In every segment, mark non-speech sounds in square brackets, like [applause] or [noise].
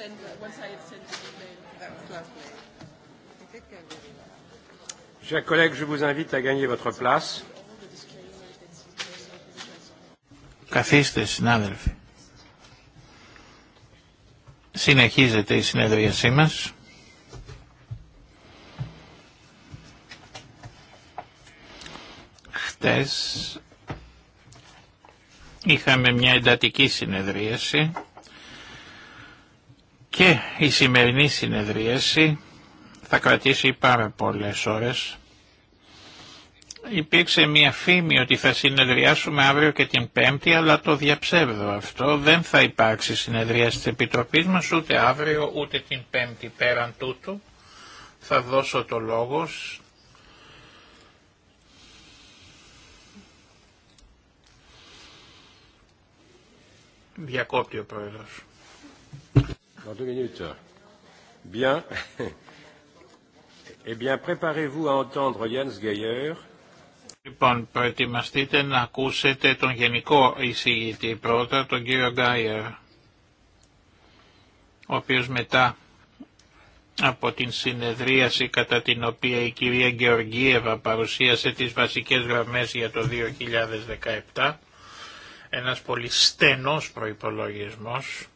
send once I had sent the email. That's lovely. Chers collègues, je vous invite à gagner votre place. Καθίστε συνάδελφοι. Συνεχίζεται η συνεδρίασή μας. Χτες είχαμε μια εντατική συνεδρίαση και η σημερινή συνεδρίαση θα κρατήσει πάρα πολλές ώρες. Υπήρξε μια φήμη ότι θα συνεδριάσουμε αύριο και την Πέμπτη, αλλά το διαψεύδω αυτό. Δεν θα υπάρξει συνεδρίαση της Επιτροπής μας ούτε αύριο ούτε την Πέμπτη πέραν τούτου. Θα δώσω το λόγο διακόπτει ο Dans eh Λοιπόν, προετοιμαστείτε να ακούσετε τον γενικό εισηγητή πρώτα, τον κύριο Γκάιερ, ο οποίος μετά από την συνεδρίαση κατά την οποία η κυρία Γεωργίευα παρουσίασε τις βασικές γραμμές για το 2017, ένας πολύ στενός προϋπολογισμός,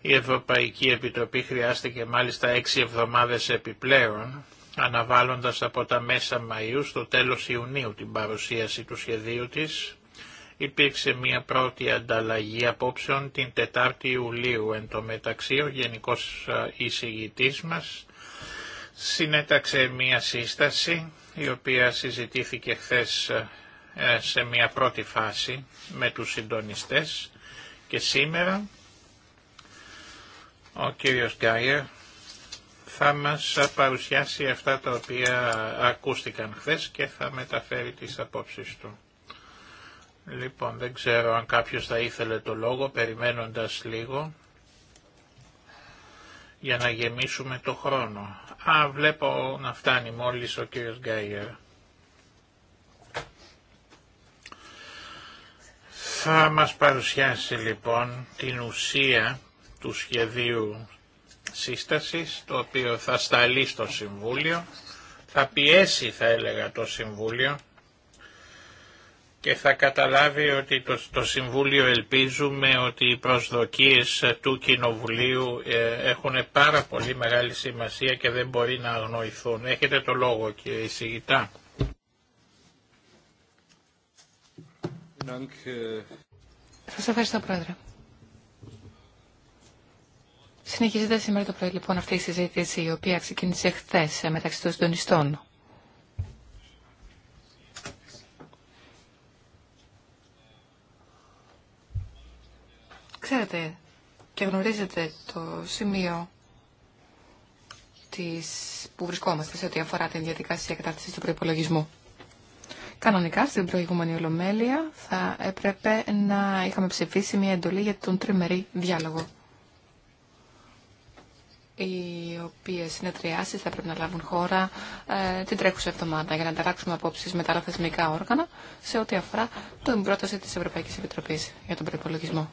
η Ευρωπαϊκή Επιτροπή χρειάστηκε μάλιστα έξι εβδομάδες επιπλέον, αναβάλλοντας από τα μέσα Μαΐου στο τέλος Ιουνίου την παρουσίαση του σχεδίου της. Υπήρξε μια πρώτη ανταλλαγή απόψεων την 4η Ιουλίου εν τω μεταξύ ο Γενικός Εισηγητής μας συνέταξε μια σύσταση η οποία συζητήθηκε χθε ε, σε μια πρώτη φάση με τους συντονιστές και σήμερα ο κύριος Γκάιερ θα μας παρουσιάσει αυτά τα οποία ακούστηκαν χθες και θα μεταφέρει τις απόψεις του. Λοιπόν, δεν ξέρω αν κάποιος θα ήθελε το λόγο, περιμένοντας λίγο, για να γεμίσουμε το χρόνο. Α, βλέπω να φτάνει μόλις ο κύριος Γκάιερ. Θα μας παρουσιάσει λοιπόν την ουσία του σχεδίου σύστασης, το οποίο θα σταλεί στο Συμβούλιο, θα πιέσει θα έλεγα το Συμβούλιο και θα καταλάβει ότι το, το Συμβούλιο ελπίζουμε ότι οι προσδοκίες του Κοινοβουλίου ε, έχουν πάρα πολύ μεγάλη σημασία και δεν μπορεί να αγνοηθούν. Έχετε το λόγο κύριε εισηγητά. Σας ευχαριστώ Πρόεδρε. Συνεχίζεται σήμερα το πρωί λοιπόν αυτή η συζήτηση η οποία ξεκίνησε χθε ε, μεταξύ των συντονιστών. Ξέρετε και γνωρίζετε το σημείο της που βρισκόμαστε σε ό,τι αφορά την διαδικασία κατάρτισης του προϋπολογισμού. Κανονικά στην προηγούμενη Ολομέλεια θα έπρεπε να είχαμε ψηφίσει μια εντολή για τον τριμερή διάλογο οι οποίες συνεδριάσεις θα πρέπει να λάβουν χώρα ε, την τρέχουσα εβδομάδα για να ανταλλάξουμε απόψεις με τα άλλα θεσμικά όργανα σε ό,τι αφορά την πρόταση της Ευρωπαϊκής Επιτροπής για τον προπολογισμό.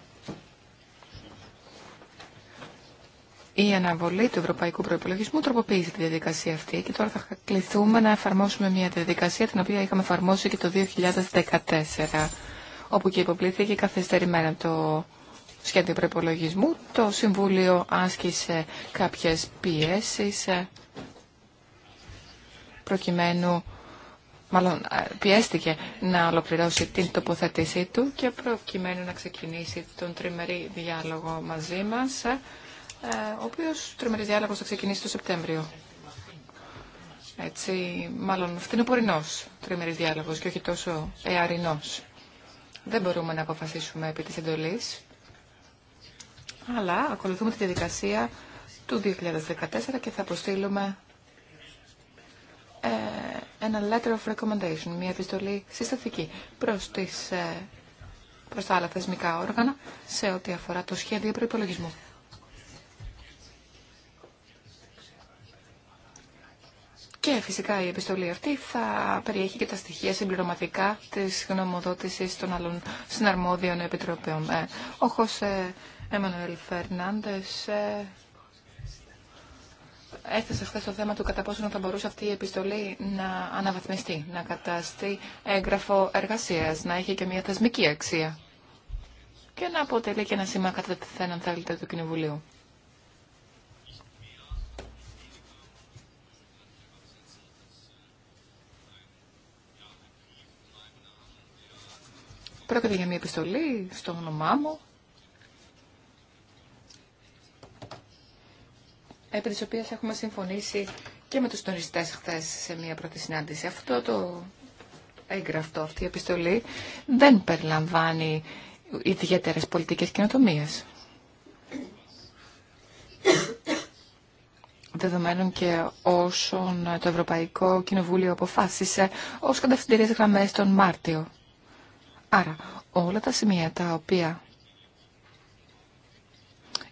Η αναβολή του ευρωπαϊκού προπολογισμού τροποποίησε τη διαδικασία αυτή και τώρα θα κληθούμε να εφαρμόσουμε μια διαδικασία την οποία είχαμε εφαρμόσει και το 2014, όπου και υποπλήθηκε καθυστερημένα το σχέδιο προπολογισμού. Το Συμβούλιο άσκησε κάποιες πιέσεις ε, προκειμένου μάλλον ε, πιέστηκε να ολοκληρώσει την τοποθέτησή του και προκειμένου να ξεκινήσει τον τριμερή διάλογο μαζί μας, ε, ο οποίος τριμερής διάλογος θα ξεκινήσει το Σεπτέμβριο. Έτσι, μάλλον φθινοπορεινός τριμερής διάλογος και όχι τόσο εαρινός. Δεν μπορούμε να αποφασίσουμε επί της εντολής αλλά ακολουθούμε τη διαδικασία του 2014 και θα αποστείλουμε ε, ένα letter of recommendation, μια επιστολή συστατική προς, τις, ε, προς τα άλλα θεσμικά όργανα σε ό,τι αφορά το σχέδιο προϋπολογισμού. Και φυσικά η επιστολή αυτή θα περιέχει και τα στοιχεία συμπληρωματικά της γνωμοδότησης των άλλων συναρμόδιων επιτροπών. Ε, Εμμανουέλ Φερνάντες ε, έθεσε χθε το θέμα του κατά πόσο θα μπορούσε αυτή η επιστολή να αναβαθμιστεί, να καταστεί έγγραφο εργασία, να έχει και μια θεσμική αξία και να αποτελεί και ένα σήμα κατά τη θέναν θέλετε του Κοινοβουλίου. Πρόκειται για μια επιστολή στο όνομά μου, επί της οποίας έχουμε συμφωνήσει και με τους τονιστές χθες σε μια πρώτη συνάντηση. Αυτό το έγγραφτο, αυτή η επιστολή, δεν περιλαμβάνει ιδιαίτερε πολιτικές καινοτομίες. δεδομένων και όσων το Ευρωπαϊκό Κοινοβούλιο αποφάσισε ως κατευθυντήριες γραμμές τον Μάρτιο. Άρα όλα τα σημεία τα οποία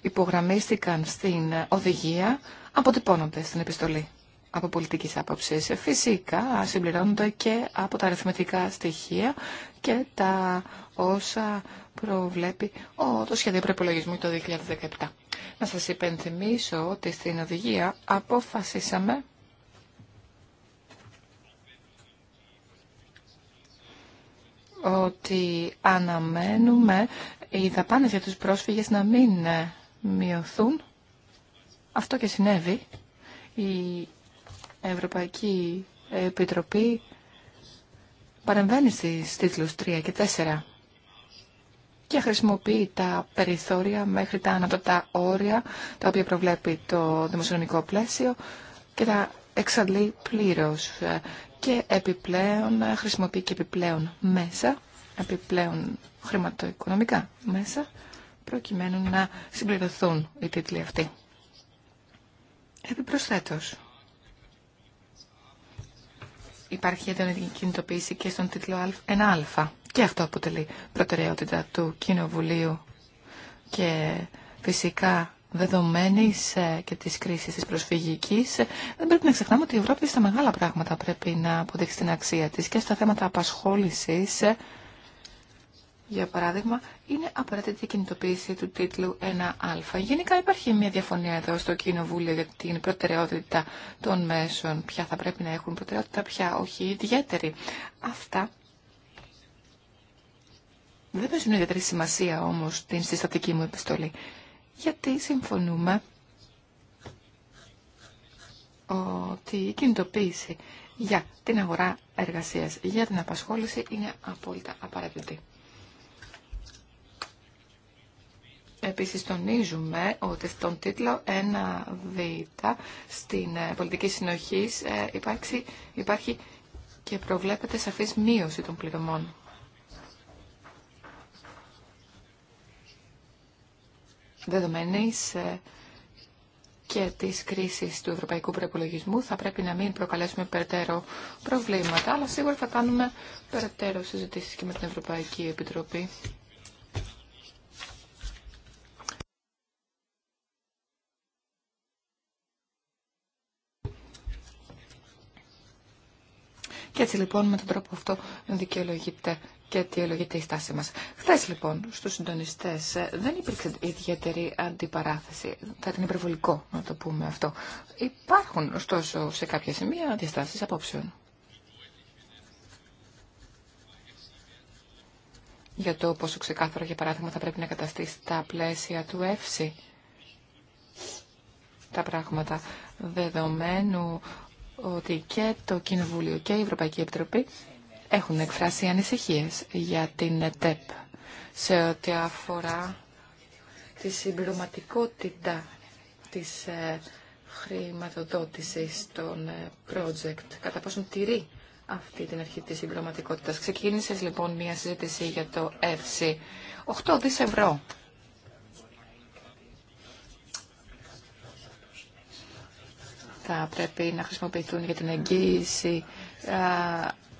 υπογραμμίστηκαν στην οδηγία αποτυπώνονται στην επιστολή από πολιτική αποψή. Φυσικά συμπληρώνονται και από τα αριθμητικά στοιχεία και τα όσα προβλέπει το σχέδιο προπολογισμού το 2017. Να σας υπενθυμίσω ότι στην οδηγία αποφασίσαμε ότι αναμένουμε οι δαπάνες για τους πρόσφυγες να μην μειωθούν. Αυτό και συνέβη. Η Ευρωπαϊκή Επιτροπή παρεμβαίνει στις τίτλους 3 και 4 και χρησιμοποιεί τα περιθώρια μέχρι τα ανατοτά όρια τα οποία προβλέπει το δημοσιονομικό πλαίσιο και τα εξαντλεί πλήρως και επιπλέον χρησιμοποιεί και επιπλέον μέσα, επιπλέον χρηματοοικονομικά μέσα προκειμένου να συμπληρωθούν οι τίτλοι αυτοί. Επιπροσθέτως, υπάρχει έντονη κινητοποίηση και στον τίτλο 1α και αυτό αποτελεί προτεραιότητα του Κοινοβουλίου και φυσικά δεδομένης και της κρίσης της προσφυγικής, δεν πρέπει να ξεχνάμε ότι η Ευρώπη στα μεγάλα πράγματα πρέπει να αποδείξει την αξία της και στα θέματα απασχόλησης για παράδειγμα, είναι απαραίτητη η κινητοποίηση του τίτλου 1α. Γενικά υπάρχει μια διαφωνία εδώ στο Κοινοβούλιο για την προτεραιότητα των μέσων. Ποια θα πρέπει να έχουν προτεραιότητα, ποια όχι ιδιαίτερη. Αυτά δεν παίζουν ιδιαίτερη σημασία όμως στην συστατική μου επιστολή. Γιατί συμφωνούμε ότι η κινητοποίηση για την αγορά εργασίας, για την απασχόληση είναι απόλυτα απαραίτητη. Επίσης τονίζουμε ότι στον τίτλο 1β στην ε, πολιτική συνοχή ε, υπάρχει, υπάρχει και προβλέπεται σαφής μείωση των πληρωμών. Δεδομένης ε, και της κρίσης του ευρωπαϊκού προπολογισμού θα πρέπει να μην προκαλέσουμε περαιτέρω προβλήματα, αλλά σίγουρα θα κάνουμε περαιτέρω συζητήσεις και με την Ευρωπαϊκή Επιτροπή. Και έτσι λοιπόν με τον τρόπο αυτό δικαιολογείται και αιτιολογείται η στάση μας. Χθε λοιπόν στους συντονιστές ε, δεν υπήρξε ιδιαίτερη αντιπαράθεση. Θα ήταν υπερβολικό να το πούμε αυτό. Υπάρχουν ωστόσο σε κάποια σημεία διαστάσεις απόψεων. για το πόσο ξεκάθαρο, για παράδειγμα, θα πρέπει να καταστεί τα πλαίσια του ΕΦΣΥ τα πράγματα δεδομένου ότι και το Κοινοβούλιο και η Ευρωπαϊκή Επιτροπή έχουν εκφράσει ανησυχίες για την ΕΤΕΠ σε ό,τι αφορά τη συμπληρωματικότητα της ε, χρηματοδότησης των ε, project, κατά πόσον τηρεί αυτή την αρχή της συμπληρωματικότητας. Ξεκίνησε λοιπόν μια συζήτηση για το ΕΦΣΥ. 8 δις ευρώ θα πρέπει να χρησιμοποιηθούν για την εγγύηση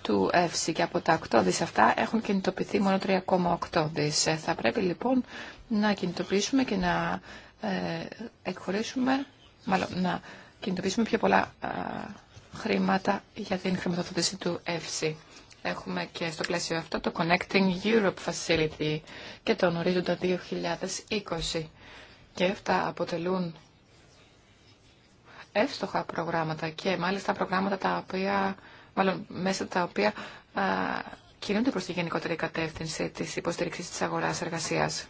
του ΕΦΣΙ και από τα 8 δις αυτά έχουν κινητοποιηθεί μόνο 3,8 δις. Ε, θα πρέπει λοιπόν να κινητοποιήσουμε και να ε, εκχωρήσουμε, μάλλον να κινητοποιήσουμε πιο πολλά χρήματα για την χρηματοδότηση του ΕΦΣΙ. Έχουμε και στο πλαίσιο αυτό το Connecting Europe Facility και τον ορίζοντα 2020. Και αυτά αποτελούν εύστοχα προγράμματα και μάλιστα προγράμματα τα οποία, μάλλον μέσα τα οποία α, κινούνται προς τη γενικότερη κατεύθυνση της υποστήριξης της αγοράς εργασίας.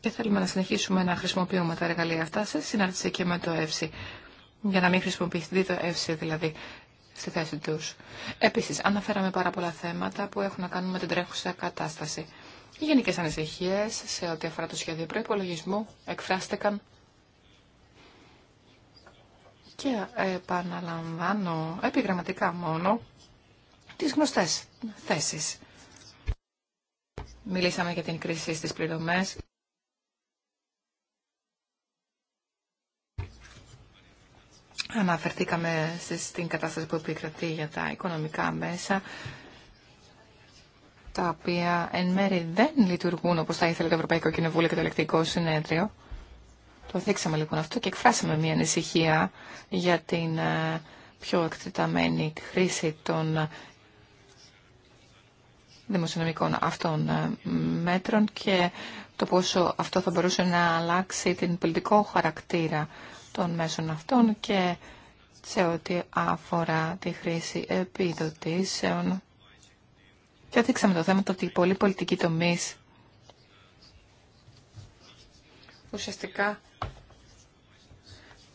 Και θέλουμε να συνεχίσουμε να χρησιμοποιούμε τα εργαλεία αυτά σε συνάρτηση και με το ΕΦΣΥ. Για να μην χρησιμοποιηθεί το ΕΦΣΥ δηλαδή στη θέση Επίσης, αναφέραμε πάρα πολλά θέματα που έχουν να κάνουν με την τρέχουσα κατάσταση. Οι γενικές ανησυχίε σε ό,τι αφορά το σχέδιο προπολογισμού, εκφράστηκαν και επαναλαμβάνω επιγραμματικά μόνο τις γνωστές θέσεις. Μιλήσαμε για την κρίση στις πληρωμές. Αναφερθήκαμε στην κατάσταση που επικρατεί για τα οικονομικά μέσα, τα οποία εν μέρη δεν λειτουργούν όπως θα ήθελε το Ευρωπαϊκό Κοινοβούλιο και το Ελεκτρικό Συνέδριο. Το δείξαμε λοιπόν αυτό και εκφράσαμε μια ανησυχία για την ε, πιο εκτεταμένη χρήση των ε, δημοσιονομικών αυτών ε, μέτρων και το πόσο αυτό θα μπορούσε να αλλάξει την πολιτικό χαρακτήρα των μέσων αυτών και σε ό,τι αφορά τη χρήση επιδοτήσεων. Και έδειξαμε το θέμα το ότι πολλοί πολιτικοί τομεί ουσιαστικά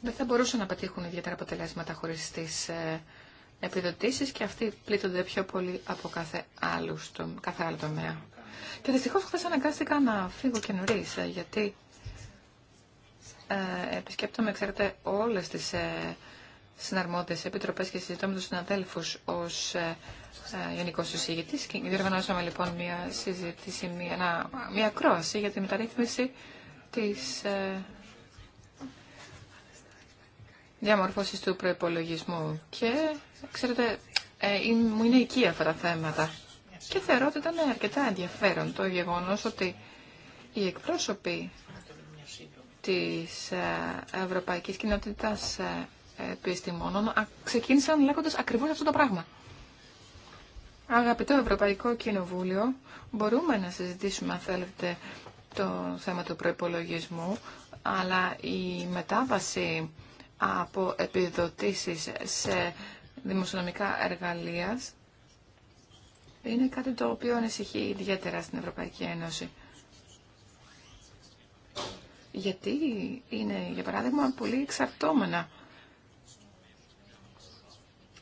δεν θα μπορούσαν να πετύχουν ιδιαίτερα αποτελέσματα χωρίς τις ε, επιδοτήσεις και αυτοί πλήττονται πιο πολύ από κάθε, κάθε άλλο τομέα. Και δυστυχώς χθες αναγκάστηκα να φύγω και νωρίς, ε, γιατί ε, επισκέπτομαι, ξέρετε, όλες τις ε, συναρμόδιες επιτροπές και συζητώ με τους συναδέλφους ως ε, γενικό συζήτης και διοργανώσαμε λοιπόν μια συζήτηση, μια, μια κρόαση για τη μεταρρύθμιση της διαμορφώσεις του προϋπολογισμού και ξέρετε μου είναι οικία αυτά τα θέματα και θεωρώ ότι ήταν αρκετά ενδιαφέρον το γεγονός ότι οι εκπρόσωποι της ε, Ευρωπαϊκής Κοινότητας ε, Επιστημόνων ξεκίνησαν λέγοντας ακριβώς αυτό το πράγμα. Αγαπητό Ευρωπαϊκό Κοινοβούλιο, μπορούμε να συζητήσουμε αν θέλετε το θέμα του προϋπολογισμού, αλλά η μετάβαση από επιδοτήσεις σε δημοσιονομικά εργαλεία είναι κάτι το οποίο ανησυχεί ιδιαίτερα στην Ευρωπαϊκή Ένωση γιατί είναι, για παράδειγμα, πολύ εξαρτώμενα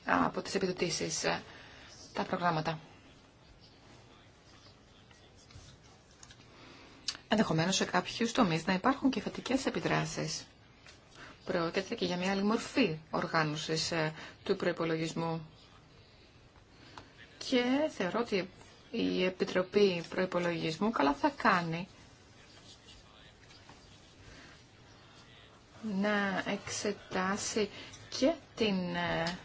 από τις επιδοτήσεις ε, τα προγράμματα. Ενδεχομένως σε κάποιους τομείς να υπάρχουν και φατικές επιδράσεις. Πρόκειται και για μια άλλη μορφή οργάνωσης ε, του προϋπολογισμού. Και θεωρώ ότι η Επιτροπή Προϋπολογισμού καλά θα κάνει να εξετάσει και την ε,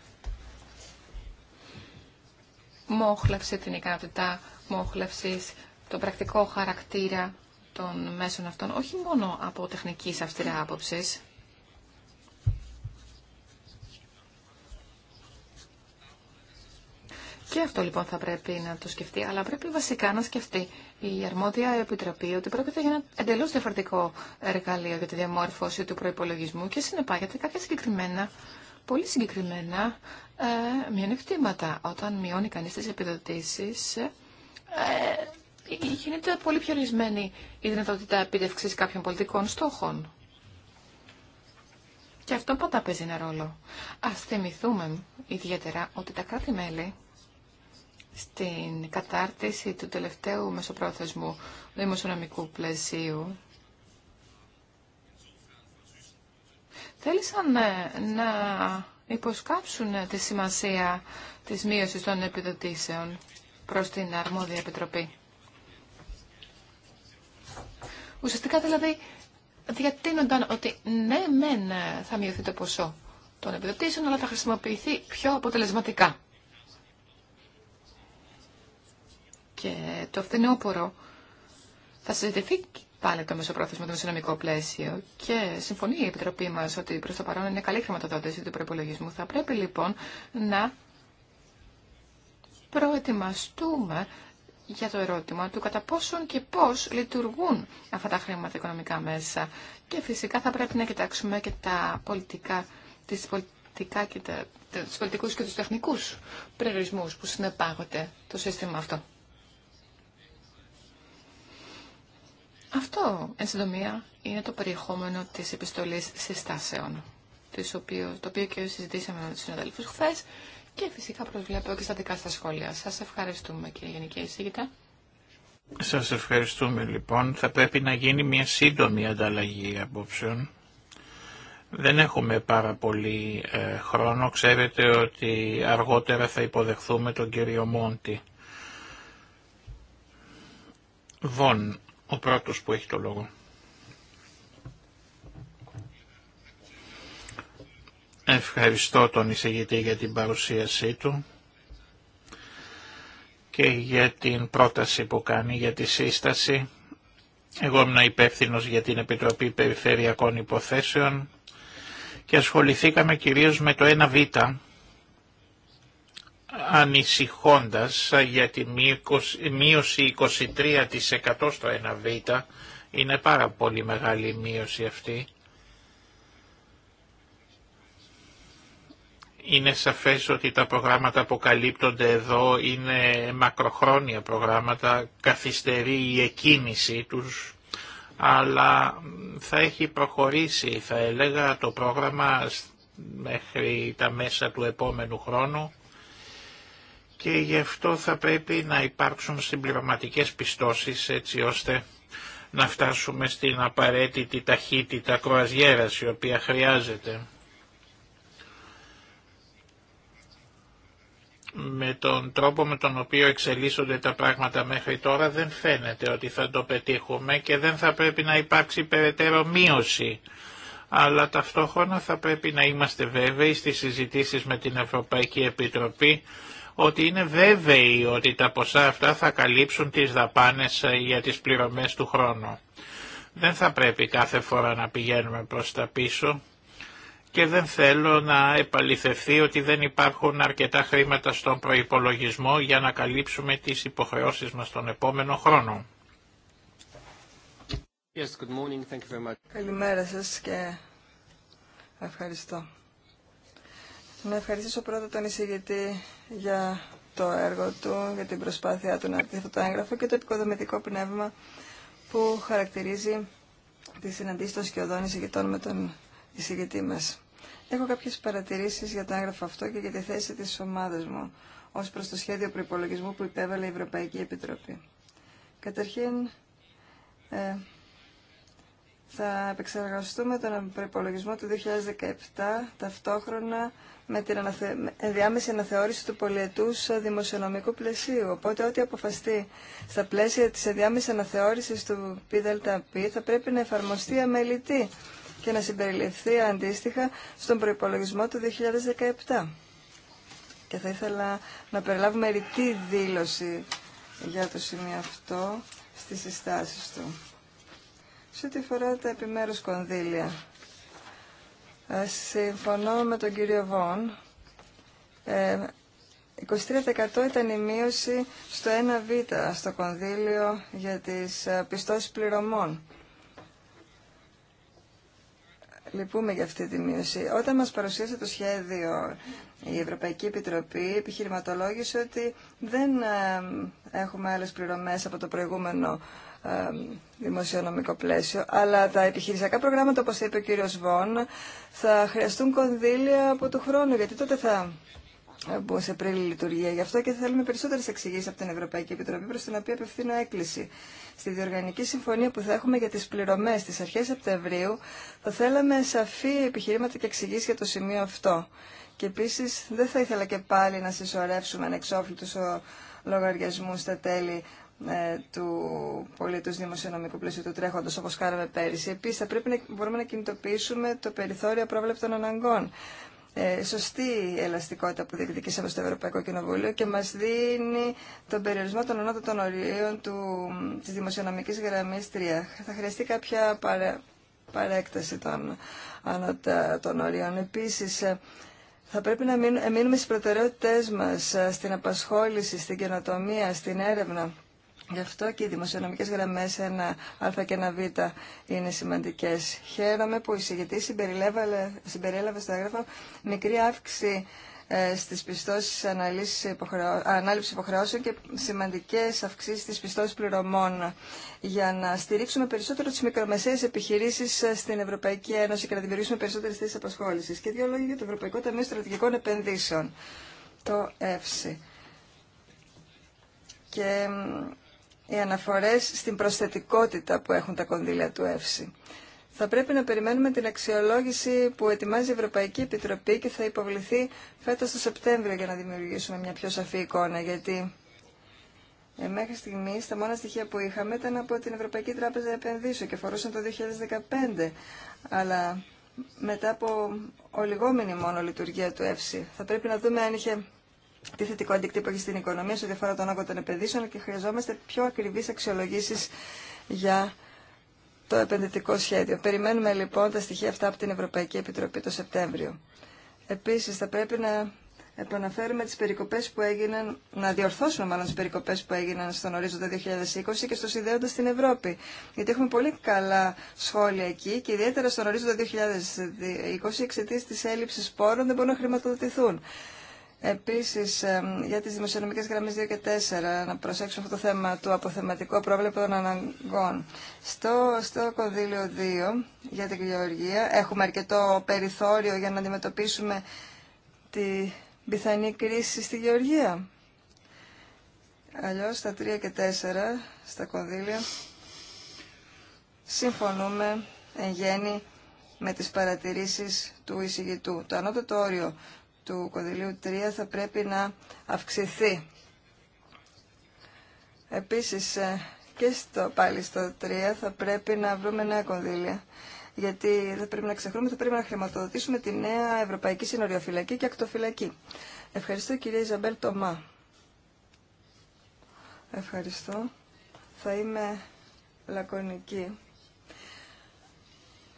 μόχλευση, την ικανότητα μόχλευσης, τον πρακτικό χαρακτήρα των μέσων αυτών, όχι μόνο από τεχνικής αυστηρά άποψης. Και αυτό λοιπόν θα πρέπει να το σκεφτεί, αλλά πρέπει βασικά να σκεφτεί η αρμόδια επιτροπή ότι πρόκειται για ένα εντελώ διαφορετικό εργαλείο για τη διαμόρφωση του προπολογισμού και συνεπάγεται κάποια συγκεκριμένα, πολύ συγκεκριμένα ε, μειονεκτήματα. Όταν μειώνει κανεί τι επιδοτήσει, ε, ε, γίνεται πολύ πιο ορισμένη η δυνατότητα επίτευξη κάποιων πολιτικών στόχων. Και αυτό πάντα παίζει ένα ρόλο. Α θυμηθούμε ιδιαίτερα ότι τα κράτη-μέλη στην κατάρτιση του τελευταίου μεσοπρόθεσμου δημοσιονομικού πλαισίου θέλησαν ε, να υποσκάψουν ε, τη σημασία της μείωσης των επιδοτήσεων προς την αρμόδια επιτροπή. Ουσιαστικά δηλαδή διατείνονταν ότι ναι μεν ε, θα μειωθεί το ποσό των επιδοτήσεων αλλά θα χρησιμοποιηθεί πιο αποτελεσματικά. και το φθινόπωρο θα συζητηθεί πάλι το μεσοπρόθεσμο το μεσονομικό πλαίσιο και συμφωνεί η Επιτροπή μα ότι προ το παρόν είναι καλή χρηματοδότηση του προπολογισμού. Θα πρέπει λοιπόν να προετοιμαστούμε για το ερώτημα του κατά πόσον και πώ λειτουργούν αυτά τα χρήματα οικονομικά μέσα. Και φυσικά θα πρέπει να κοιτάξουμε και τα πολιτικά, τις πολιτικά και τα, τους πολιτικούς και τους τεχνικούς προορισμούς που συνεπάγονται το σύστημα αυτό. Αυτό, εν συντομία, είναι το περιεχόμενο της επιστολής συστάσεων, το οποίο και συζητήσαμε με τους συναδέλφους χθε και φυσικά προσβλέπω και στα δικά σας σχόλια. Σας ευχαριστούμε κύριε Γενική Εισήγητα. Σας ευχαριστούμε λοιπόν. Θα πρέπει να γίνει μια σύντομη ανταλλαγή απόψεων. Δεν έχουμε πάρα πολύ ε, χρόνο. Ξέρετε ότι αργότερα θα υποδεχθούμε τον κύριο Μόντι. Βον, ο πρώτος που έχει το λόγο. Ευχαριστώ τον εισηγητή για την παρουσίασή του και για την πρόταση που κάνει για τη σύσταση. Εγώ ήμουν υπεύθυνο για την Επιτροπή Περιφερειακών Υποθέσεων και ασχοληθήκαμε κυρίως με το 1β ανησυχώντας για τη μείωση 23% στο 1β, είναι πάρα πολύ μεγάλη η μείωση αυτή. Είναι σαφές ότι τα προγράμματα που καλύπτονται εδώ είναι μακροχρόνια προγράμματα, καθυστερεί η εκκίνησή τους, αλλά θα έχει προχωρήσει, θα έλεγα, το πρόγραμμα μέχρι τα μέσα του επόμενου χρόνου και γι' αυτό θα πρέπει να υπάρξουν συμπληρωματικές πιστώσεις έτσι ώστε να φτάσουμε στην απαραίτητη ταχύτητα κροαζιέρας η οποία χρειάζεται. με τον τρόπο με τον οποίο εξελίσσονται τα πράγματα μέχρι τώρα δεν φαίνεται ότι θα το πετύχουμε και δεν θα πρέπει να υπάρξει περαιτέρω μείωση. Αλλά ταυτόχρονα θα πρέπει να είμαστε βέβαιοι στις συζητήσεις με την Ευρωπαϊκή Επιτροπή ότι είναι βέβαιοι ότι τα ποσά αυτά θα καλύψουν τις δαπάνες ε, για τις πληρωμές του χρόνου. Δεν θα πρέπει κάθε φορά να πηγαίνουμε προς τα πίσω και δεν θέλω να επαληθευθεί ότι δεν υπάρχουν αρκετά χρήματα στον προϋπολογισμό για να καλύψουμε τις υποχρεώσεις μας τον επόμενο χρόνο. Yes, good morning. Thank you Καλημέρα σας και ευχαριστώ. Να ευχαριστήσω πρώτα τον εισηγητή για το έργο του, για την προσπάθειά του να έρθει αυτό το έγγραφο και το επικοδομητικό πνεύμα που χαρακτηρίζει τη συναντήση των σκιωδών εισηγητών με τον εισηγητή μας. Έχω κάποιες παρατηρήσεις για το έγγραφο αυτό και για τη θέση της ομάδας μου ως προς το σχέδιο προπολογισμού που υπέβαλε η Ευρωπαϊκή Επιτροπή. Καταρχήν, ε, θα επεξεργαστούμε τον προπολογισμό του 2017 ταυτόχρονα με την αναθε... ενδιάμεση αναθεώρηση του πολιετούς δημοσιονομικού πλαισίου. Οπότε ό,τι αποφαστεί στα πλαίσια της ενδιάμεση αναθεώρησης του ΠΔΠ θα πρέπει να εφαρμοστεί αμελητή και να συμπεριληφθεί αντίστοιχα στον προϋπολογισμό του 2017. Και θα ήθελα να περιλάβουμε ρητή δήλωση για το σημείο αυτό στις συστάσεις του. Σε ό,τι αφορά τα επιμέρους κονδύλια, ε, συμφωνώ με τον κύριο Βόν. 23% ε, ήταν η μείωση στο 1β, στο κονδύλιο για τις ε, πιστώσεις πληρωμών. Λυπούμε για αυτή τη μείωση. Όταν μας παρουσίασε το σχέδιο η Ευρωπαϊκή Επιτροπή επιχειρηματολόγησε ότι δεν έχουμε άλλες πληρωμές από το προηγούμενο δημοσιονομικό πλαίσιο, αλλά τα επιχειρησιακά προγράμματα, όπως είπε ο κύριος Βον, θα χρειαστούν κονδύλια από το χρόνο, γιατί τότε θα μπουν σε πριλή λειτουργία. Γι' αυτό και θέλουμε περισσότερε εξηγήσει από την Ευρωπαϊκή Επιτροπή, προ την οποία απευθύνω έκκληση. Στη διοργανική συμφωνία που θα έχουμε για τι πληρωμέ στι αρχέ Σεπτεμβρίου, θα θέλαμε σαφή επιχειρήματα και εξηγήσει για το σημείο αυτό. Και επίση, δεν θα ήθελα και πάλι να συσσωρεύσουμε ανεξόφλητου λογαριασμού στα τέλη ε, του πολίτου δημοσιονομικού πλαίσιου του τρέχοντος όπως κάναμε πέρυσι. Επίσης θα πρέπει να μπορούμε να κινητοποιήσουμε το περιθώριο απρόβλεπτων αναγκών. Ε, σωστή ελαστικότητα που διεκδικήσαμε στο Ευρωπαϊκό Κοινοβούλιο και μας δίνει τον περιορισμό των ανώτατων ορίων του, της δημοσιονομικής γραμμής 3. Θα χρειαστεί κάποια παρα, παρέκταση των ανώτατων ορίων. Επίσης, ε, θα πρέπει να ε, μείνουμε στις προτεραιότητές μας, στην απασχόληση, στην καινοτομία, στην έρευνα Γι' αυτό και οι δημοσιονομικές γραμμές 1α και 1β είναι σημαντικές. Χαίρομαι που η συγκεκριτή συμπεριέλαβε στο έγγραφο μικρή αύξηση ε, στις πιστώσεις ανάληψης υποχρεώσεων και σημαντικές αυξήσεις στις πιστώσεις πληρωμών για να στηρίξουμε περισσότερο τις μικρομεσαίες επιχειρήσεις ε, στην Ευρωπαϊκή Ένωση και να δημιουργήσουμε περισσότερες θέσεις απασχόλησης. Και δύο λόγια για το Ευρωπαϊκό Ταμείο Στρατηγικών Επενδύσεων, το ΕΦΣΥ. Και οι αναφορές στην προσθετικότητα που έχουν τα κονδύλια του ΕΦΣΥ. Θα πρέπει να περιμένουμε την αξιολόγηση που ετοιμάζει η Ευρωπαϊκή Επιτροπή και θα υποβληθεί φέτος το Σεπτέμβριο για να δημιουργήσουμε μια πιο σαφή εικόνα, γιατί ε, μέχρι στιγμή τα μόνα στοιχεία που είχαμε ήταν από την Ευρωπαϊκή Τράπεζα Επενδύσεων και φορούσαν το 2015. Αλλά μετά από ολιγόμενη μόνο λειτουργία του ΕΦΣΥ, θα πρέπει να δούμε αν είχε τι θετικό αντίκτυπο έχει στην οικονομία σε διαφορά αφορά τον όγκο των επενδύσεων και χρειαζόμαστε πιο ακριβείς αξιολογήσει για το επενδυτικό σχέδιο. Περιμένουμε λοιπόν τα στοιχεία αυτά από την Ευρωπαϊκή Επιτροπή το Σεπτέμβριο. Επίση θα πρέπει να επαναφέρουμε τι περικοπές που έγιναν, να διορθώσουμε μάλλον τι περικοπέ που έγιναν στον ορίζοντα 2020 και στο συνδέοντα στην Ευρώπη. Γιατί έχουμε πολύ καλά σχόλια εκεί και ιδιαίτερα στον ορίζοντα 2020 εξαιτία τη έλλειψη πόρων δεν μπορούν να χρηματοδοτηθούν. Επίσης, για τις δημοσιονομικέ γραμμές 2 και 4, να προσέξουμε αυτό το θέμα του αποθεματικού πρόβλημα των αναγκών. Στο, στο κονδύλιο 2 για την γεωργία έχουμε αρκετό περιθώριο για να αντιμετωπίσουμε τη πιθανή κρίση στη γεωργία. Αλλιώ στα 3 και 4, στα κονδύλια, συμφωνούμε εν γέννη με τις παρατηρήσεις του εισηγητού. Το ανώτατο όριο του κονδυλίου 3 θα πρέπει να αυξηθεί. Επίσης ε, και στο, πάλι στο 3 θα πρέπει να βρούμε νέα κονδύλια. Γιατί δεν πρέπει να ξεχνούμε, θα πρέπει να χρηματοδοτήσουμε τη νέα Ευρωπαϊκή Συνοριοφυλακή και Ακτοφυλακή. Ευχαριστώ κυρία Ιζαμπέλ Ευχαριστώ. Θα είμαι λακωνική.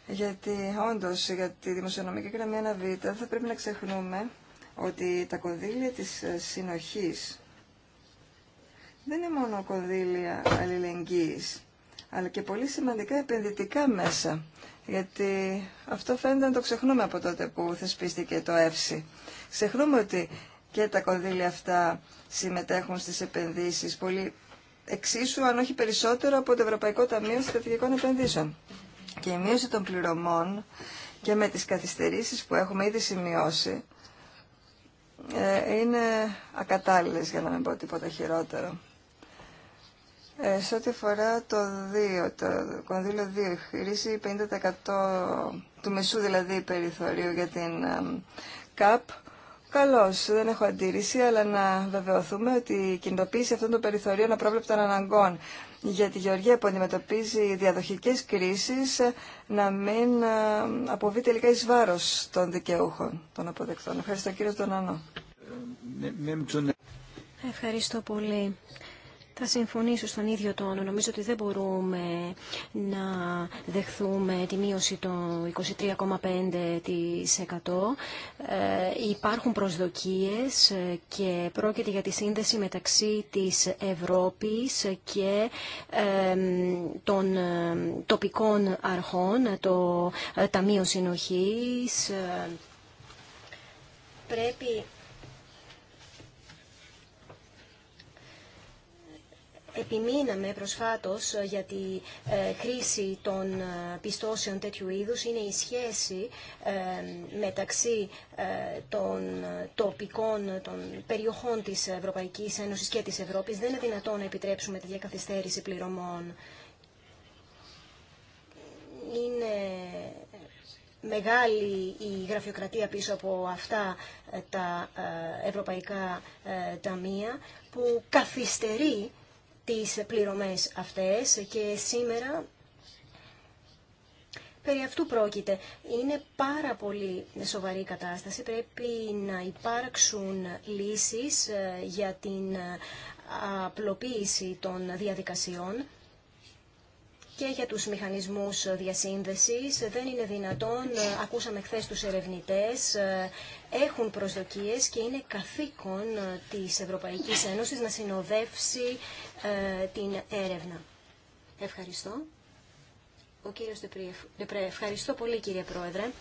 Γιατί όντως για τη δημοσιονομική γραμμή 1β θα πρέπει να ξεχνούμε ότι τα κονδύλια της ε, συνοχής δεν είναι μόνο κονδύλια αλληλεγγύης, αλλά και πολύ σημαντικά επενδυτικά μέσα, γιατί αυτό φαίνεται να το ξεχνούμε από τότε που θεσπίστηκε το ΕΦΣΥ. Ξεχνούμε ότι και τα κονδύλια αυτά συμμετέχουν στις επενδύσεις, πολύ εξίσου αν όχι περισσότερο από το Ευρωπαϊκό Ταμείο Στρατηγικών Επενδύσεων. Και η μείωση των πληρωμών και με τις καθυστερήσεις που έχουμε ήδη σημειώσει, ε, είναι ακατάλληλες για να μην πω τίποτα χειρότερο. Ε, σε ό,τι αφορά το 2, το κονδύλιο 2, χρήση 50% του μισού δηλαδή περιθωρίου για την ΚΑΠ, Καλώς, δεν έχω αντίρρηση, αλλά να βεβαιωθούμε ότι η κινητοποίηση αυτών των περιθωρίων απρόβλεπτων αναγκών για τη Γεωργία που αντιμετωπίζει διαδοχικές κρίσεις ε, να μην αποβεί τελικά εις βάρος των δικαιούχων των αποδεκτών. Ευχαριστώ κύριο Τονανό. Ευχαριστώ πολύ. Θα συμφωνήσω στον ίδιο τόνο. Νομίζω ότι δεν μπορούμε να δεχθούμε τη μείωση το 23,5%. Ε, υπάρχουν προσδοκίες και πρόκειται για τη σύνδεση μεταξύ της Ευρώπης και των ε, τοπικών αρχών, το ε, Ταμείο Συνοχής. Πρέπει επιμείναμε προσφάτως ε, για τη χρήση ε, των ε, πιστώσεων τέτοιου είδους είναι η σχέση μεταξύ των τοπικών των περιοχών της Ευρωπαϊκής Ένωσης και της Ευρώπης. Δεν είναι δυνατόν να επιτρέψουμε τη διακαθυστέρηση πληρωμών. Είναι μεγάλη η γραφειοκρατία πίσω από αυτά τα ευρωπαϊκά ταμεία που καθυστερεί τις πληρωμές αυτές και σήμερα Περί αυτού πρόκειται. Είναι πάρα πολύ σοβαρή κατάσταση. Πρέπει να υπάρξουν λύσεις ε, για την ε, απλοποίηση των διαδικασιών και για τους μηχανισμούς διασύνδεσης. Δεν είναι δυνατόν, ε, ακούσαμε χθε τους ερευνητές, έχουν προσδοκίες και είναι καθήκον της Ευρωπαϊκής Ένωσης να συνοδεύσει ε, την έρευνα. Ευχαριστώ. Ο κύριος Δεπρέ, ευχαριστώ πολύ κύριε Πρόεδρε.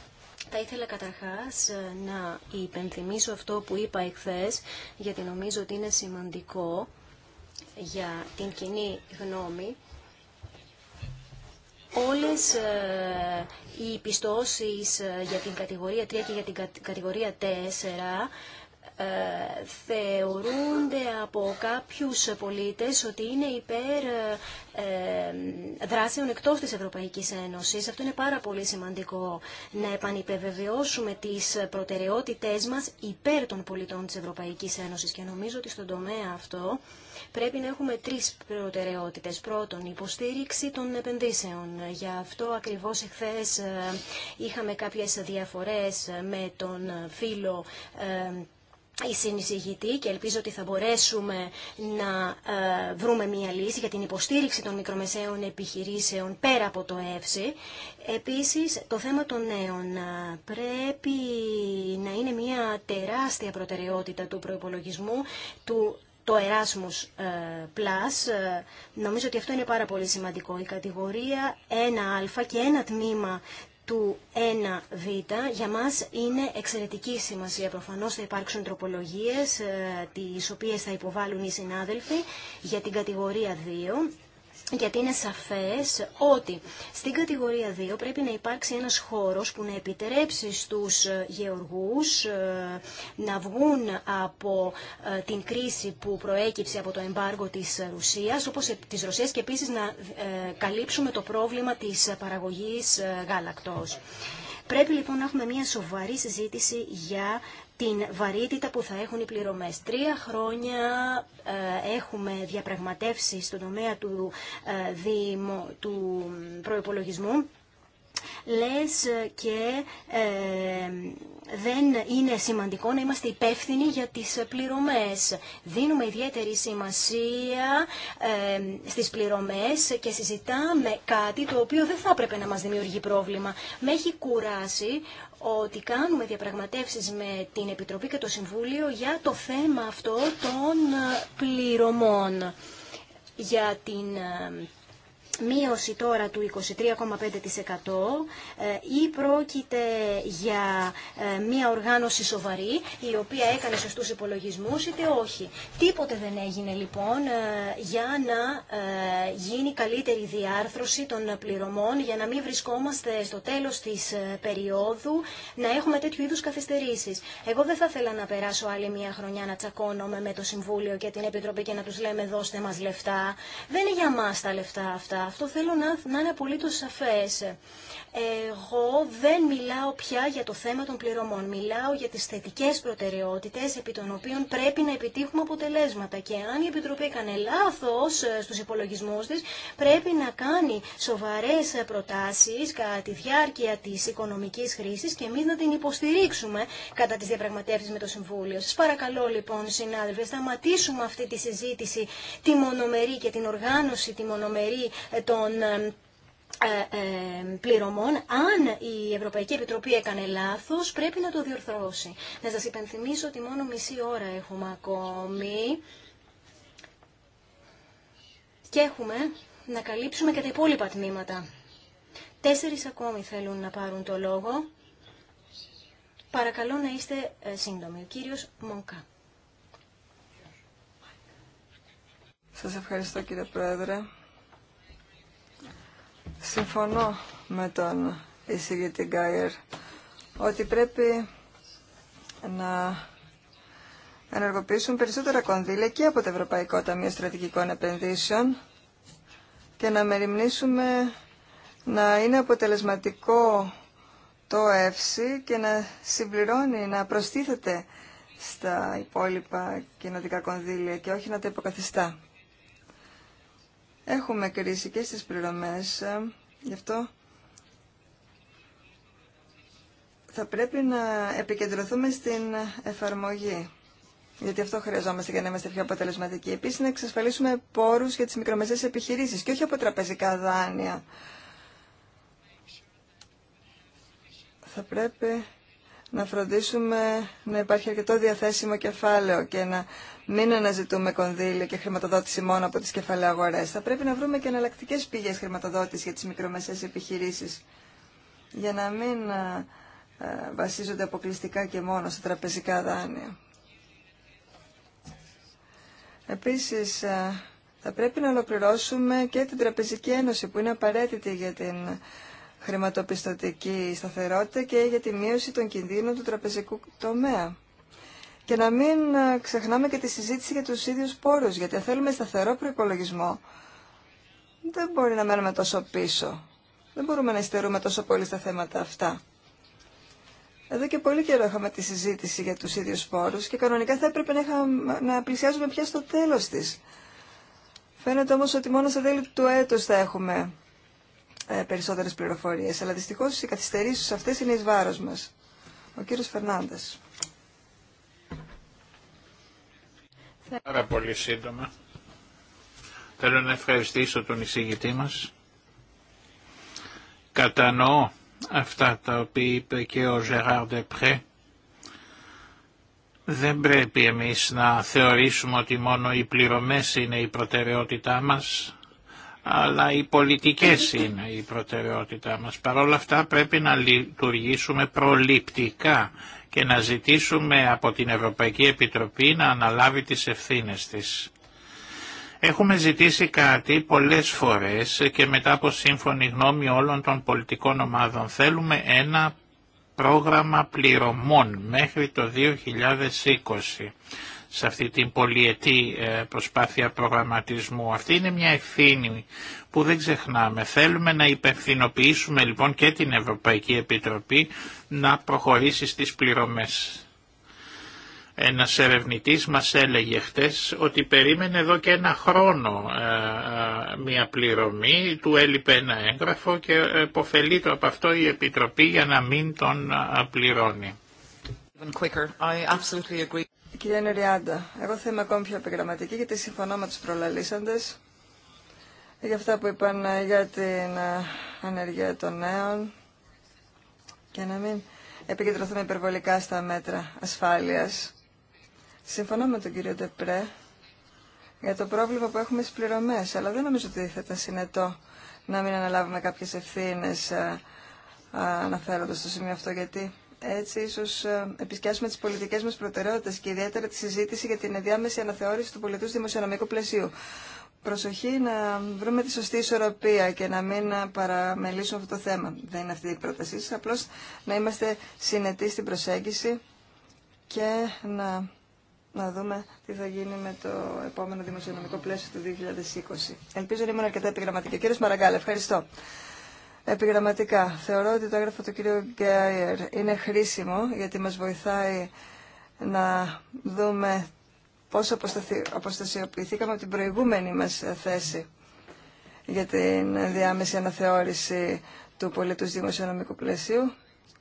Θα ήθελα καταρχάς ε, να υπενθυμίσω αυτό που είπα εχθές, γιατί νομίζω ότι είναι σημαντικό για την κοινή γνώμη. Όλες ε, οι πιστώσεις για την κατηγορία 3 και για την κατηγορία 4 ε, θεωρούνται από κάποιους πολίτες ότι είναι υπέρ ε, ε, δράσεων εκτός της Ευρωπαϊκής Ένωσης. Αυτό είναι πάρα πολύ σημαντικό να επανυπεβεβαιώσουμε τις προτεραιότητές μας υπέρ των πολιτών της Ευρωπαϊκής Ένωσης και νομίζω ότι στον τομέα αυτό πρέπει να έχουμε τρεις προτεραιότητες. Πρώτον, υποστήριξη των επενδύσεων. Γι' αυτό ακριβώς εχθές είχαμε κάποιες διαφορές με τον φίλο συνεισηγητή και ελπίζω ότι θα μπορέσουμε να ε, βρούμε μία λύση για την υποστήριξη των μικρομεσαίων επιχειρήσεων πέρα από το ΕΦΣΥ. Επίσης, το θέμα των νέων ε, πρέπει να είναι μία τεράστια προτεραιότητα του προϋπολογισμού του το Erasmus ε, Plus. Νομίζω ότι αυτό είναι πάρα πολύ σημαντικό. Η κατηγορία 1α και ένα τμήμα του 1Β για μας είναι εξαιρετική σημασία. Προφανώς θα υπάρξουν τροπολογίες ε, τις οποίες θα υποβάλουν οι συνάδελφοι για την κατηγορία 2 γιατί είναι σαφές ότι στην κατηγορία 2 πρέπει να υπάρξει ένας χώρος που να επιτρέψει στους ε, γεωργούς ε, να βγουν από ε, την κρίση που προέκυψε από το εμπάργο της Ρωσίας, όπως της Ρωσίας και επίσης να καλύψουμε το πρόβλημα της παραγωγής γάλακτος. Πρέπει λοιπόν να έχουμε μια σοβαρή συζήτηση για την βαρύτητα που θα έχουν οι πληρωμές. Τρία χρόνια ε, έχουμε διαπραγματεύσει στον τομέα του, ε, δημο, του προϋπολογισμού. Λες και ε, δεν είναι σημαντικό να είμαστε υπεύθυνοι για τις πληρωμές. Δίνουμε ιδιαίτερη σημασία ε, στις πληρωμές και συζητάμε κάτι το οποίο δεν θα έπρεπε να μας δημιουργεί πρόβλημα. Με έχει κουράσει ότι κάνουμε διαπραγματεύσεις με την Επιτροπή και το Συμβούλιο για το θέμα αυτό των ε, πληρωμών για την ε, μείωση τώρα του 23,5% ε, ή πρόκειται για ε, μια οργάνωση σοβαρή η οποία έκανε σωστούς υπολογισμούς είτε όχι. Τίποτε δεν έγινε λοιπόν ε, για να γίνει καλύτερη διάρθρωση των πληρωμών για να μην βρισκόμαστε στο τέλος της περίοδου να έχουμε τέτοιου είδους καθυστερήσεις. Εγώ δεν θα ήθελα να περάσω άλλη μια χρονιά να τσακώνομαι με το Συμβούλιο και την Επιτροπή και να τους λέμε δώστε μας λεφτά. Δεν είναι για μας τα λεφτά αυτά. Αυτό θέλω να, να είναι απολύτως σαφές εγώ δεν μιλάω πια για το θέμα των πληρωμών. Μιλάω για τις θετικές προτεραιότητες επί των οποίων πρέπει να επιτύχουμε αποτελέσματα. Και αν η Επιτροπή έκανε λάθος ε, στους υπολογισμούς της, πρέπει να κάνει σοβαρές ε, προτάσεις κατά τη διάρκεια της οικονομικής χρήσης και εμείς να την υποστηρίξουμε κατά τις διαπραγματεύσεις με το Συμβούλιο. Σας παρακαλώ λοιπόν συνάδελφοι, σταματήσουμε αυτή τη συζήτηση τη μονομερή και την οργάνωση τη μονομερή ε, των ε, ε, πληρωμών, αν η Ευρωπαϊκή Επιτροπή έκανε λάθος, πρέπει να το διορθώσει. Να σας υπενθυμίσω ότι μόνο μισή ώρα έχουμε ακόμη και έχουμε να καλύψουμε και τα υπόλοιπα τμήματα. Τέσσερις ακόμη θέλουν να πάρουν το λόγο. Παρακαλώ να είστε ε, σύντομοι. Ο κύριος Μονκά. Σας ευχαριστώ κύριε Πρόεδρε. Συμφωνώ με τον εισηγητή Γκάιερ ότι πρέπει να ενεργοποιήσουν περισσότερα κονδύλια και από το Ευρωπαϊκό Ταμείο Στρατηγικών Επενδύσεων και να μεριμνήσουμε να είναι αποτελεσματικό το ΕΦΣΥ και να συμπληρώνει, να προστίθεται στα υπόλοιπα κοινοτικά κονδύλια και όχι να τα υποκαθιστά. Έχουμε κρίση και στις πληρωμές, ε, γι' αυτό θα πρέπει να επικεντρωθούμε στην εφαρμογή. Γιατί αυτό χρειαζόμαστε για να είμαστε πιο αποτελεσματικοί. Επίση, να εξασφαλίσουμε πόρου για τι μικρομεσαίε επιχειρήσει και όχι από τραπεζικά δάνεια. Θα πρέπει να φροντίσουμε να υπάρχει αρκετό διαθέσιμο κεφάλαιο και να μην αναζητούμε κονδύλια και χρηματοδότηση μόνο από τι κεφαλαίες Θα πρέπει να βρούμε και εναλλακτικέ πηγές χρηματοδότηση για τις μικρομεσαίες επιχειρήσεις, για να μην ε, ε, βασίζονται αποκλειστικά και μόνο στα τραπεζικά δάνεια. Επίσης, ε, θα πρέπει να ολοκληρώσουμε και την Τραπεζική Ένωση που είναι απαραίτητη για την χρηματοπιστωτική σταθερότητα και για τη μείωση των κινδύνων του τραπεζικού τομέα. Και να μην ε, ξεχνάμε και τη συζήτηση για τους ίδιους πόρους, γιατί αν θέλουμε σταθερό προπολογισμό, δεν μπορεί να μένουμε τόσο πίσω. Δεν μπορούμε να ειστερούμε τόσο πολύ στα θέματα αυτά. Εδώ και πολύ καιρό είχαμε τη συζήτηση για τους ίδιους πόρους και κανονικά θα έπρεπε να, να πλησιάζουμε πια στο τέλος της. Φαίνεται όμως ότι μόνο στα τέλη του έτους θα έχουμε ε, περισσότερες πληροφορίες, αλλά δυστυχώς οι καθυστερήσεις αυτές είναι εις βάρος μας. Ο κύριος Φερνάντες. Πάρα πολύ σύντομα. Θέλω να ευχαριστήσω τον εισηγητή μας. Κατανοώ αυτά τα οποία είπε και ο Γεράρ Δεν πρέπει εμείς να θεωρήσουμε ότι μόνο οι πληρωμές είναι η προτεραιότητά μας, αλλά οι πολιτικές είναι η προτεραιότητά μας. Παρ' όλα αυτά πρέπει να λειτουργήσουμε προληπτικά και να ζητήσουμε από την Ευρωπαϊκή Επιτροπή να αναλάβει τις ευθύνες της. Έχουμε ζητήσει κάτι πολλές φορές και μετά από σύμφωνη γνώμη όλων των πολιτικών ομάδων θέλουμε ένα πρόγραμμα πληρωμών μέχρι το 2020 σε αυτή την πολυετή ε, προσπάθεια προγραμματισμού. Αυτή είναι μια ευθύνη που δεν ξεχνάμε. Θέλουμε να υπευθυνοποιήσουμε λοιπόν και την Ευρωπαϊκή Επιτροπή να προχωρήσει στις πληρωμές. Ένας ερευνητής μας έλεγε χτες ότι περίμενε εδώ και ένα χρόνο ε, ε, μια πληρωμή, του έλειπε ένα έγγραφο και υποφελεί το από αυτό η Επιτροπή για να μην τον πληρώνει. Κυρία Νεριάντα, εγώ θα είμαι ακόμη πιο επιγραμματική γιατί συμφωνώ με του προλαλήσαντε για αυτά που είπαν ε, για την ε, ανεργία των νέων και να μην επικεντρωθούμε υπερβολικά στα μέτρα ασφάλειας. Συμφωνώ με τον κύριο Τεπρέ για το πρόβλημα που έχουμε στις πληρωμές, αλλά δεν νομίζω ότι θα ήταν συνετό να μην αναλάβουμε κάποιες ευθύνες ε, αναφέροντας το σημείο αυτό, γιατί έτσι ίσως ε, επισκιάσουμε τις πολιτικές μας προτεραιότητες και ιδιαίτερα τη συζήτηση για την ενδιάμεση αναθεώρηση του πολιτού δημοσιονομικού πλαισίου. Προσοχή να βρούμε τη σωστή ισορροπία και να μην παραμελήσουμε αυτό το θέμα. Δεν είναι αυτή η πρότασή σα, απλώς να είμαστε συνετοί στην προσέγγιση και να, να δούμε τι θα γίνει με το επόμενο δημοσιονομικό πλαίσιο του 2020. Ελπίζω να ήμουν αρκετά επιγραμματική. Κύριος Μαραγκάλ, ευχαριστώ επιγραμματικά. Θεωρώ ότι το έγγραφο του κυρίου Γκέιερ είναι χρήσιμο γιατί μας βοηθάει να δούμε πώς αποστασιοποιηθήκαμε από την προηγούμενη μας θέση για την διάμεση αναθεώρηση του πολιτού δημοσιονομικού πλαισίου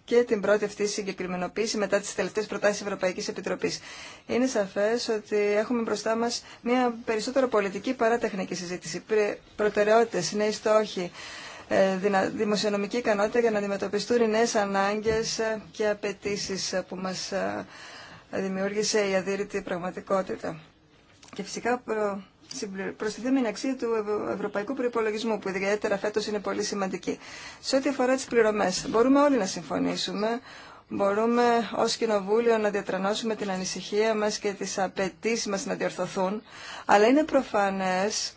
και την πρώτη αυτή συγκεκριμενοποίηση μετά τις τελευταίες προτάσεις Ευρωπαϊκής Επιτροπής. Είναι σαφές ότι έχουμε μπροστά μας μια περισσότερο πολιτική παρά τεχνική συζήτηση. Προτεραιότητες, νέοι στόχοι, ε, δημοσιονομική ικανότητα για να αντιμετωπιστούν οι νέες ανάγκες ε, και απαιτήσει ε, που μας δημιούργησε η αδύρυτη πραγματικότητα. Και φυσικά προ... την αξία του ευρωπαϊκού προπολογισμού, που ιδιαίτερα φέτος είναι πολύ σημαντική. Σε ό,τι αφορά τις πληρωμές, μπορούμε όλοι να συμφωνήσουμε μπορούμε ως Κοινοβούλιο να διατρανώσουμε την ανησυχία μας και τις απαιτήσει μας να διορθωθούν, αλλά είναι προφανές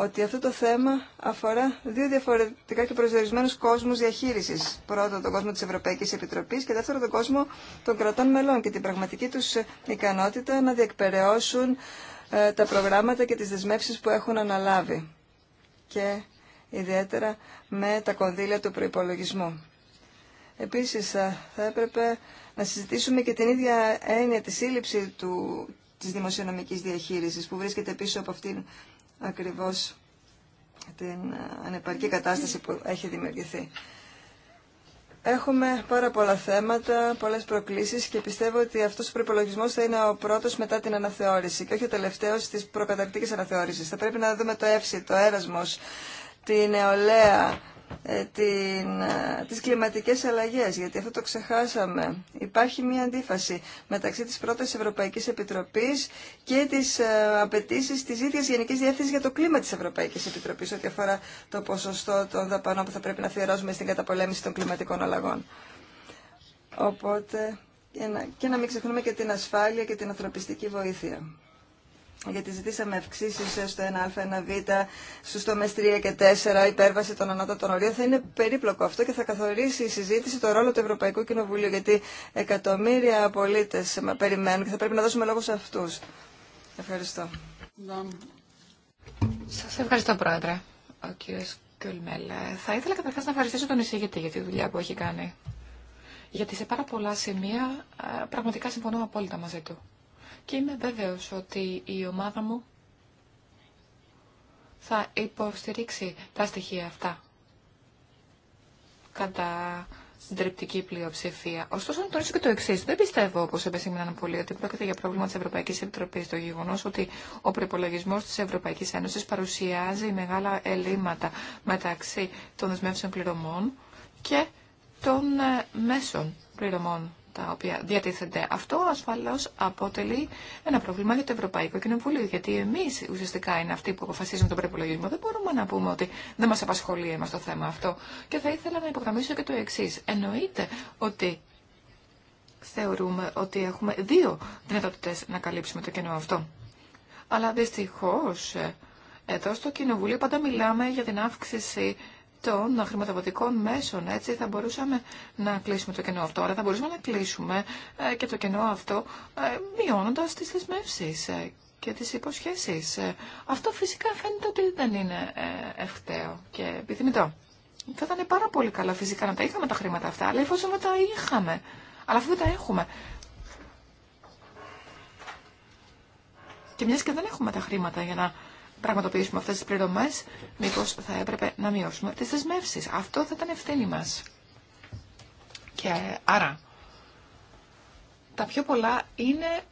ότι αυτό το θέμα αφορά δύο διαφορετικά και προσδιορισμένους κόσμους διαχείρισης. Πρώτον, τον κόσμο της Ευρωπαϊκής Επιτροπής και δεύτερον, τον κόσμο των κρατών μελών και την πραγματική του ικανότητα να διεκπαιρεώσουν ε, τα προγράμματα και τις δεσμεύσει που έχουν αναλάβει και ιδιαίτερα με τα κονδύλια του προπολογισμού. Επίση, ε, θα έπρεπε να συζητήσουμε και την ίδια έννοια τη σύλληψη του, της δημοσιονομικής διαχείρισης που βρίσκεται πίσω από αυτήν ακριβώς την ε, ανεπαρκή κατάσταση που έχει δημιουργηθεί. Έχουμε πάρα πολλά θέματα, πολλές προκλήσεις και πιστεύω ότι αυτός ο προπολογισμό θα είναι ο πρώτος μετά την αναθεώρηση και όχι ο τελευταίος της προκαταρκτικής αναθεώρησης. Θα πρέπει να δούμε το εύση, το Έρασμος, τη νεολαία, ε, την, ε, τις κλιματικές αλλαγές, γιατί αυτό το ξεχάσαμε. Υπάρχει μια αντίφαση μεταξύ της πρώτης Ευρωπαϊκής Επιτροπής και της ε, απαιτήσει της ίδιας Γενικής Διεύθυνσης για το κλίμα της Ευρωπαϊκής Επιτροπής, ό,τι αφορά το ποσοστό των δαπανών που θα πρέπει να αφιερώσουμε στην καταπολέμηση των κλιματικών αλλαγών. Οπότε, και να, και να μην ξεχνούμε και την ασφάλεια και την ανθρωπιστική βοήθεια γιατί ζητήσαμε αυξήσει στο 1α, 1β, στου τομέ 3 και 4, υπέρβαση των ανώτατων ορίων. Θα είναι περίπλοκο αυτό και θα καθορίσει η συζήτηση το ρόλο του Ευρωπαϊκού Κοινοβουλίου, γιατί εκατομμύρια πολίτε περιμένουν και θα πρέπει να δώσουμε λόγο σε αυτού. Ευχαριστώ. Σα ευχαριστώ, Πρόεδρε, ο κύριο Κιουλμέλ. Ε, θα ήθελα καταρχά να ευχαριστήσω τον εισηγητή για τη δουλειά που έχει κάνει. Γιατί σε πάρα πολλά σημεία ε, πραγματικά συμφωνώ απόλυτα μαζί του και είμαι βέβαιος ότι η ομάδα μου θα υποστηρίξει τα στοιχεία αυτά κατά συντριπτική πλειοψηφία. Ωστόσο, να τονίσω και το εξή. Δεν πιστεύω, όπω επεσήμαναν πολλοί, ότι πρόκειται για πρόβλημα τη Ευρωπαϊκή Επιτροπή το γεγονό ότι ο προπολογισμό τη Ευρωπαϊκή Ένωση παρουσιάζει μεγάλα ελλείμματα μεταξύ των δεσμεύσεων πληρωμών και των ε, μέσων πληρωμών τα οποία διατίθενται. Αυτό ασφαλώς αποτελεί ένα πρόβλημα για το Ευρωπαϊκό Κοινοβούλιο, γιατί εμεί ουσιαστικά είναι αυτοί που αποφασίζουμε τον προπολογισμό. Δεν μπορούμε να πούμε ότι δεν μα απασχολεί εμά το θέμα αυτό. Και θα ήθελα να υπογραμμίσω και το εξή. Εννοείται ότι θεωρούμε ότι έχουμε δύο δυνατότητε να καλύψουμε το κενό αυτό. Αλλά δυστυχώ, εδώ στο Κοινοβούλιο πάντα μιλάμε για την αύξηση των χρηματοδοτικών μέσων. Έτσι θα μπορούσαμε να κλείσουμε το κενό αυτό. Άρα θα μπορούσαμε να κλείσουμε ε, και το κενό αυτό ε, μειώνοντα τι δεσμεύσει ε, και τις υποσχέσεις. Αυτό φυσικά φαίνεται ότι δεν είναι ευκταίο και επιθυμητό. Θα ήταν πάρα πολύ καλά φυσικά να τα είχαμε τα χρήματα αυτά, αλλά εφόσον τα είχαμε, αλλά αφού δεν τα έχουμε. Και μια και δεν έχουμε τα χρήματα για να πραγματοποιήσουμε αυτές τις πληρωμές, μήπως θα έπρεπε να μειώσουμε τις δεσμεύσεις. Αυτό θα ήταν ευθύνη μας. Και άρα, τα πιο πολλά είναι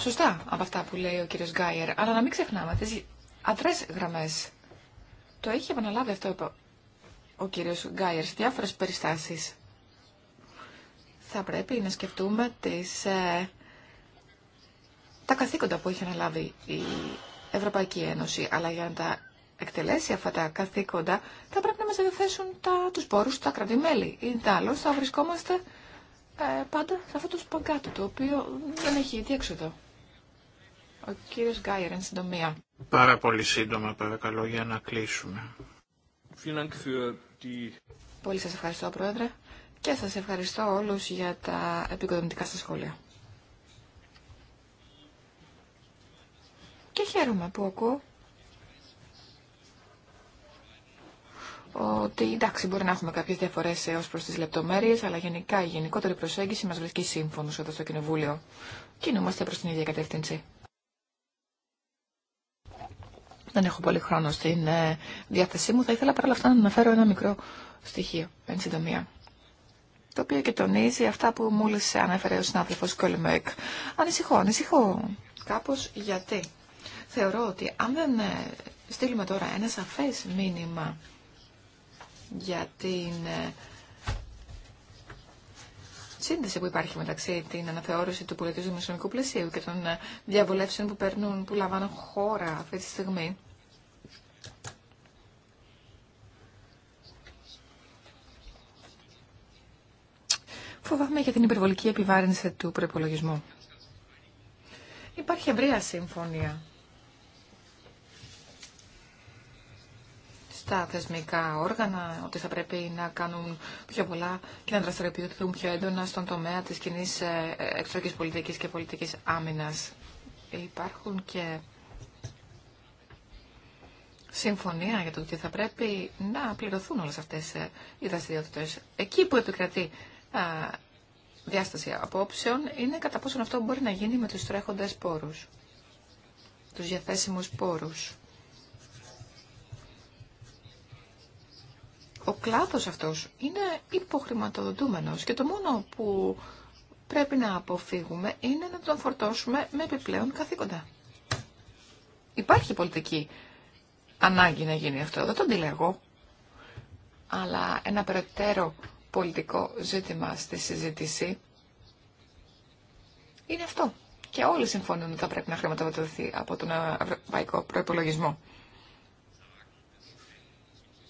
σωστά από αυτά που λέει ο κύριος Γκάιερ, αλλά να μην ξεχνάμε τις αδρές γραμμές. Το έχει επαναλάβει αυτό ο κύριος Γκάιερ σε διάφορες περιστάσεις. Θα πρέπει να σκεφτούμε τις, ε, τα καθήκοντα που έχει αναλάβει η Ευρωπαϊκή Ένωση. Αλλά για να τα εκτελέσει αυτά τα καθήκοντα, θα πρέπει να μας διαθέσουν τα, τους πόρους τα κρατημέλη. Ή τέλο, θα βρισκόμαστε ε, πάντα σε αυτό το σπαγκάτο, το οποίο δεν έχει διέξοδο. Ο κύριο Γκάιερ, εν συντομία. Πάρα πολύ σύντομα, παρακαλώ, για να κλείσουμε. Πολύ σας ευχαριστώ, Πρόεδρε, και σας ευχαριστώ όλους για τα επικοδομητικά σας σχόλια. Χαίρομαι που ακούω ότι εντάξει μπορεί να έχουμε κάποιε διαφορέ ω προ τι λεπτομέρειε, αλλά γενικά η γενικότερη προσέγγιση μα βρίσκει σύμφωνο εδώ στο Κοινοβούλιο. Κινούμαστε προ την ίδια κατεύθυνση. Δεν έχω πολύ χρόνο στην ε, διάθεσή μου. Θα ήθελα παρόλα αυτά να αναφέρω ένα μικρό στοιχείο, εν συντομία. Το οποίο και τονίζει αυτά που μόλι ανέφερε ο συνάδελφο Κολμέκ. Ανησυχώ, ανησυχώ. Κάπω γιατί θεωρώ ότι αν δεν ε, στείλουμε τώρα ένα σαφές μήνυμα για την ε, σύνδεση που υπάρχει μεταξύ την αναθεώρηση του πολιτικού δημοσιονομικού πλαισίου και των ε, διαβολεύσεων που παίρνουν, που λαμβάνουν χώρα αυτή τη στιγμή. Φοβάμαι για την υπερβολική επιβάρυνση του προπολογισμού. Υπάρχει ευρεία σύμφωνια στα θεσμικά όργανα, ότι θα πρέπει να κάνουν πιο πολλά και να δραστηριοποιηθούν πιο έντονα στον τομέα της κοινή ε, εξωτερικής πολιτικής και πολιτικής άμυνας. Υπάρχουν και συμφωνία για το ότι θα πρέπει να πληρωθούν όλες αυτές ε, οι δραστηριότητε. Εκεί που επικρατεί διάσταση απόψεων είναι κατά πόσο αυτό μπορεί να γίνει με τους τρέχοντες πόρους, τους διαθέσιμους πόρους. ο κλάδος αυτός είναι υποχρηματοδοτούμενος και το μόνο που πρέπει να αποφύγουμε είναι να τον φορτώσουμε με επιπλέον καθήκοντα. Υπάρχει πολιτική ανάγκη να γίνει αυτό, δεν τον τη Αλλά ένα περαιτέρω πολιτικό ζήτημα στη συζήτηση είναι αυτό. Και όλοι συμφωνούν ότι θα πρέπει να χρηματοδοτηθεί από τον ευρωπαϊκό προπολογισμό.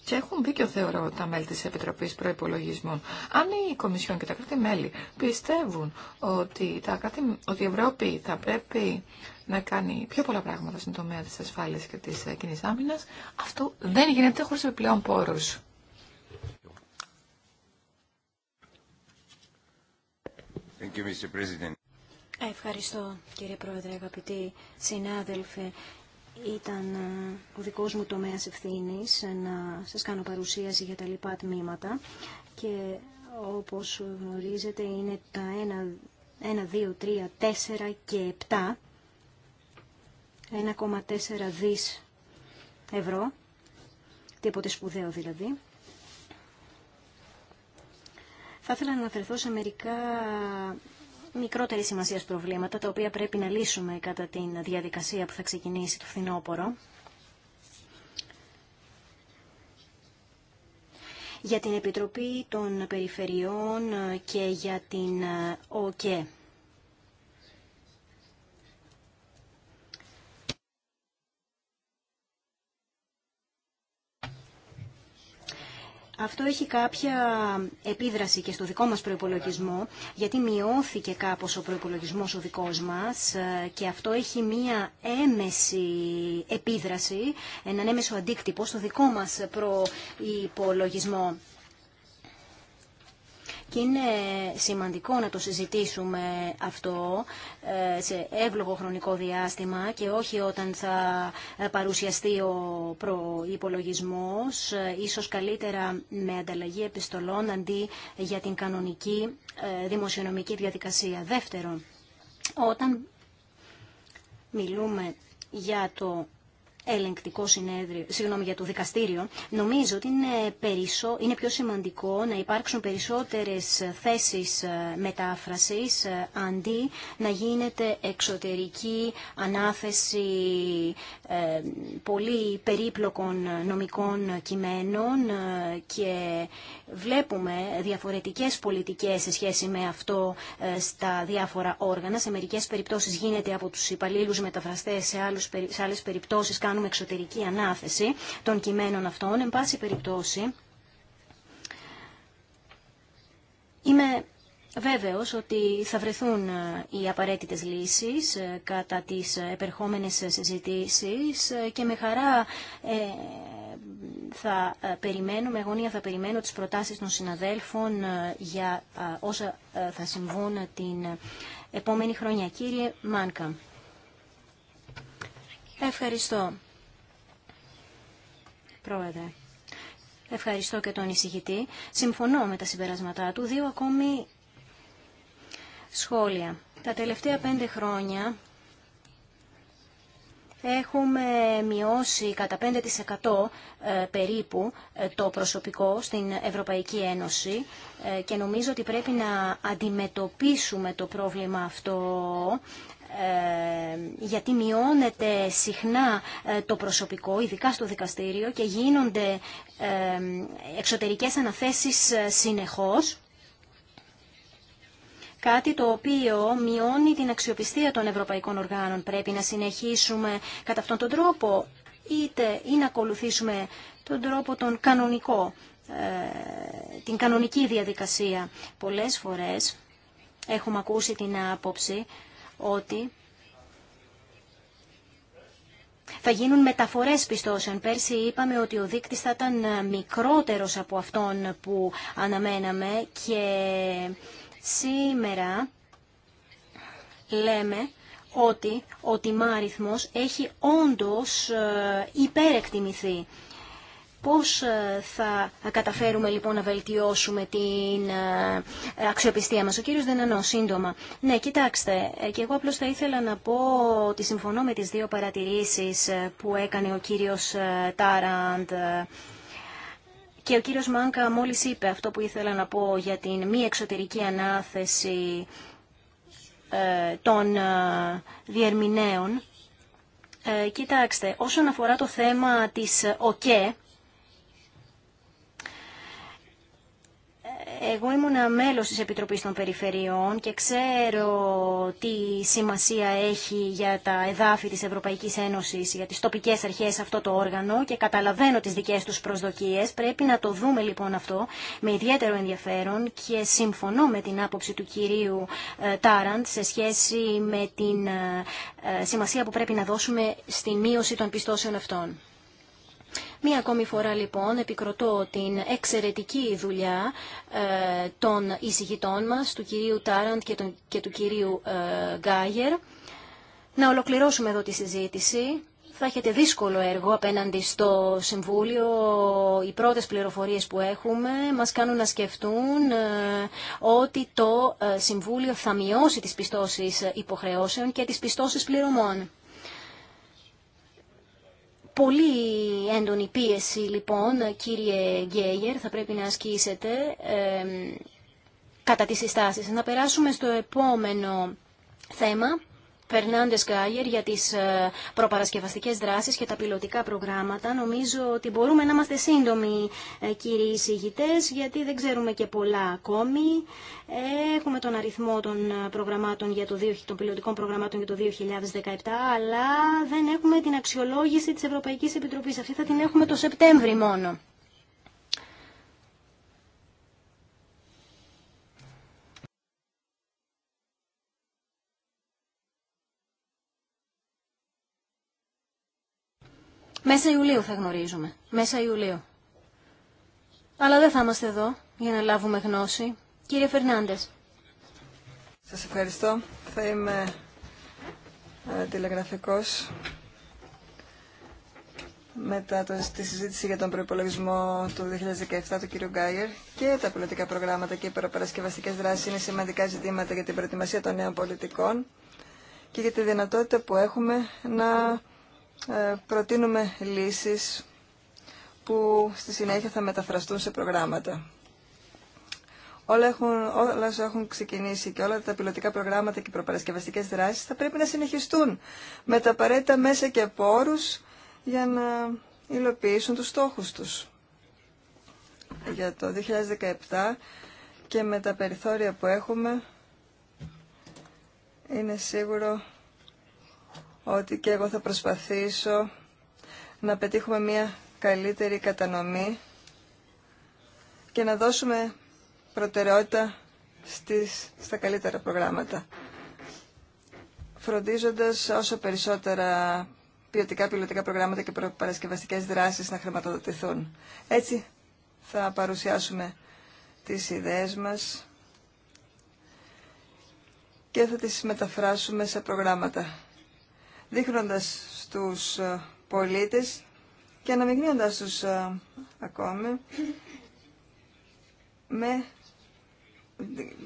Και έχουν δίκιο, θεωρώ, τα μέλη τη Επιτροπή Προπολογισμών. Αν η Κομισιόν και τα κράτη-μέλη πιστεύουν ότι, τα κράτη, ότι η Ευρώπη θα πρέπει να κάνει πιο πολλά πράγματα στην τομέα τη ασφάλεια και τη ε, κοινή άμυνα, αυτό δεν γίνεται χωρί επιπλέον πόρου. Ευχαριστώ κύριε Πρόεδρε, αγαπητοί συνάδελφοι. Ήταν ε, ο δικός μου τομέας ευθύνης ε, να σας κάνω παρουσίαση για τα λοιπά τμήματα και όπως γνωρίζετε είναι τα 1, 2, 3, 4 και 7 1,4 δις ευρώ τίποτε σπουδαίο δηλαδή θα ήθελα να αναφερθώ σε μερικά μικρότερη σημασία προβλήματα τα οποία πρέπει να λύσουμε κατά την διαδικασία που θα ξεκινήσει το φθινόπωρο. Για την Επιτροπή των Περιφερειών και για την ΟΚΕ. αυτό έχει κάποια επίδραση και στο δικό μας προϋπολογισμό, γιατί μειώθηκε κάπως ο προϋπολογισμός ο δικός μας ε, και αυτό έχει μία έμεση επίδραση, έναν έμεσο αντίκτυπο στο δικό μας προϋπολογισμό και είναι σημαντικό να το συζητήσουμε αυτό ε, σε εύλογο χρονικό διάστημα και όχι όταν θα ε, παρουσιαστεί ο προϋπολογισμός, ε, ίσως καλύτερα με ανταλλαγή επιστολών αντί για την κανονική δημοσιονομική διαδικασία. Δεύτερον, όταν μιλούμε για το ελεγκτικό συνέδριο, συγγνώμη, για το δικαστήριο, νομίζω ότι είναι, περισσό, είναι πιο σημαντικό να υπάρξουν περισσότερες θέσεις ε, μετάφρασης ε, αντί να γίνεται εξωτερική ανάθεση ε, πολύ περίπλοκων νομικών κειμένων και βλέπουμε διαφορετικές πολιτικές σε σχέση με αυτό στα διάφορα όργανα. Σε μερικές περιπτώσεις γίνεται από τους υπαλλήλους μεταφραστές, σε, άλλους, σε άλλες περιπτώσεις κάνουμε εξωτερική ανάθεση των κειμένων αυτών. Εν πάση περιπτώσει, είμαι Βέβαιος ότι θα βρεθούν ε, οι απαραίτητες λύσεις ε, κατά τις ε, επερχόμενες συζητήσεις και με χαρά θα περιμένω, με αγωνία θα περιμένω τις προτάσεις των συναδέλφων για όσα θα συμβούν την επόμενη χρονιά. Κύριε Μάνκα. Ευχαριστώ, Πρόεδρε. Ευχαριστώ και τον εισηγητή. Συμφωνώ με τα συμπεράσματά του. Δύο ακόμη σχόλια. Τα τελευταία πέντε χρόνια έχουμε μειώσει κατά 5% ε, περίπου ε, το προσωπικό στην Ευρωπαϊκή Ένωση ε, και νομίζω ότι πρέπει να αντιμετωπίσουμε το πρόβλημα αυτό ε, γιατί μειώνεται συχνά ε, το προσωπικό, ειδικά στο δικαστήριο και γίνονται ε, εξωτερικές αναθέσεις συνεχώς κάτι το οποίο μειώνει την αξιοπιστία των ευρωπαϊκών οργάνων. Πρέπει να συνεχίσουμε κατά αυτόν τον τρόπο, είτε ή να ακολουθήσουμε τον τρόπο τον κανονικό, την κανονική διαδικασία. Πολλές φορές έχουμε ακούσει την άποψη ότι θα γίνουν μεταφορές πιστώσεων. Πέρσι είπαμε ότι ο δείκτης θα ήταν μικρότερος από αυτόν που αναμέναμε και σήμερα λέμε ότι ο τιμάριθμος έχει όντως ε, υπερεκτιμηθεί. Πώς ε, θα καταφέρουμε λοιπόν να βελτιώσουμε την ε, αξιοπιστία μας. Ο κύριος Δενανό, σύντομα. Ναι, κοιτάξτε, ε, και εγώ απλώς θα ήθελα να πω ότι συμφωνώ με τις δύο παρατηρήσεις που έκανε ο κύριος Τάραντ. Και ο κύριος Μάνκα μόλις είπε αυτό που ήθελα να πω για την μη εξωτερική ανάθεση των διερμηνέων. Κοιτάξτε, όσον αφορά το θέμα της ΟΚΕ, Εγώ ήμουν μέλος της Επιτροπής των Περιφερειών και ξέρω τι σημασία έχει για τα εδάφη της Ευρωπαϊκής Ένωσης, για τις τοπικές αρχές αυτό το όργανο και καταλαβαίνω τις δικές τους προσδοκίες. Πρέπει να το δούμε λοιπόν αυτό με ιδιαίτερο ενδιαφέρον και συμφωνώ με την άποψη του κυρίου ε, Τάραντ σε σχέση με την ε, ε, σημασία που πρέπει να δώσουμε στη μείωση των πιστώσεων αυτών. Μία ακόμη φορά λοιπόν επικροτώ την εξαιρετική δουλειά ε, των εισηγητών μας, του κυρίου Τάραντ και του κυρίου ε, Γκάγερ. Να ολοκληρώσουμε εδώ τη συζήτηση. Θα έχετε δύσκολο έργο απέναντι στο Συμβούλιο. Οι πρώτες πληροφορίες που έχουμε μας κάνουν να σκεφτούν ε, ότι το Συμβούλιο θα μειώσει τις πιστώσεις υποχρεώσεων και τις πιστώσεις πληρωμών. Πολύ έντονη πίεση λοιπόν, κύριε Γκέιερ, θα πρέπει να ασκήσετε κατά τις συστάσεις. Να περάσουμε στο επόμενο θέμα Φερνάντε Γκάιερ για τι ε, προπαρασκευαστικέ δράσει και τα πιλωτικά προγράμματα. Νομίζω ότι μπορούμε να είμαστε σύντομοι, ε, κύριοι εισηγητέ, γιατί δεν ξέρουμε και πολλά ακόμη. Έχουμε τον αριθμό των, ε, προγραμμάτων για το, των πιλωτικών προγραμμάτων για το 2017, αλλά δεν έχουμε την αξιολόγηση τη Ευρωπαϊκή Επιτροπή. Αυτή θα την έχουμε το Σεπτέμβρη μόνο. Μέσα Ιουλίου θα γνωρίζουμε. Μέσα Ιουλίου. Αλλά δεν θα είμαστε εδώ για να λάβουμε γνώση. Κύριε Φερνάντες. Σας ευχαριστώ. Θα είμαι ε, τηλεγραφικός μετά το, τη συζήτηση για τον προπολογισμό του 2017 του κ. Γκάιερ και τα πολιτικά προγράμματα και οι προπαρασκευαστικέ δράσει είναι σημαντικά ζητήματα για την προετοιμασία των νέων πολιτικών και για τη δυνατότητα που έχουμε να ε, προτείνουμε λύσεις που στη συνέχεια θα μεταφραστούν σε προγράμματα. Όλα, έχουν, όλα έχουν ξεκινήσει και όλα τα πιλωτικά προγράμματα και οι προπαρασκευαστικές δράσεις θα πρέπει να συνεχιστούν με τα απαραίτητα μέσα και πόρους για να υλοποιήσουν τους στόχους τους. Για το 2017 και με τα περιθώρια που έχουμε είναι σίγουρο ότι και εγώ θα προσπαθήσω να πετύχουμε μια καλύτερη κατανομή και να δώσουμε προτεραιότητα στις, στα καλύτερα προγράμματα. Φροντίζοντας όσο περισσότερα ποιοτικά πιλωτικά προγράμματα και παρασκευαστικές δράσεις να χρηματοδοτηθούν. Έτσι θα παρουσιάσουμε τις ιδέες μας και θα τις μεταφράσουμε σε προγράμματα δείχνοντας τους ε, πολίτες και αναμειγνύοντας τους ε, ακόμη με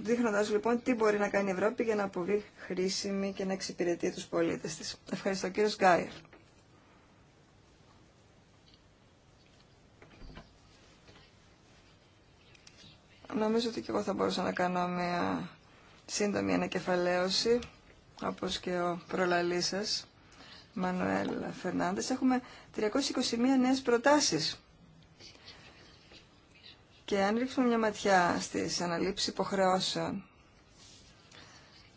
δείχνοντας λοιπόν τι μπορεί να κάνει η Ευρώπη για να αποβεί χρήσιμη και να εξυπηρετεί τους πολίτες της. Ευχαριστώ κύριος Γκάιερ. Νομίζω ότι και εγώ θα μπορούσα να κάνω μια σύντομη ανακεφαλαίωση, όπως και ο προλαλής σας. Μανουέλ Φερνάντες, έχουμε 321 νέε προτάσει. Και αν ρίξουμε μια ματιά στις αναλήψει υποχρεώσεων,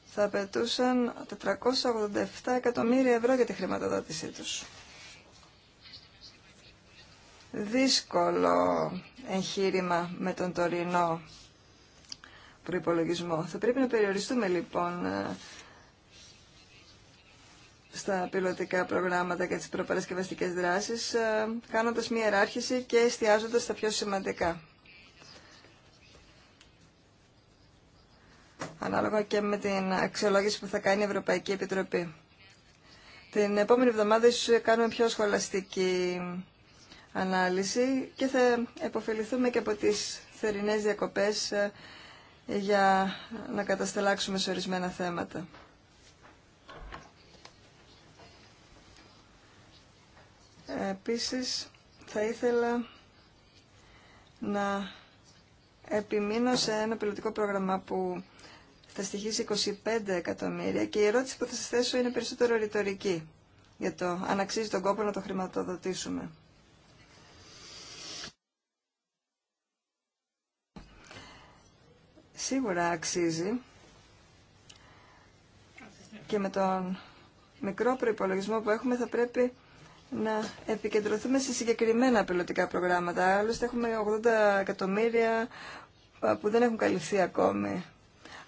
θα απαιτούσαν 487 εκατομμύρια ευρώ για τη χρηματοδότησή του. Δύσκολο εγχείρημα με τον τωρινό προϋπολογισμό. Θα πρέπει να περιοριστούμε λοιπόν στα πιλωτικά προγράμματα και τις προπαρασκευαστικές δράσεις, ε, κάνοντας μία εράρχηση και εστιάζοντας τα πιο σημαντικά. Ανάλογα και με την αξιολόγηση που θα κάνει η Ευρωπαϊκή Επιτροπή. Την επόμενη εβδομάδα ίσως κάνουμε πιο σχολαστική ανάλυση και θα επωφεληθούμε και από τις θερινές διακοπές ε, για να καταστελάξουμε σε ορισμένα θέματα. Επίσης, θα ήθελα να επιμείνω σε ένα πιλωτικό πρόγραμμα που θα στοιχήσει 25 εκατομμύρια και η ερώτηση που θα σας θέσω είναι περισσότερο ρητορική για το αν αξίζει τον κόπο να το χρηματοδοτήσουμε. Σίγουρα αξίζει και με τον μικρό προϋπολογισμό που έχουμε θα πρέπει να επικεντρωθούμε σε συγκεκριμένα πιλωτικά προγράμματα. Άλλωστε έχουμε 80 εκατομμύρια που δεν έχουν καλυφθεί ακόμη.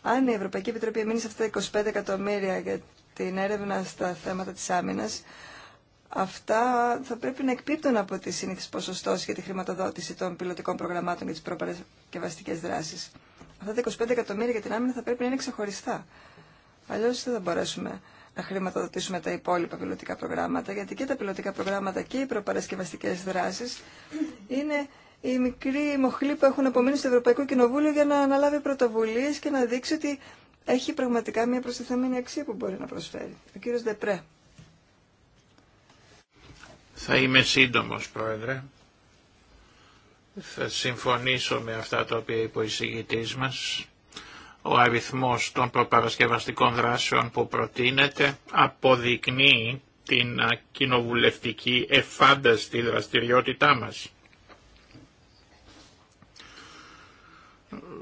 Αν η Ευρωπαϊκή Επιτροπή μείνει σε αυτά τα 25 εκατομμύρια για την έρευνα στα θέματα της άμυνας, αυτά θα πρέπει να εκπίπτουν από τη σύνηθις ποσοστός για τη χρηματοδότηση των πιλωτικών προγραμμάτων για τις προπαρασκευαστικές δράσεις. Αυτά τα 25 εκατομμύρια για την άμυνα θα πρέπει να είναι ξεχωριστά. Αλλιώς δεν θα μπορέσουμε να χρηματοδοτήσουμε τα υπόλοιπα πιλωτικά προγράμματα, γιατί και τα πιλωτικά προγράμματα και οι προπαρασκευαστικές δράσεις είναι οι μικροί μοχλοί που έχουν απομείνει στο Ευρωπαϊκό Κοινοβούλιο για να αναλάβει πρωτοβουλίες και να δείξει ότι έχει πραγματικά μια προστιθέμενη αξία που μπορεί να προσφέρει. Ο κύριος Δεπρέ. Θα είμαι σύντομο, Πρόεδρε. Θα συμφωνήσω με αυτά τα οποία είπε ο εισηγητή μας. Ο αριθμός των προπαρασκευαστικών δράσεων που προτείνεται αποδεικνύει την κοινοβουλευτική εφάνταστη δραστηριότητά μας.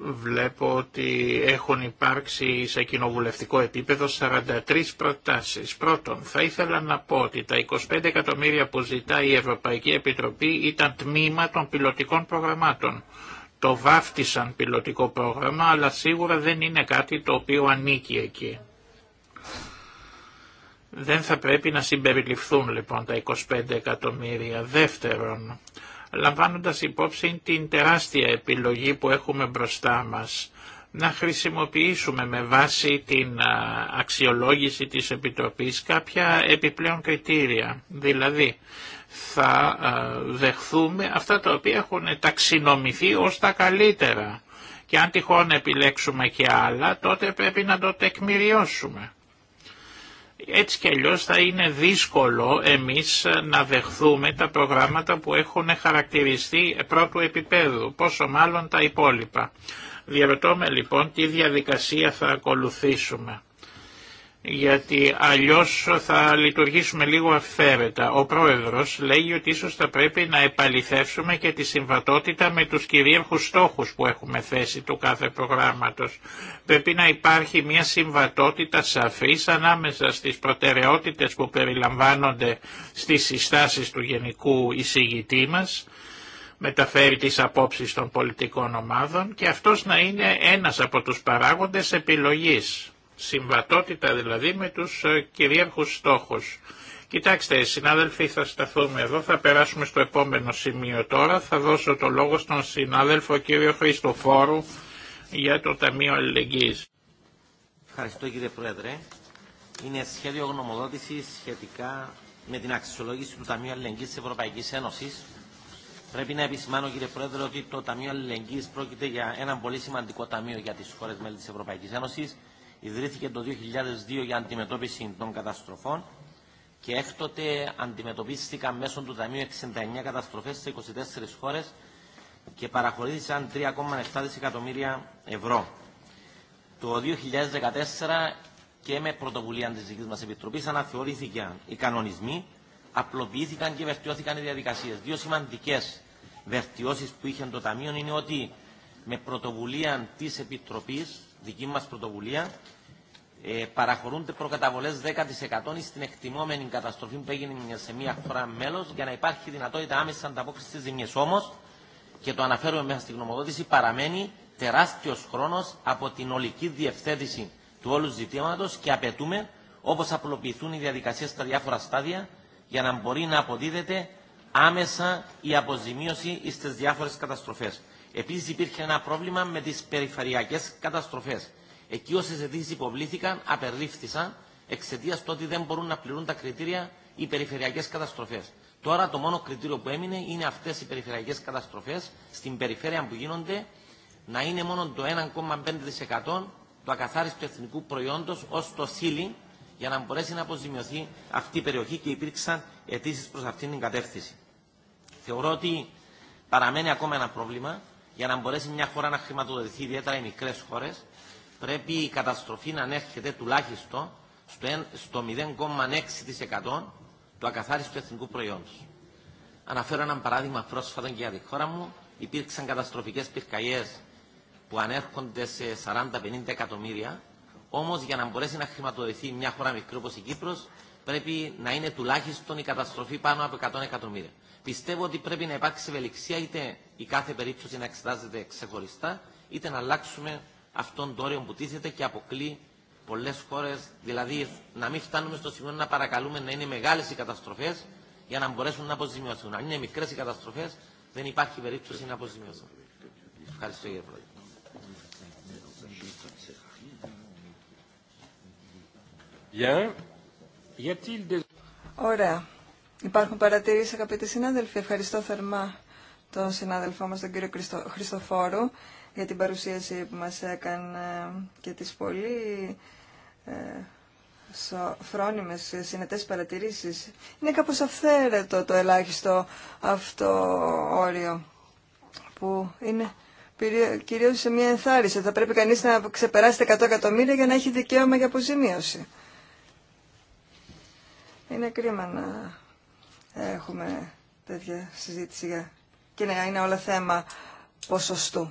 Βλέπω ότι έχουν υπάρξει σε κοινοβουλευτικό επίπεδο 43 προτάσεις. Πρώτον, θα ήθελα να πω ότι τα 25 εκατομμύρια που ζητάει η Ευρωπαϊκή Επιτροπή ήταν τμήμα των πιλωτικών προγραμμάτων το βάφτισαν πιλωτικό πρόγραμμα, αλλά σίγουρα δεν είναι κάτι το οποίο ανήκει εκεί. Δεν θα πρέπει να συμπεριληφθούν λοιπόν τα 25 εκατομμύρια. Δεύτερον, λαμβάνοντας υπόψη την τεράστια επιλογή που έχουμε μπροστά μας, να χρησιμοποιήσουμε με βάση την αξιολόγηση της Επιτροπής κάποια επιπλέον κριτήρια. Δηλαδή, θα ε, δεχθούμε αυτά τα οποία έχουν ταξινομηθεί ως τα καλύτερα. Και αν τυχόν επιλέξουμε και άλλα, τότε πρέπει να το τεκμηριώσουμε. Έτσι κι αλλιώ θα είναι δύσκολο εμείς ε, να δεχθούμε τα προγράμματα που έχουν χαρακτηριστεί πρώτου επίπεδου, πόσο μάλλον τα υπόλοιπα. Διαρωτώ λοιπόν τι διαδικασία θα ακολουθήσουμε γιατί αλλιώς θα λειτουργήσουμε λίγο αυθαίρετα. Ο πρόεδρος λέει ότι ίσως θα πρέπει να επαληθεύσουμε και τη συμβατότητα με τους κυρίαρχους στόχους που έχουμε θέσει του κάθε προγράμματος. Πρέπει να υπάρχει μια συμβατότητα σαφής ανάμεσα στις προτεραιότητες που περιλαμβάνονται στις συστάσεις του Γενικού Εισηγητή μας, μεταφέρει τις απόψεις των πολιτικών ομάδων και αυτός να είναι ένας από τους παράγοντες επιλογής Συμβατότητα δηλαδή με τους ε, κυρίαρχους στόχους. Κοιτάξτε, συνάδελφοι, θα σταθούμε εδώ, θα περάσουμε στο επόμενο σημείο τώρα. Θα δώσω το λόγο στον συνάδελφο κύριο Χριστοφόρου για το Ταμείο Αλληλεγγύης. Ευχαριστώ κύριε Πρόεδρε. Είναι σχέδιο γνωμοδότηση σχετικά με την αξιολόγηση του Ταμείου Αλληλεγγύης της Ευρωπαϊκής Ένωσης. Πρέπει να επισημάνω κύριε Πρόεδρε ότι το Ταμείο Αλληλεγγύης πρόκειται για ένα πολύ σημαντικό ταμείο για τις χώρες μέλη της Ευρωπαϊκής Ένωσης ιδρύθηκε το 2002 για αντιμετώπιση των καταστροφών και έκτοτε αντιμετωπίστηκαν μέσω του Ταμείου 69 καταστροφές σε 24 χώρες και παραχωρήθησαν 3,7 δισεκατομμύρια ευρώ. Το 2014 και με πρωτοβουλία της δικής μας Επιτροπής αναθεωρήθηκαν οι κανονισμοί, απλοποιήθηκαν και βελτιώθηκαν οι διαδικασίες. Δύο σημαντικές βελτιώσεις που είχε το Ταμείο είναι ότι με πρωτοβουλία της Επιτροπής δική μας πρωτοβουλία ε, παραχωρούνται προκαταβολές 10% στην εκτιμόμενη καταστροφή που έγινε σε μια χώρα μέλος για να υπάρχει δυνατότητα άμεση ανταπόκριση στις ζημίες. Όμως, και το αναφέρουμε μέσα στην γνωμοδότηση, παραμένει τεράστιος χρόνος από την ολική διευθέτηση του όλου ζητήματος και απαιτούμε όπως απλοποιηθούν οι διαδικασίες στα διάφορα στάδια για να μπορεί να αποδίδεται άμεσα η αποζημίωση στι διάφορες καταστροφές. Επίση υπήρχε ένα πρόβλημα με τι περιφερειακέ καταστροφέ. Εκεί όσε αιτήσει υποβλήθηκαν απερίφθησαν εξαιτία του ότι δεν μπορούν να πληρούν τα κριτήρια οι περιφερειακέ καταστροφέ. Τώρα το μόνο κριτήριο που έμεινε είναι αυτέ οι περιφερειακέ καταστροφέ στην περιφέρεια που γίνονται να είναι μόνο το 1,5% του ακαθάριστου εθνικού προϊόντο ω το σύλλη για να μπορέσει να αποζημιωθεί αυτή η περιοχή και υπήρξαν αιτήσει προ αυτήν την κατεύθυνση. Θεωρώ ότι παραμένει ακόμα ένα πρόβλημα για να μπορέσει μια χώρα να χρηματοδοτηθεί, ιδιαίτερα οι μικρέ χώρε, πρέπει η καταστροφή να ανέρχεται τουλάχιστον στο 0,6% του ακαθάριστου εθνικού προϊόντος. Αναφέρω ένα παράδειγμα πρόσφατα και για τη χώρα μου. Υπήρξαν καταστροφικές πυρκαγιές που ανέρχονται σε 40-50 εκατομμύρια. Όμως για να μπορέσει να χρηματοδοτηθεί μια χώρα μικρή όπως η Κύπρος πρέπει να είναι τουλάχιστον η καταστροφή πάνω από 100 εκατομμύρια. Πιστεύω ότι πρέπει να υπάρξει ευελιξία είτε η κάθε περίπτωση να εξετάζεται ξεχωριστά, είτε να αλλάξουμε αυτόν τον όριο που τίθεται και αποκλεί πολλέ χώρε, δηλαδή να μην φτάνουμε στο σημείο να παρακαλούμε να είναι μεγάλε οι καταστροφέ για να μπορέσουν να αποζημιωθούν. Αν είναι μικρέ οι καταστροφέ, δεν υπάρχει περίπτωση να αποζημιωθούν. Ευχαριστώ κύριε Πρόεδρε. Ωραία. Υπάρχουν παρατηρήσεις αγαπητοί συνάδελφοι. Ευχαριστώ θερμά τον συνάδελφό μας τον κύριο Χριστοφόρου για την παρουσίαση που μας έκανε και τις πολύ ε, φρόνιμες συνετές παρατηρήσεις. Είναι κάπως αυθαίρετο το ελάχιστο αυτό όριο που είναι κυρίως σε μια ενθάρρυνση. Θα πρέπει κανείς να ξεπεράσει τα 100 εκατομμύρια για να έχει δικαίωμα για αποζημίωση. Είναι κρίμα να έχουμε τέτοια συζήτηση και να είναι όλα θέμα ποσοστού.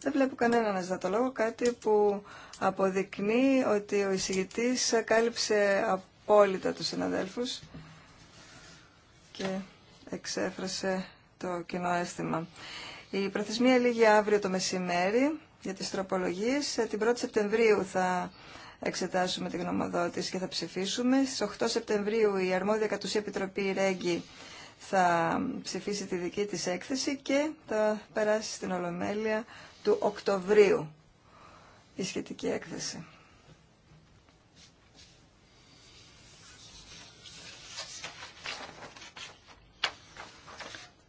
Δεν βλέπω κανένα να ζητά το λόγο, κάτι που αποδεικνύει ότι ο εισηγητής κάλυψε απόλυτα τους συναδέλφους και εξέφρασε το κοινό αίσθημα. Η προθεσμία λήγει αύριο το μεσημέρι για τις τροπολογίες. Την 1η Σεπτεμβρίου θα εξετάσουμε την γνωμοδότηση και θα ψηφίσουμε. Στις 8 Σεπτεμβρίου η αρμόδια κατουσία Επιτροπή Ρέγγι θα ψηφίσει τη δική της έκθεση και θα περάσει στην Ολομέλεια του Οκτωβρίου η σχετική έκθεση.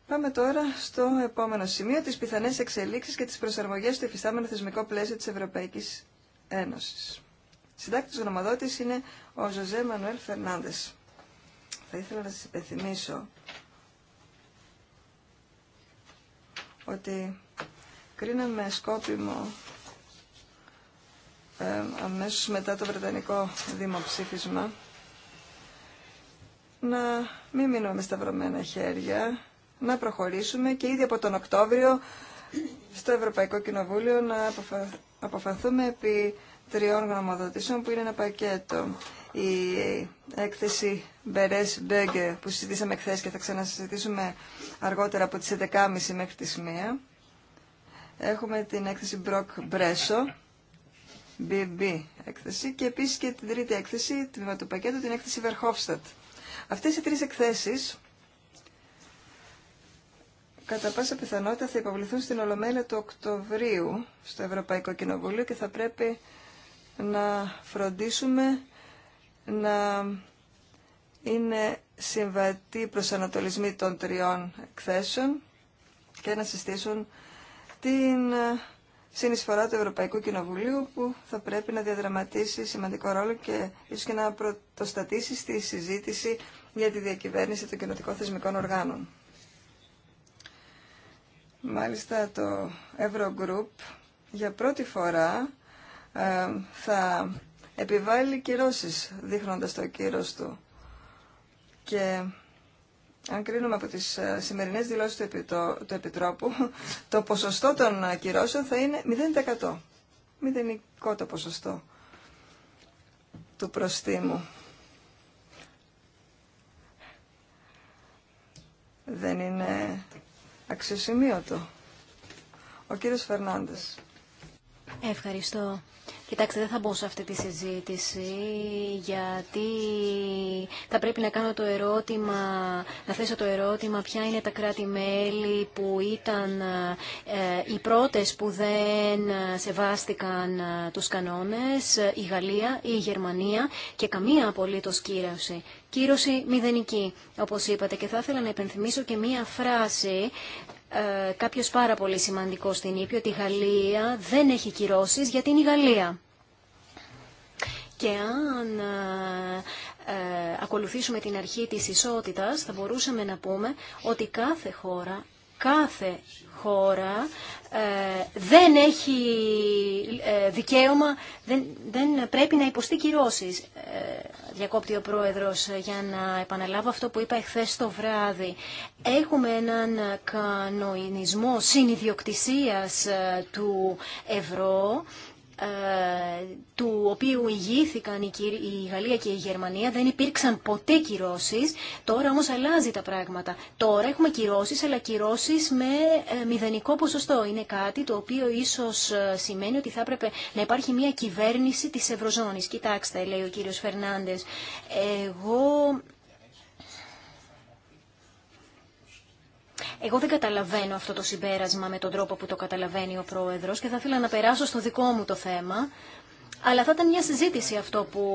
Πάμε τώρα στο επόμενο σημείο, τις πιθανές εξελίξεις και τις προσαρμογές στο υφιστάμενο θεσμικό πλαίσιο της Ευρωπαϊκής Ένωσης. Συντάκτης γνωμαδότης είναι ο Ζωζέ Μανουέλ Φερνάνδες. Θα ήθελα να σας υπενθυμίσω ότι κρίναμε σκόπιμο ε, αμέσως μετά το Βρετανικό Δημοψήφισμα να μην μείνουμε με σταυρωμένα χέρια, να προχωρήσουμε και ήδη από τον Οκτώβριο στο Ευρωπαϊκό Κοινοβούλιο να αποφανθούμε επί τριών γνωμοδοτήσεων που είναι ένα πακέτο. Η έκθεση Μπερές Μπέγκε που συζητήσαμε χθε και θα ξανασυζητήσουμε αργότερα από τις 11.30 μέχρι τις 1. Έχουμε την έκθεση Μπροκ Μπρέσο, BB έκθεση και επίσης και την τρίτη έκθεση, τμήμα του πακέτου, την έκθεση Verhofstadt. Αυτές οι τρεις εκθέσεις κατά πάσα πιθανότητα θα υποβληθούν στην Ολομέλεια του Οκτωβρίου στο Ευρωπαϊκό Κοινοβούλιο και θα πρέπει να φροντίσουμε να είναι συμβατοί προσανατολισμοί των τριών εκθέσεων και να συστήσουν την συνεισφορά του Ευρωπαϊκού Κοινοβουλίου που θα πρέπει να διαδραματίσει σημαντικό ρόλο και ίσως και να πρωτοστατήσει στη συζήτηση για τη διακυβέρνηση των κοινοτικών θεσμικών οργάνων. Μάλιστα το Eurogroup για πρώτη φορά ε, θα επιβάλλει κυρώσεις δείχνοντας το κύρος του. Και αν κρίνουμε από τις ε, σημερινές δηλώσεις του Επιτρόπου, [laughs] το ποσοστό των ε, κυρώσεων θα είναι 0%. Μηδενικό το ποσοστό του προστίμου. Δεν είναι αξιοσημείωτο. Ο κύριος Φερνάντες. Ευχαριστώ. Κοιτάξτε, δεν θα μπω σε αυτή τη συζήτηση, γιατί θα πρέπει να κάνω το ερώτημα, να θέσω το ερώτημα ποια είναι τα κράτη-μέλη που ήταν ε, οι πρώτες που δεν σεβάστηκαν ε, τους κανόνες, η Γαλλία, η Γερμανία και καμία απολύτως κύρωση. Κύρωση μηδενική, όπως είπατε. Και θα ήθελα να υπενθυμίσω και μία φράση ε, κάποιος πάρα πολύ σημαντικός στην Ήπειρο ότι η Γαλλία δεν έχει κυρώσει γιατί είναι η Γαλλία. Και αν ε, ε, ακολουθήσουμε την αρχή της ισότητας θα μπορούσαμε να πούμε ότι κάθε χώρα, κάθε χώρα ε, δεν έχει ε, δικαίωμα, δεν, δεν πρέπει να υποστεί κυρώσεις, ε, διακόπτει ο Πρόεδρος, για να επαναλάβω αυτό που είπα εχθές το βράδυ. Έχουμε έναν κανονισμό συνειδιοκτησίας του ευρώ ε, του οποίου ηγήθηκαν η Γαλλία και η Γερμανία. Δεν υπήρξαν ποτέ κυρώσεις. Τώρα όμως αλλάζει τα πράγματα. Τώρα έχουμε κυρώσεις, αλλά κυρώσεις με ε, μηδενικό ποσοστό. Είναι κάτι το οποίο ίσως ε, σημαίνει ότι θα έπρεπε να υπάρχει μια κυβέρνηση της Ευρωζώνης. Κοιτάξτε, λέει ο κύριος Φερνάντες, εγώ Εγώ δεν καταλαβαίνω αυτό το συμπέρασμα με τον τρόπο που το καταλαβαίνει ο Πρόεδρος και θα ήθελα να περάσω στο δικό μου το θέμα. Αλλά θα ήταν μια συζήτηση αυτό που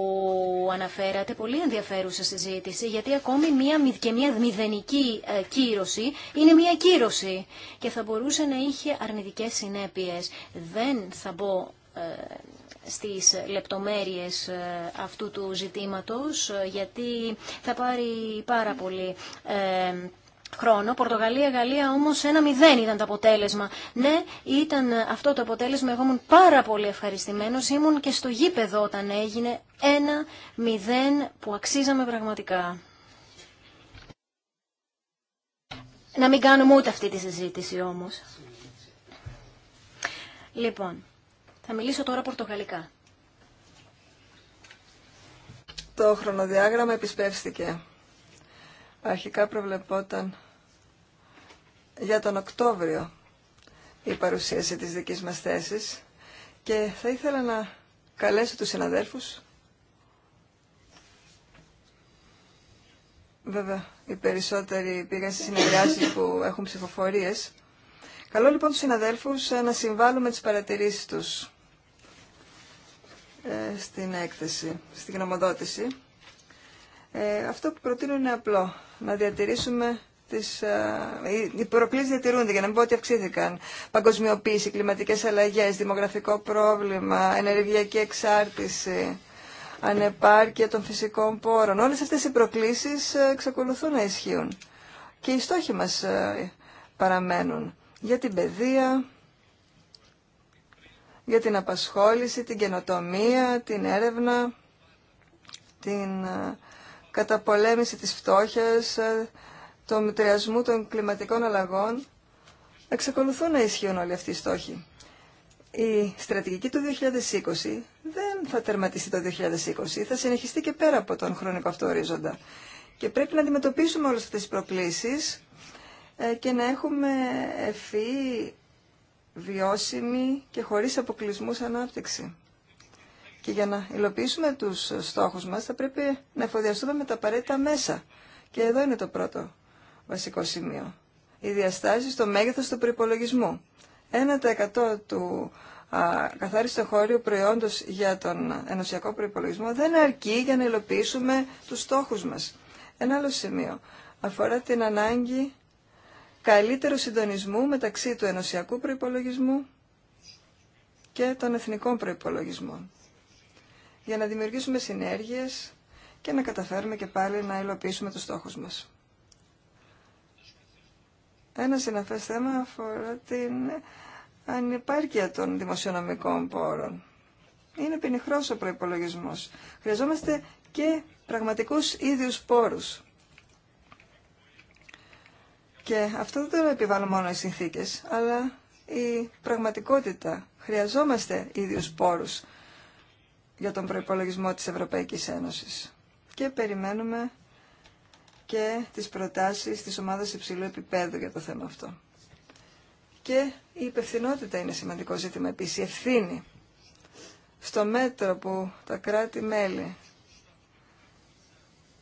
αναφέρατε, πολύ ενδιαφέρουσα συζήτηση, γιατί ακόμη μια, και μια μηδενική ε, κύρωση είναι μια κύρωση και θα μπορούσε να είχε αρνητικές συνέπειες. Δεν θα μπω ε, στις λεπτομέρειες ε, αυτού του ζητήματος, γιατί θα πάρει πάρα πολύ χρόνο. Πορτογαλία-Γαλλία όμως ένα μηδέν ήταν το αποτέλεσμα. Ναι, ήταν αυτό το αποτέλεσμα. Εγώ ήμουν πάρα πολύ ευχαριστημένος. Ήμουν και στο γήπεδο όταν έγινε ένα μηδέν που αξίζαμε πραγματικά. Να μην κάνουμε ούτε αυτή τη συζήτηση όμως. Λοιπόν, θα μιλήσω τώρα πορτογαλικά. Το χρονοδιάγραμμα επισπεύστηκε. Αρχικά προβλεπόταν για τον Οκτώβριο η παρουσίαση της δικής μας θέσης και θα ήθελα να καλέσω τους συναδέρφους. Βέβαια, οι περισσότεροι πήγαν στις συνεδριάσεις που έχουν ψηφοφορίες. Καλό λοιπόν τους συναδέλφους ε, να συμβάλλουμε τις παρατηρήσεις τους ε, στην έκθεση, στην γνωμοδότηση. Ε, αυτό που προτείνω είναι απλό. Να διατηρήσουμε τις, ε, οι προκλήσεις διατηρούνται, για να μην πω ότι αυξήθηκαν. Παγκοσμιοποίηση, κλιματικές αλλαγές, δημογραφικό πρόβλημα, ενεργειακή εξάρτηση, ανεπάρκεια των φυσικών πόρων. Όλες αυτές οι προκλήσεις ε, εξακολουθούν να ισχύουν. Και οι στόχοι μας παραμένουν για την παιδεία, για την απασχόληση, την καινοτομία, την έρευνα, την καταπολέμηση της φτώχειας, ε, το μητριασμού των κλιματικών αλλαγών. Εξακολουθούν να ισχύουν όλοι αυτοί οι στόχοι. Η στρατηγική του 2020 δεν θα τερματιστεί το 2020, θα συνεχιστεί και πέρα από τον χρονικό αυτό ορίζοντα. Και πρέπει να αντιμετωπίσουμε όλες αυτές τις προκλήσεις ε, και να έχουμε ευφύ, βιώσιμη και χωρίς αποκλεισμούς ανάπτυξη. Και για να υλοποιήσουμε τους στόχους μας θα πρέπει να εφοδιαστούμε με τα απαραίτητα μέσα. Και εδώ είναι το πρώτο βασικό σημείο. Οι διαστάσει στο μέγεθος του προϋπολογισμού. 1% του καθάριστο χώριο προϊόντος για τον ενωσιακό προϋπολογισμό δεν αρκεί για να υλοποιήσουμε τους στόχους μας. Ένα άλλο σημείο αφορά την ανάγκη καλύτερου συντονισμού μεταξύ του ενωσιακού προϋπολογισμού και των εθνικών προϋπολογισμών για να δημιουργήσουμε συνέργειες και να καταφέρουμε και πάλι να υλοποιήσουμε τους στόχους μας. Ένα συναφές θέμα αφορά την ανυπάρκεια των δημοσιονομικών πόρων. Είναι πενιχρός ο προϋπολογισμός. Χρειαζόμαστε και πραγματικούς ίδιους πόρους. Και αυτό δεν το επιβάλλω μόνο οι συνθήκες, αλλά η πραγματικότητα. Χρειαζόμαστε ίδιους πόρους για τον προϋπολογισμό της Ευρωπαϊκής Ένωσης. Και περιμένουμε και τις προτάσεις της ομάδας υψηλού επίπεδου για το θέμα αυτό. Και η υπευθυνότητα είναι σημαντικό ζήτημα επίσης, η ευθύνη. Στο μέτρο που τα κράτη-μέλη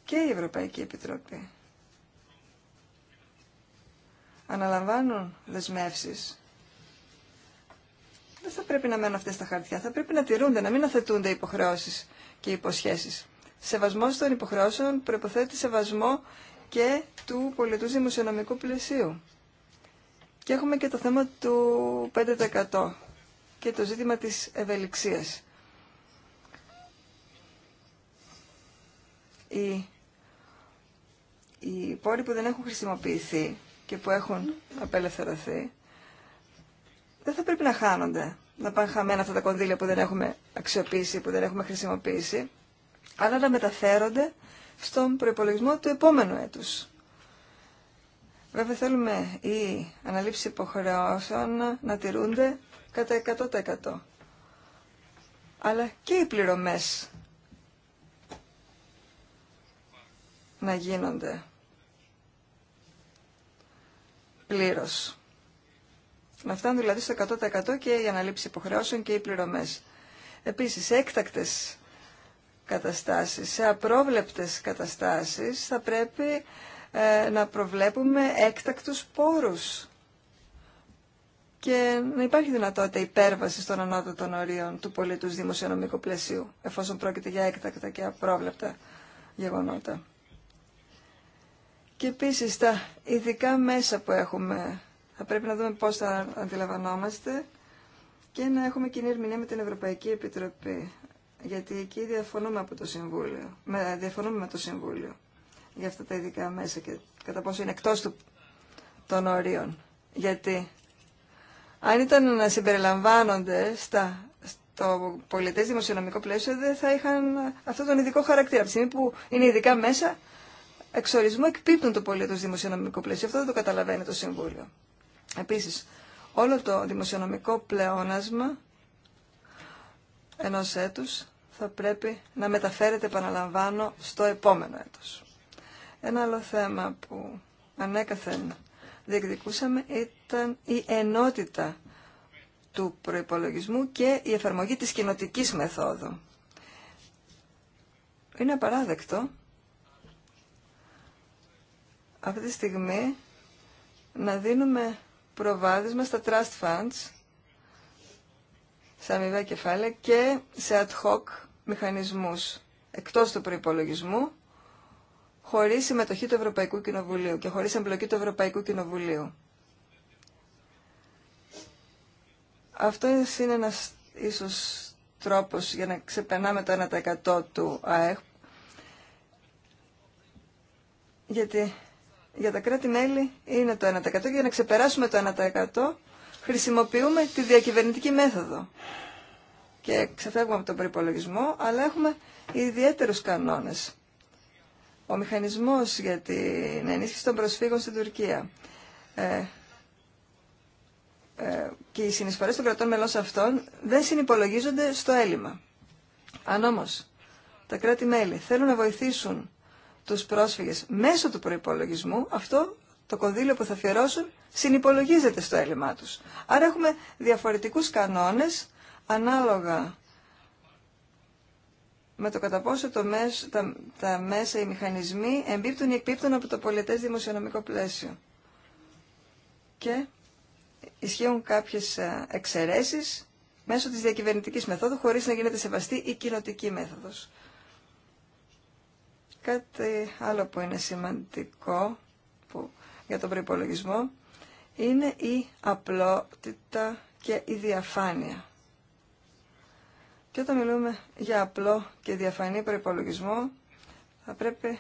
και η Ευρωπαϊκή Επιτροπή αναλαμβάνουν δεσμεύσεις δεν θα πρέπει να μένουν αυτές τα χαρτιά. Θα πρέπει να τηρούνται, να μην αθετούνται υποχρεώσεις και υποσχέσεις. Σεβασμός των υποχρεώσεων προποθέτει σεβασμό και του πολιτού δημοσιονομικού πλαισίου. Και έχουμε και το θέμα του 5% και το ζήτημα της ευελιξίας. Οι, οι πόροι που δεν έχουν χρησιμοποιηθεί και που έχουν απελευθερωθεί δεν θα πρέπει να χάνονται, να πάνε χαμένα αυτά τα κονδύλια που δεν έχουμε αξιοποιήσει, που δεν έχουμε χρησιμοποιήσει, αλλά να μεταφέρονται στον προπολογισμό του επόμενου έτους. Βέβαια θέλουμε οι αναλήψεις υποχρεώσεων να τηρούνται κατά 100%. Αλλά και οι πληρωμές να γίνονται πλήρως. Να δηλαδή στο 100% και η αναλήψη υποχρεώσεων και οι πληρωμές. Επίσης, έκτακτες καταστάσεις, σε απρόβλεπτες καταστάσεις θα πρέπει ε, να προβλέπουμε έκτακτους πόρους και να υπάρχει δυνατότητα υπέρβαση των ανώτατων ορίων του πολιτούς δημοσιονομικού πλαισίου, εφόσον πρόκειται για έκτακτα και απρόβλεπτα γεγονότα. Και επίσης τα ειδικά μέσα που έχουμε θα πρέπει να δούμε πώς θα αντιλαμβανόμαστε και να έχουμε κοινή ερμηνεία με την Ευρωπαϊκή Επιτροπή. Γιατί εκεί διαφωνούμε, από το Συμβούλιο, με, διαφωνούμε με το Συμβούλιο για αυτά τα ειδικά μέσα και κατά πόσο είναι εκτός του, των ορίων. Γιατί αν ήταν να συμπεριλαμβάνονται στα, στο πολιτέ δημοσιονομικό πλαίσιο, δεν θα είχαν αυτόν τον ειδικό χαρακτήρα. Από τη στιγμή που είναι ειδικά μέσα, εξορισμού εκπίπτουν το πολιτέ δημοσιονομικό πλαίσιο. Αυτό δεν το καταλαβαίνει το Συμβούλιο. Επίσης, όλο το δημοσιονομικό πλεόνασμα ενός έτους θα πρέπει να μεταφέρεται, επαναλαμβάνω, στο επόμενο έτος. Ένα άλλο θέμα που ανέκαθεν διεκδικούσαμε ήταν η ενότητα του προϋπολογισμού και η εφαρμογή της κοινοτική μεθόδου. Είναι απαράδεκτο αυτή τη στιγμή να δίνουμε προβάδισμα στα trust funds, σε αμοιβά κεφάλαια και σε ad hoc μηχανισμούς εκτός του προϋπολογισμού, χωρίς συμμετοχή του Ευρωπαϊκού Κοινοβουλίου και χωρίς εμπλοκή του Ευρωπαϊκού Κοινοβουλίου. Αυτό είναι ένας ίσως τρόπος για να ξεπερνάμε το 1% του ΑΕΧ. Γιατί για τα κράτη-μέλη είναι το 1% για να ξεπεράσουμε το 1% χρησιμοποιούμε τη διακυβερνητική μέθοδο. Και ξεφεύγουμε από τον προπολογισμό, αλλά έχουμε ιδιαίτερους κανόνες. Ο μηχανισμός για την ενίσχυση των προσφύγων στην Τουρκία ε, ε, και οι συνεισφορές των κρατών μελών σε αυτόν δεν συνυπολογίζονται στο έλλειμμα. Αν όμως τα κράτη-μέλη θέλουν να βοηθήσουν τους πρόσφυγες μέσω του προϋπολογισμού, αυτό το κονδύλιο που θα αφιερώσουν συνυπολογίζεται στο έλλειμμά τους. Άρα έχουμε διαφορετικούς κανόνες ανάλογα με το κατά πόσο το μέσο, τα, τα, μέσα, οι μηχανισμοί εμπίπτουν ή εκπίπτουν από το πολιτές δημοσιονομικό πλαίσιο. Και ισχύουν κάποιες ε, εξαιρέσεις μέσω της διακυβερνητικής μεθόδου χωρίς να γίνεται σεβαστή η κοινοτική μέθοδος. Κάτι άλλο που είναι σημαντικό που, για τον προϋπολογισμό είναι η απλότητα και η διαφάνεια. Και όταν μιλούμε για απλό και διαφανή προϋπολογισμό θα πρέπει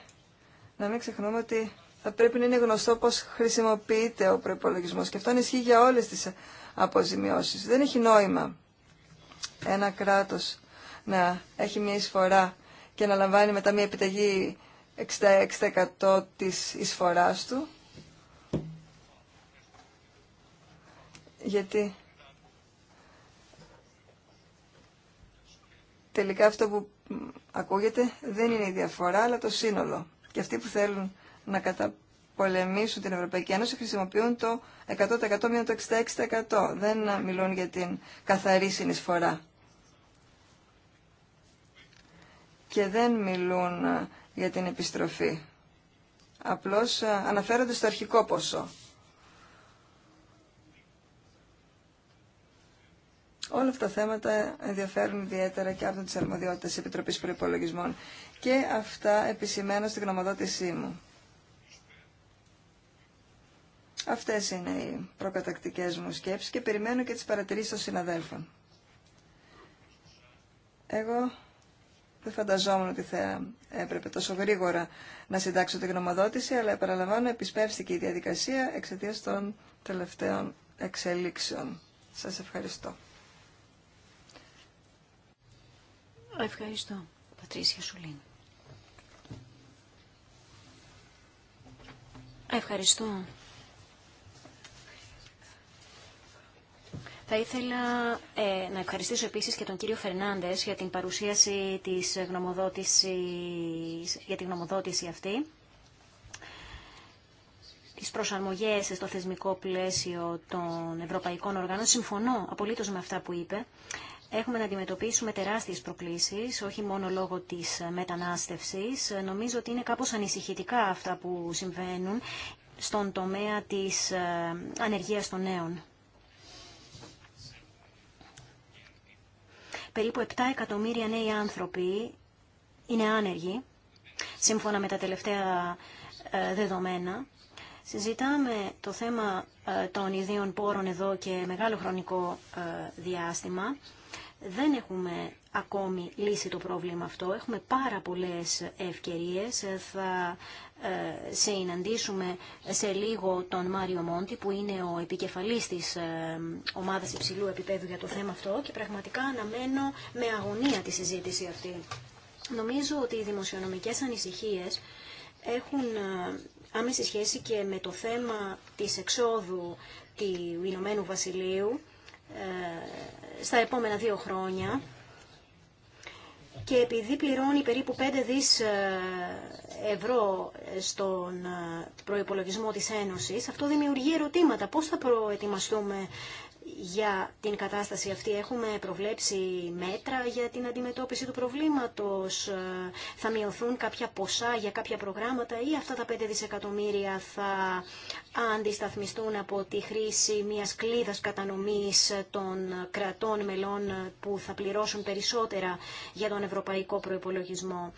να μην ξεχνούμε ότι θα πρέπει να είναι γνωστό πώς χρησιμοποιείται ο προϋπολογισμός και αυτό ισχύει για όλες τις αποζημιώσεις. Δεν έχει νόημα ένα κράτος να έχει μια εισφορά και να λαμβάνει μετά μια επιταγή 66% της εισφοράς του. Γιατί τελικά αυτό που ακούγεται δεν είναι η διαφορά αλλά το σύνολο. Και αυτοί που θέλουν να καταπολεμήσουν την Ευρωπαϊκή Ένωση χρησιμοποιούν το 100% με το 66%. Δεν μιλούν για την καθαρή συνεισφορά. και δεν μιλούν ε, για την επιστροφή. Απλώς ε, αναφέρονται στο αρχικό ποσό. Όλα αυτά τα θέματα ενδιαφέρουν ιδιαίτερα και από τις αρμοδιότητες της Επιτροπής και αυτά επισημένω στην γνωμοδότησή μου. Αυτές είναι οι προκατακτικές μου σκέψεις και περιμένω και τις παρατηρήσεις των συναδέλφων. Εγώ δεν φανταζόμουν ότι θα έπρεπε τόσο γρήγορα να συντάξω την γνωμοδότηση, αλλά επαναλαμβάνω, επισπεύστηκε η διαδικασία εξαιτία των τελευταίων εξελίξεων. Σας ευχαριστώ. Ευχαριστώ. Πατρίσια Σουλίν. Ευχαριστώ. Θα ήθελα ε, να ευχαριστήσω επίσης και τον κύριο Φερνάντες για την παρουσίαση της γνωμοδότησης, για την γνωμοδότηση αυτή τις προσαρμογές στο θεσμικό πλαίσιο των ευρωπαϊκών οργάνων. Συμφωνώ απολύτως με αυτά που είπε. Έχουμε να αντιμετωπίσουμε τεράστιες προκλήσεις, όχι μόνο λόγω της μετανάστευσης. Νομίζω ότι είναι κάπως ανησυχητικά αυτά που συμβαίνουν στον τομέα της ε, ανεργίας των νέων. περίπου 7 εκατομμύρια νέοι άνθρωποι είναι άνεργοι, σύμφωνα με τα τελευταία ε, δεδομένα. Συζητάμε το θέμα ε, των ιδίων πόρων εδώ και μεγάλο χρονικό ε, διάστημα. Δεν έχουμε ακόμη λύσει το πρόβλημα αυτό. Έχουμε πάρα πολλές ευκαιρίες. Θα ε, συναντήσουμε σε λίγο τον Μάριο Μόντι που είναι ο επικεφαλής της ε, ομάδας υψηλού επίπεδου για το θέμα αυτό και πραγματικά αναμένω με αγωνία τη συζήτηση αυτή. Νομίζω ότι οι δημοσιονομικές ανησυχίες έχουν ε, άμεση σχέση και με το θέμα της εξόδου του Ηνωμένου Βασιλείου ε, στα επόμενα δύο χρόνια και επειδή πληρώνει περίπου 5 δις ε, ευρώ στον ε, προϋπολογισμό της Ένωσης, αυτό δημιουργεί ερωτήματα. Πώς θα προετοιμαστούμε για την κατάσταση αυτή. Έχουμε προβλέψει μέτρα για την αντιμετώπιση του προβλήματος. Ε, θα μειωθούν κάποια ποσά για κάποια προγράμματα ή αυτά τα 5 δισεκατομμύρια θα αντισταθμιστούν από τη χρήση μιας κλίδας κατανομής των κρατών μελών που θα πληρώσουν περισσότερα για τον ευρωπαϊκό προϋπολογισμό.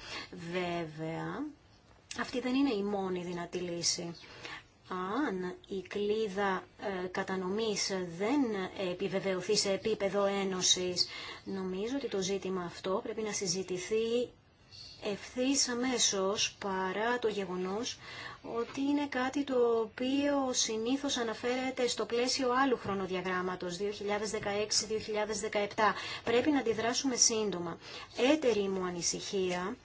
Βέβαια, αυτή δεν είναι η μόνη δυνατή λύση αν η κλίδα ε, κατανομής δεν επιβεβαιωθεί σε επίπεδο ένωσης, νομίζω ότι το ζήτημα αυτό πρέπει να συζητηθεί ευθύς αμέσως παρά το γεγονός ότι είναι κάτι το οποίο συνήθως αναφέρεται στο πλαίσιο άλλου χρονοδιαγράμματος 2016-2017. Πρέπει να αντιδράσουμε σύντομα. Έτερη μου ανησυχία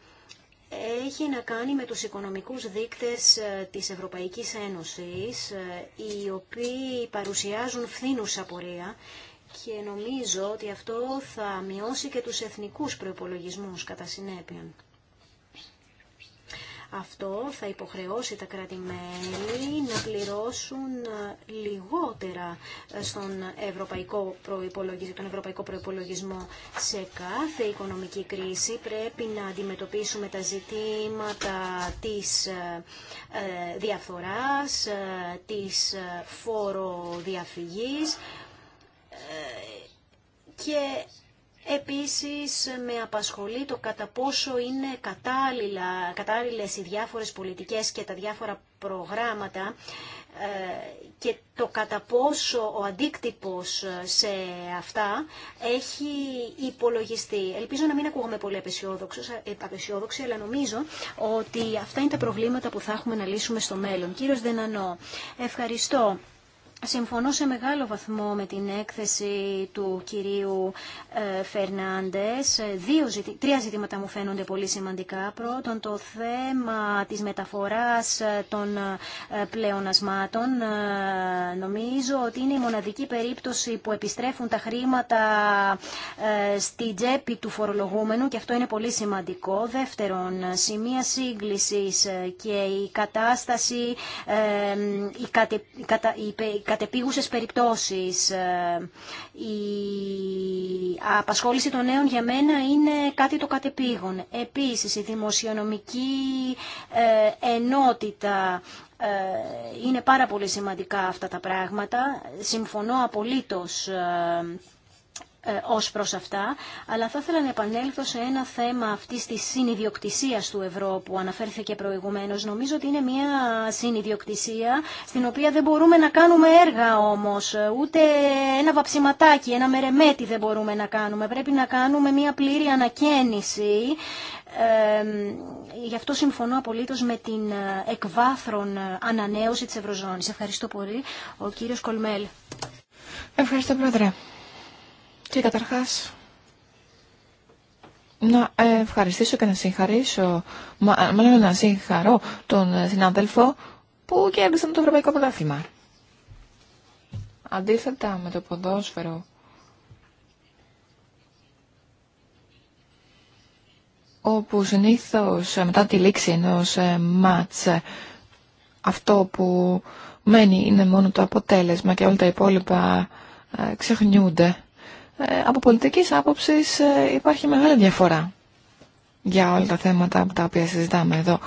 έχει να κάνει με τους οικονομικούς δείκτες ε, της Ευρωπαϊκής Ένωσης, ε, οι οποίοι παρουσιάζουν φθήνουσα πορεία και νομίζω ότι αυτό θα μειώσει και τους εθνικούς προϋπολογισμούς κατά συνέπεια. Αυτό θα υποχρεώσει τα κράτη-μέλη να πληρώσουν λιγότερα στον ευρωπαϊκό, προϋπολογισμό, τον ευρωπαϊκό προϋπολογισμό. Σε κάθε οικονομική κρίση πρέπει να αντιμετωπίσουμε τα ζητήματα της ε, διαφθοράς, ε, της φόροδιαφυγής ε, και Επίσης με απασχολεί το κατά πόσο είναι κατάλληλα, κατάλληλες οι διάφορες πολιτικές και τα διάφορα προγράμματα ε, και το κατά πόσο ο αντίκτυπος ε, σε αυτά έχει υπολογιστεί. Ελπίζω να μην ακούγομαι πολύ ε, απεσιόδοξη, αλλά νομίζω ότι αυτά είναι τα προβλήματα που θα έχουμε να λύσουμε στο μέλλον. Κύριος Δενανό, ευχαριστώ. Συμφωνώ σε μεγάλο βαθμό με την έκθεση του κυρίου ε, Φερνάντες. Δύο, τρία ζητήματα μου φαίνονται πολύ σημαντικά. Πρώτον, το θέμα της μεταφοράς ε, των ε, πλεονασμάτων. Νομίζω ότι είναι η μοναδική περίπτωση που επιστρέφουν τα χρήματα στη τσέπη του φορολογούμενου και αυτό είναι πολύ σημαντικό. Δεύτερον, σημεία σύγκλησης και η κατάσταση, η, η κατεπίγουσες περιπτώσεις. Ε, η απασχόληση των νέων για μένα είναι κάτι το κατεπίγον. Επίσης, η δημοσιονομική ε, ενότητα ε, είναι πάρα πολύ σημαντικά αυτά τα πράγματα. Συμφωνώ απολύτως ε, ως προς αυτά, αλλά θα ήθελα να επανέλθω σε ένα θέμα αυτής της συνειδιοκτησίας του ευρώ που αναφέρθηκε προηγουμένως. Νομίζω ότι είναι μια συνειδιοκτησία στην οποία δεν μπορούμε να κάνουμε έργα όμως, ούτε ένα βαψιματάκι, ένα μερεμέτι δεν μπορούμε να κάνουμε. Πρέπει να κάνουμε μια πλήρη ανακαίνιση γι' αυτό συμφωνώ απολύτως με την ε, εκβάθρον ε, ανανέωση της Ευρωζώνης. Ευχαριστώ πολύ. Ο κύριος Κολμέλ. Ευχαριστώ, Πρόεδρε. Και καταρχάς να ευχαριστήσω και να συγχαρήσω, μάλλον να συγχαρώ τον συνάδελφο που κέρδισαν το Ευρωπαϊκό Πρωτάθλημα. Αντίθετα με το ποδόσφαιρο, όπου συνήθως ε, μετά τη λήξη ενός ε, μάτς ε, αυτό που μένει είναι μόνο το αποτέλεσμα και όλα τα υπόλοιπα ξεχνιούνται. Ε, από πολιτικής άποψης ε, υπάρχει μεγάλη διαφορά για όλα τα θέματα τα οποία συζητάμε εδώ.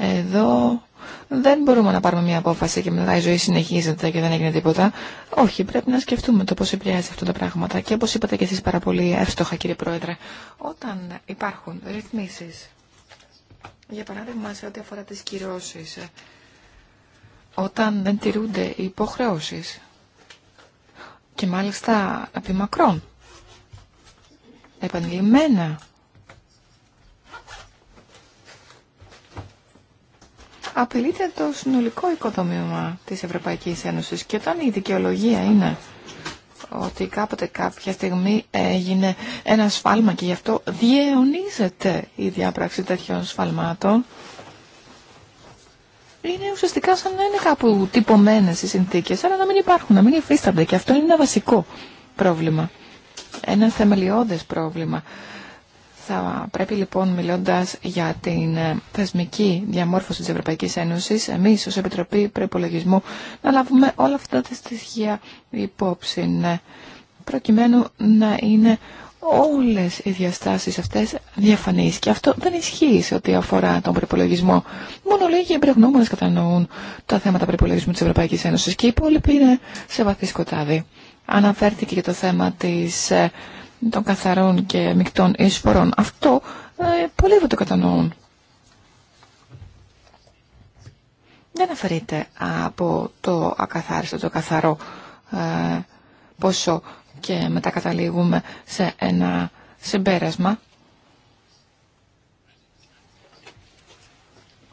Εδώ δεν μπορούμε να πάρουμε μια απόφαση και μετά η ζωή συνεχίζεται και δεν έγινε τίποτα. Όχι, πρέπει να σκεφτούμε το πώς επηρεάζει αυτά τα πράγματα. Και όπως είπατε και εσείς πάρα πολύ εύστοχα κύριε Πρόεδρε, όταν υπάρχουν ρυθμίσεις, για παράδειγμα σε ό,τι αφορά τις κυρώσεις, ε, όταν δεν τηρούνται οι υποχρεώσεις και μάλιστα επί μακρόν, επανειλημμένα απειλείται το συνολικό οικοδομήμα της Ευρωπαϊκής Ένωσης και όταν η δικαιολογία είναι ότι κάποτε κάποια στιγμή έγινε ένα σφάλμα και γι' αυτό διαιωνίζεται η διάπραξη τέτοιων σφαλμάτων είναι ουσιαστικά σαν να είναι κάπου τυπωμένες οι συνθήκες αλλά να μην υπάρχουν, να μην υφίστανται και αυτό είναι ένα βασικό πρόβλημα ένα θεμελιώδες πρόβλημα. Θα πρέπει λοιπόν μιλώντας για την ε, θεσμική διαμόρφωση της Ευρωπαϊκής Ένωσης, εμείς ως Επιτροπή Προϋπολογισμού να λάβουμε όλα αυτά τα στοιχεία υπόψη, ναι. προκειμένου να είναι όλες οι διαστάσεις αυτές διαφανείς και αυτό δεν ισχύει σε ό,τι αφορά τον προπολογισμό. Μόνο λίγοι εμπειρογνώμονες κατανοούν τα θέματα προπολογισμού της Ευρωπαϊκής Ένωσης και οι υπόλοιποι είναι σε βαθύ σκοτάδι αναφέρθηκε για το θέμα της, ε, των καθαρών και μεικτών εισφορών. Αυτό ε, πολλοί δεν το κατανοούν. Δεν αφαιρείται από το ακαθάριστο, το καθαρό ε, ποσό και μετά καταλήγουμε σε ένα συμπέρασμα.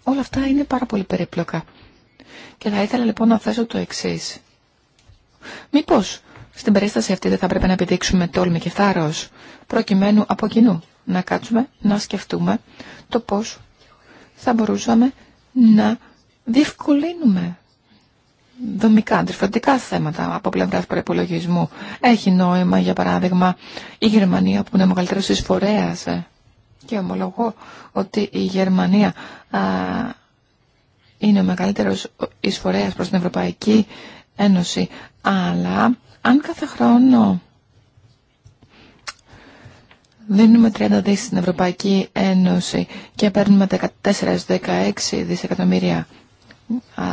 Όλα αυτά είναι πάρα πολύ περίπλοκα. Και θα ήθελα λοιπόν να θέσω το εξής. Μήπως στην περίσταση αυτή δεν θα πρέπει να επιδείξουμε τόλμη και θάρρος, προκειμένου από κοινού να κάτσουμε, να σκεφτούμε το πώς θα μπορούσαμε να διευκολύνουμε δομικά, αντριφαντικά θέματα από πλευρά προπολογισμού. Έχει νόημα, για παράδειγμα, η Γερμανία που είναι ο μεγαλύτερο εισφορέα. Ε, και ομολογώ ότι η Γερμανία α, είναι ο μεγαλύτερος εισφορέας προς την Ευρωπαϊκή Ένωση. Αλλά αν κάθε χρόνο δίνουμε 30 δις στην Ευρωπαϊκή Ένωση και παίρνουμε 14-16 δισεκατομμύρια α,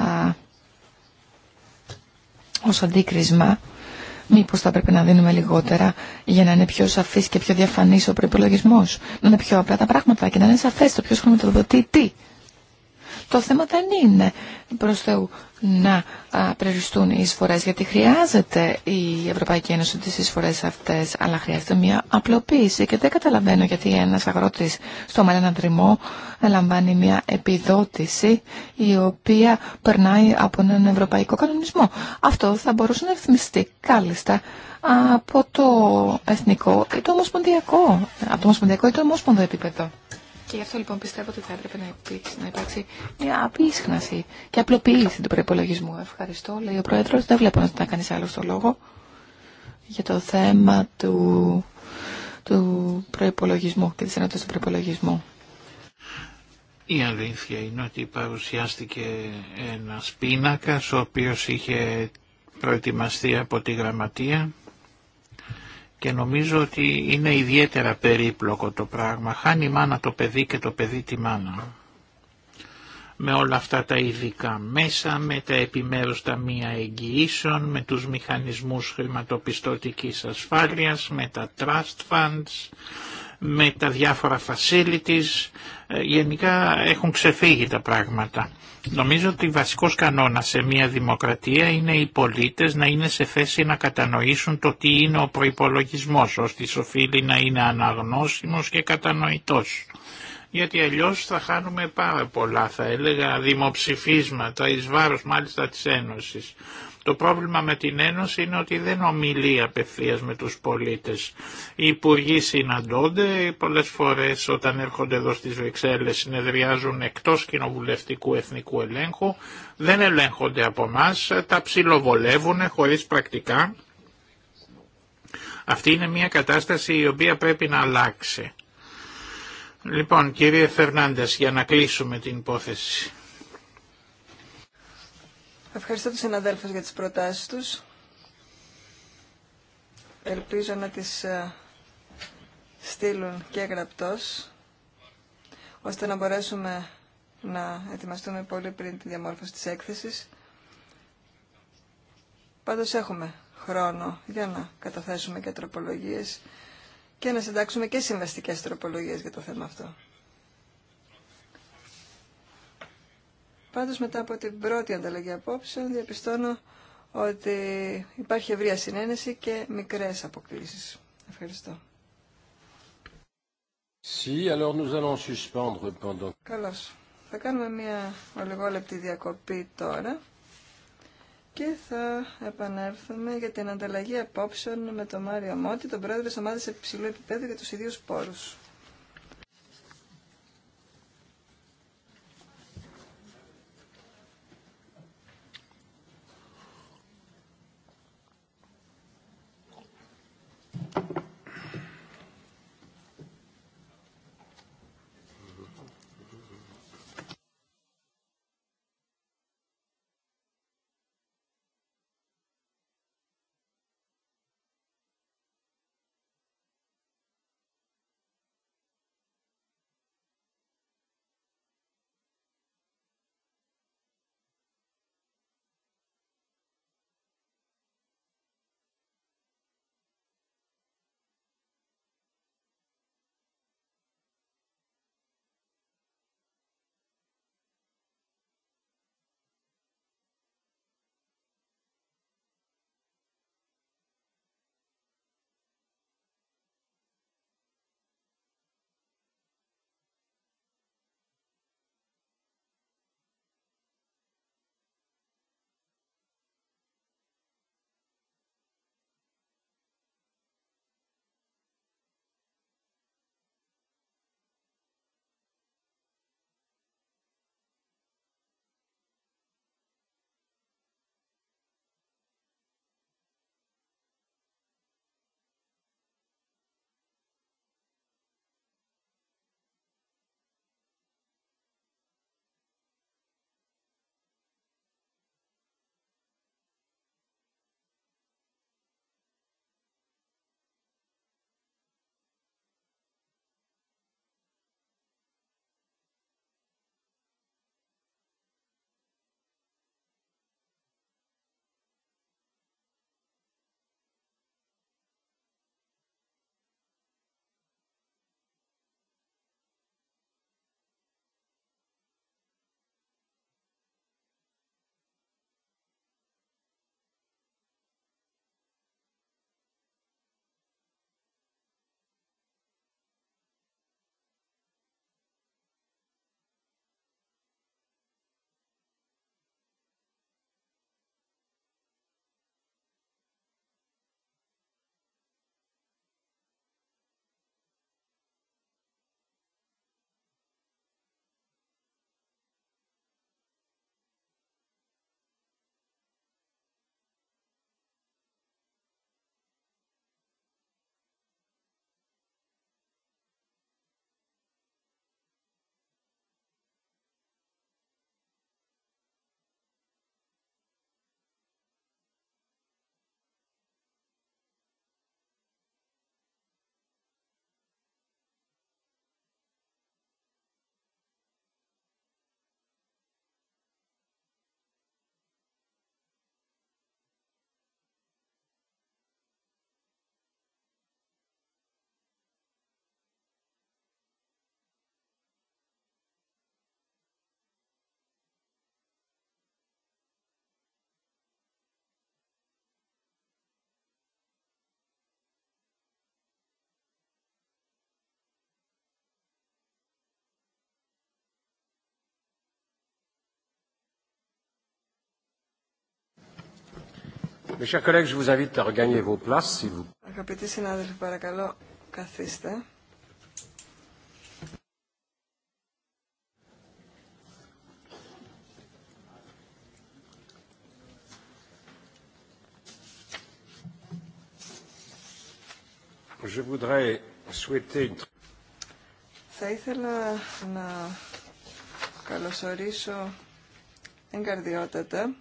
ως αντίκρισμα, μήπως θα πρέπει να δίνουμε λιγότερα για να είναι πιο σαφής και πιο διαφανής ο προϋπολογισμός, να είναι πιο απλά τα πράγματα και να είναι σαφές το ποιος χρηματοδοτεί τι. Το θέμα δεν είναι προς Θεού να περιοριστούν οι εισφορές, γιατί χρειάζεται η Ευρωπαϊκή Ένωση τις εισφορές αυτές, αλλά χρειάζεται μια απλοποίηση και δεν καταλαβαίνω γιατί ένας αγρότης στο Μαλένα Δρυμό λαμβάνει μια επιδότηση η οποία περνάει από έναν ευρωπαϊκό κανονισμό. Αυτό θα μπορούσε να ρυθμιστεί κάλλιστα από το εθνικό ή το ομοσπονδιακό, από το ομοσπονδιακό ή το ομοσπονδιακό επίπεδο. Και γι' αυτό λοιπόν πιστεύω ότι θα έπρεπε να υπάρξει, να μια απίσχναση και απλοποίηση του προπολογισμού. Ευχαριστώ, λέει ο Πρόεδρο. Δεν βλέπω να κάνει άλλο το λόγο για το θέμα του, του προπολογισμού και τη ενότητα του προπολογισμού. Η αλήθεια είναι ότι παρουσιάστηκε ένας πίνακας ο οποίο είχε προετοιμαστεί από τη γραμματεία και νομίζω ότι είναι ιδιαίτερα περίπλοκο το πράγμα. Χάνει η μάνα το παιδί και το παιδί τη μάνα. Με όλα αυτά τα ειδικά μέσα, με τα επιμέρους ταμεία εγγυήσεων, με τους μηχανισμούς χρηματοπιστωτικής ασφάλειας, με τα trust funds, με τα διάφορα facilities, ε, γενικά έχουν ξεφύγει τα πράγματα. Νομίζω ότι βασικός κανόνας σε μια δημοκρατία είναι οι πολίτες να είναι σε θέση να κατανοήσουν το τι είναι ο προϋπολογισμός, ώστε οφείλει να είναι αναγνώσιμος και κατανοητός. Γιατί αλλιώς θα χάνουμε πάρα πολλά, θα έλεγα, δημοψηφίσματα εις βάρος μάλιστα της Ένωσης. Το πρόβλημα με την Ένωση είναι ότι δεν ομιλεί απευθεία με τους πολίτες. Οι υπουργοί συναντώνται, πολλές φορές όταν έρχονται εδώ στις Βεξέλλες συνεδριάζουν εκτός κοινοβουλευτικού εθνικού ελέγχου, δεν ελέγχονται από εμά, τα ψιλοβολεύουν χωρίς πρακτικά. Αυτή είναι μια κατάσταση η οποία πρέπει να αλλάξει. Λοιπόν, κύριε Φερνάντες, για να κλείσουμε την υπόθεση. Ευχαριστώ τους συναδέλφους για τις προτάσεις τους. Ελπίζω να τις ε, στείλουν και γραπτός, ώστε να μπορέσουμε να ετοιμαστούμε πολύ πριν τη διαμόρφωση της έκθεσης. Πάντως έχουμε χρόνο για να καταθέσουμε και τροπολογίες και να συντάξουμε και συμβαστικές τροπολογίες για το θέμα αυτό. Πάντως μετά από την πρώτη ανταλλαγή απόψεων διαπιστώνω ότι υπάρχει ευρεία συνένεση και μικρές αποκλήσεις. Ευχαριστώ. Si, alors nous allons suspendre pendant... Καλώς. Θα κάνουμε μια ολιγόλεπτη διακοπή τώρα και θα επανέλθουμε για την ανταλλαγή απόψεων με τον Μάριο Μότι, τον πρόεδρο της ομάδας ψηλό επίπεδο για τους ιδίους πόρους. Αγαπητοί συνάδελφοι, παρακαλώ, καθίστε. Θα ήθελα να καλωσορίσω εγκαρδιότατα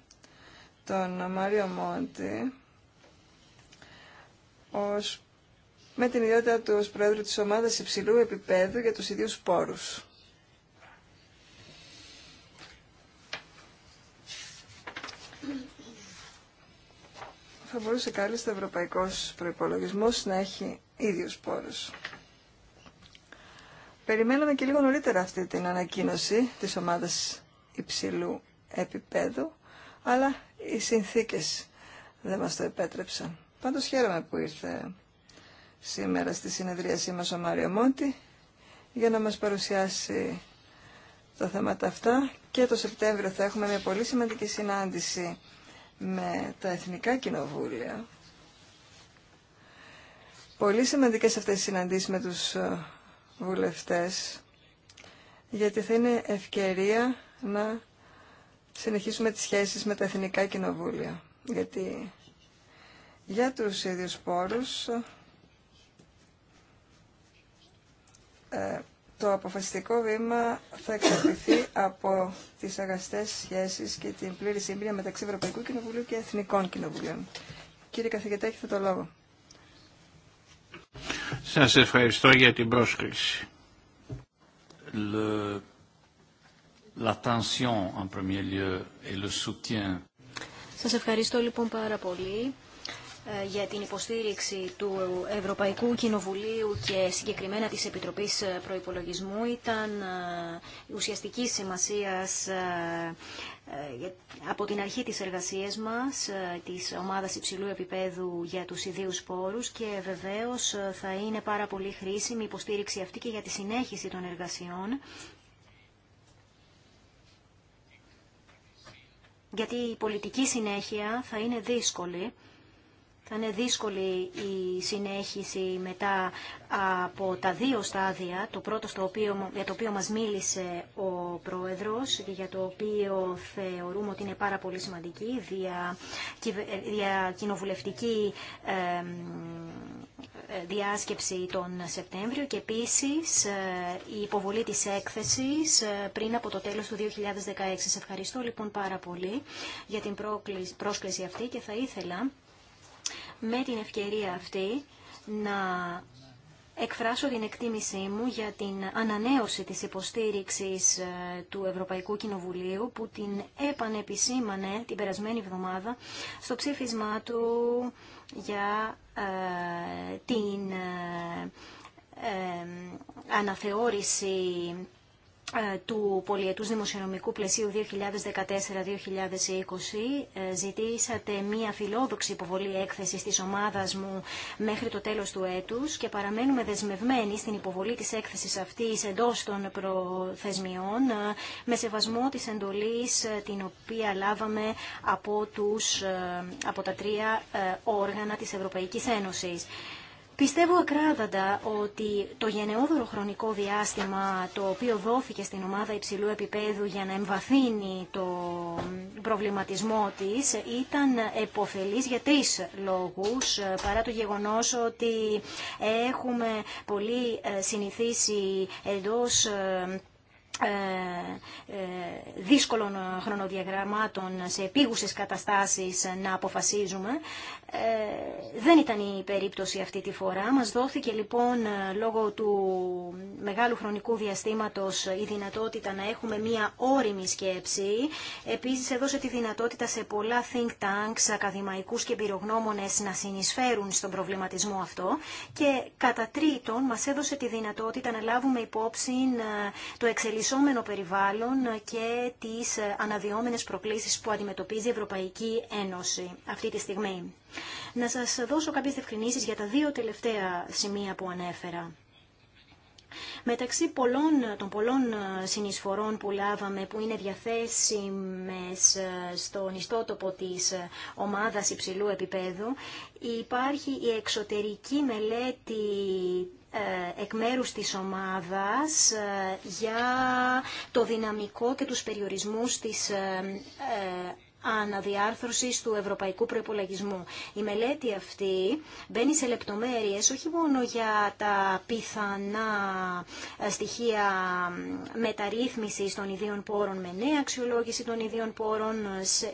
τον Μάριο Μόντι ως, με την ιδιότητα του ως πρόεδρου της ομάδας υψηλού επίπεδου για τους ίδιους πόρους. Θα μπορούσε κάλλιστα ο ευρωπαϊκός προϋπολογισμός να έχει ίδιους πόρους. Περιμέναμε και λίγο νωρίτερα αυτή την ανακοίνωση της ομάδας υψηλού επίπεδου αλλά οι συνθήκες δεν μας το επέτρεψαν. Πάντως χαίρομαι που ήρθε σήμερα στη συνεδρίασή μας ο Μάριο Μόντι για να μας παρουσιάσει τα θέματα αυτά και το Σεπτέμβριο θα έχουμε μια πολύ σημαντική συνάντηση με τα Εθνικά Κοινοβούλια. Πολύ σημαντικές αυτές οι συναντήσεις με τους ε, βουλευτές γιατί θα είναι ευκαιρία να συνεχίσουμε τις σχέσεις με τα εθνικά κοινοβούλια. Γιατί για τους ίδιους πόρους ε, το αποφασιστικό βήμα θα εξαρτηθεί από τις αγαστές σχέσεις και την πλήρη σύμπνοια μεταξύ Ευρωπαϊκού Κοινοβουλίου και Εθνικών Κοινοβουλίων. Κύριε Καθηγητά, έχετε το λόγο. Σας ευχαριστώ για την πρόσκληση. Σα Σας ευχαριστώ λοιπόν πάρα πολύ ε, για την υποστήριξη του Ευρωπαϊκού Κοινοβουλίου και συγκεκριμένα της Επιτροπής ε, Προϋπολογισμού ήταν ε, ουσιαστική σημασίας από την αρχή της εργασίας μας, της ομάδας υψηλού επίπεδου για τους ιδίους πόρους και βεβαίως θα είναι πάρα πολύ χρήσιμη η υποστήριξη αυτή και για τη συνέχιση των εργασιών γιατί η πολιτική συνέχεια θα είναι δύσκολη. Θα είναι δύσκολη η συνέχιση μετά από τα δύο στάδια, το πρώτο στο οποίο, για το οποίο μας μίλησε ο Πρόεδρος και για το οποίο θεωρούμε ότι είναι πάρα πολύ σημαντική δια, δια κοινοβουλευτική διάσκεψη τον Σεπτέμβριο και επίσης ε, η υποβολή της έκθεσης ε, πριν από το τέλος του 2016. Σε ευχαριστώ λοιπόν πάρα πολύ για την πρόσκληση αυτή και θα ήθελα με την ευκαιρία αυτή να εκφράσω την εκτίμησή μου για την ανανέωση της υποστήριξης ε, του Ευρωπαϊκού Κοινοβουλίου που την επανεπισήμανε την περασμένη εβδομάδα στο ψήφισμά του για ε, την ε, αναθεώρηση ε, του πολιετούς δημοσιονομικού πλαισίου 2014-2020 ε, ζητήσατε μία φιλόδοξη υποβολή έκθεση της ομάδας μου μέχρι το τέλος του έτους και παραμένουμε δεσμευμένοι στην υποβολή της έκθεσης αυτής εντός των προθεσμιών ε, με σεβασμό της εντολής την οποία λάβαμε από, τους, από τα τρία όργανα της Ευρωπαϊκής Ένωσης. Πιστεύω ακράδαντα ότι το γενναιόδωρο χρονικό διάστημα το οποίο δόθηκε στην ομάδα υψηλού επίπεδου για να εμβαθύνει το προβληματισμό της ήταν εποφελής για τρεις λόγους παρά το γεγονός ότι έχουμε πολύ ε, συνηθίσει εντός ε, ε, δύσκολων χρονοδιαγραμμάτων σε επίγουσες καταστάσεις να αποφασίζουμε ε, δεν ήταν η περίπτωση αυτή τη φορά. Μας δόθηκε λοιπόν ε, λόγω του μεγάλου χρονικού διαστήματος η δυνατότητα να έχουμε μία όριμη σκέψη. Επίσης έδωσε τη δυνατότητα σε πολλά think tanks, ακαδημαϊκούς και πυρογνώμονες να συνεισφέρουν στον προβληματισμό αυτό. Και κατά τρίτον μας έδωσε τη δυνατότητα να λάβουμε υπόψη ε, το εξελισσόμενο περιβάλλον και τις αναδυόμενες προκλήσεις που αντιμετωπίζει η Ευρωπαϊκή Ένωση αυτή τη στιγμή. Να σας δώσω κάποιες ευκρινήσεις για τα δύο τελευταία σημεία που ανέφερα. Μεταξύ των πολλών ε, συνεισφορών που λάβαμε που είναι διαθέσιμες ε, στον ιστότοπο της ε, ομάδας υψηλού επίπεδου υπάρχει η εξωτερική μελέτη εκ μέρους της ομάδας για το δυναμικό και τους περιορισμούς της αναδιάρθρωσης του ευρωπαϊκού προϋπολογισμού. Η μελέτη αυτή μπαίνει σε λεπτομέρειες όχι μόνο για τα πιθανά ε, στοιχεία μεταρρύθμισης των ιδίων πόρων με νέα αξιολόγηση των ιδίων πόρων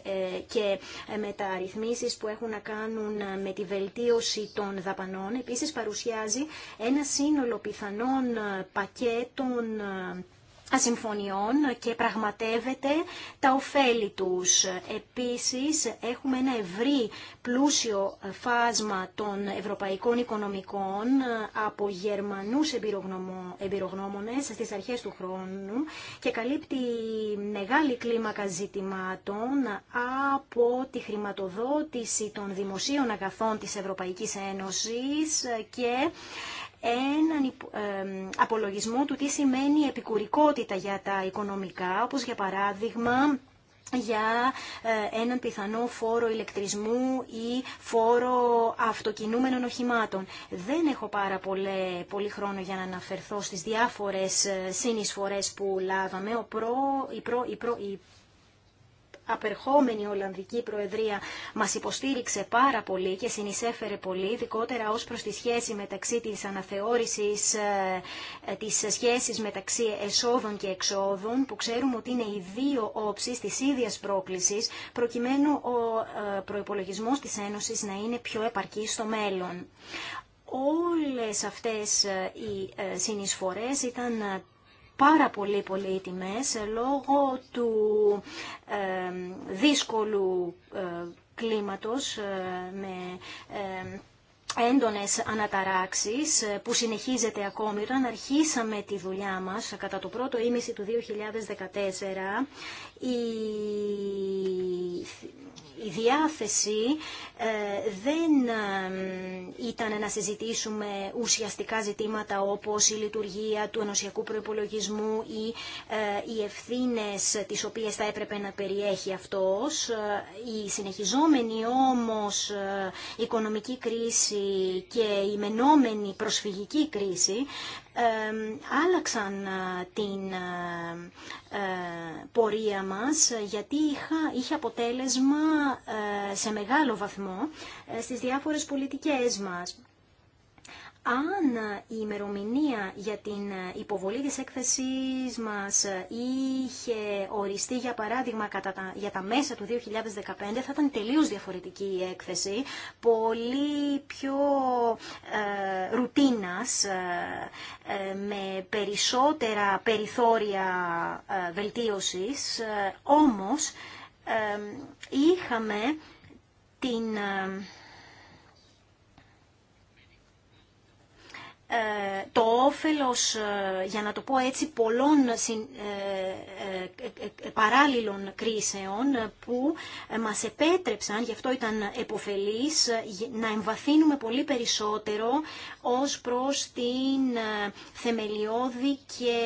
ε, και ε, μεταρρυθμίσεις που έχουν να κάνουν με τη βελτίωση των δαπανών. Επίσης παρουσιάζει ένα σύνολο πιθανών πακέτων ασυμφωνιών και πραγματεύεται τα ωφέλη τους. Επίσης, έχουμε ένα ευρύ πλούσιο φάσμα των ευρωπαϊκών οικονομικών από Γερμανούς εμπειρογνώμονες στις αρχές του χρόνου και καλύπτει μεγάλη κλίμακα ζητημάτων από τη χρηματοδότηση των δημοσίων αγαθών της Ευρωπαϊκής Ένωσης και έναν απολογισμό του τι σημαίνει επικουρικότητα για τα οικονομικά, όπως για παράδειγμα για ε, έναν πιθανό φόρο ηλεκτρισμού ή φόρο αυτοκινούμενων οχημάτων. Δεν έχω πάρα πολύ χρόνο για να αναφερθώ στις διάφορες ε, συνεισφορές που λάβαμε. Ο προ, η, προ, η, προ, απερχόμενη Ολλανδική Προεδρία μας υποστήριξε πάρα πολύ και συνεισέφερε πολύ, ειδικότερα ως προς τη σχέση μεταξύ της αναθεώρησης ε, της σχέσης μεταξύ εσόδων και εξόδων, που ξέρουμε ότι είναι οι δύο όψεις της ίδιας πρόκλησης, προκειμένου ο ε, προϋπολογισμός της Ένωσης να είναι πιο επαρκή στο μέλλον. Όλες αυτές ε, οι συνεισφορές ήταν πάρα πολύ τιμές ε, λόγω του ε, δύσκολου ε, κλίματος με έντονες αναταράξεις που συνεχίζεται ακόμη. Όταν αρχίσαμε τη δουλειά μας κατά το πρώτο ήμιση του 2014, η η διάθεση ε, δεν ε, ήταν να συζητήσουμε ουσιαστικά ζητήματα όπως η λειτουργία του ενωσιακού προϋπολογισμού ή ε, οι ευθύνες τις οποίες θα έπρεπε να περιέχει αυτός. Η συνεχιζόμενη όμως οικονομική κρίση και η μενόμενη προσφυγική κρίση άλλαξαν την ε, πορεία μας γιατί είχα, είχε αποτέλεσμα ε, σε μεγάλο βαθμό ε, στις διάφορες πολιτικές μας αν η ημερομηνία για την υποβολή της έκθεσής μας είχε οριστεί για παράδειγμα κατά για τα μέσα του 2015 θα ήταν τελείως διαφορετική η έκθεση, πολύ πιο ε, ρουτίνας, ε, ε, με περισσότερα περιθώρια ε, βελτίωσης, όμως είχαμε την Ε, το όφελος, ε, για να το πω έτσι, πολλών ε, παράλληλων κρίσεων που μας επέτρεψαν, γι' αυτό ήταν εποφελής, να εμβαθύνουμε πολύ περισσότερο ως προς την θεμελιώδη και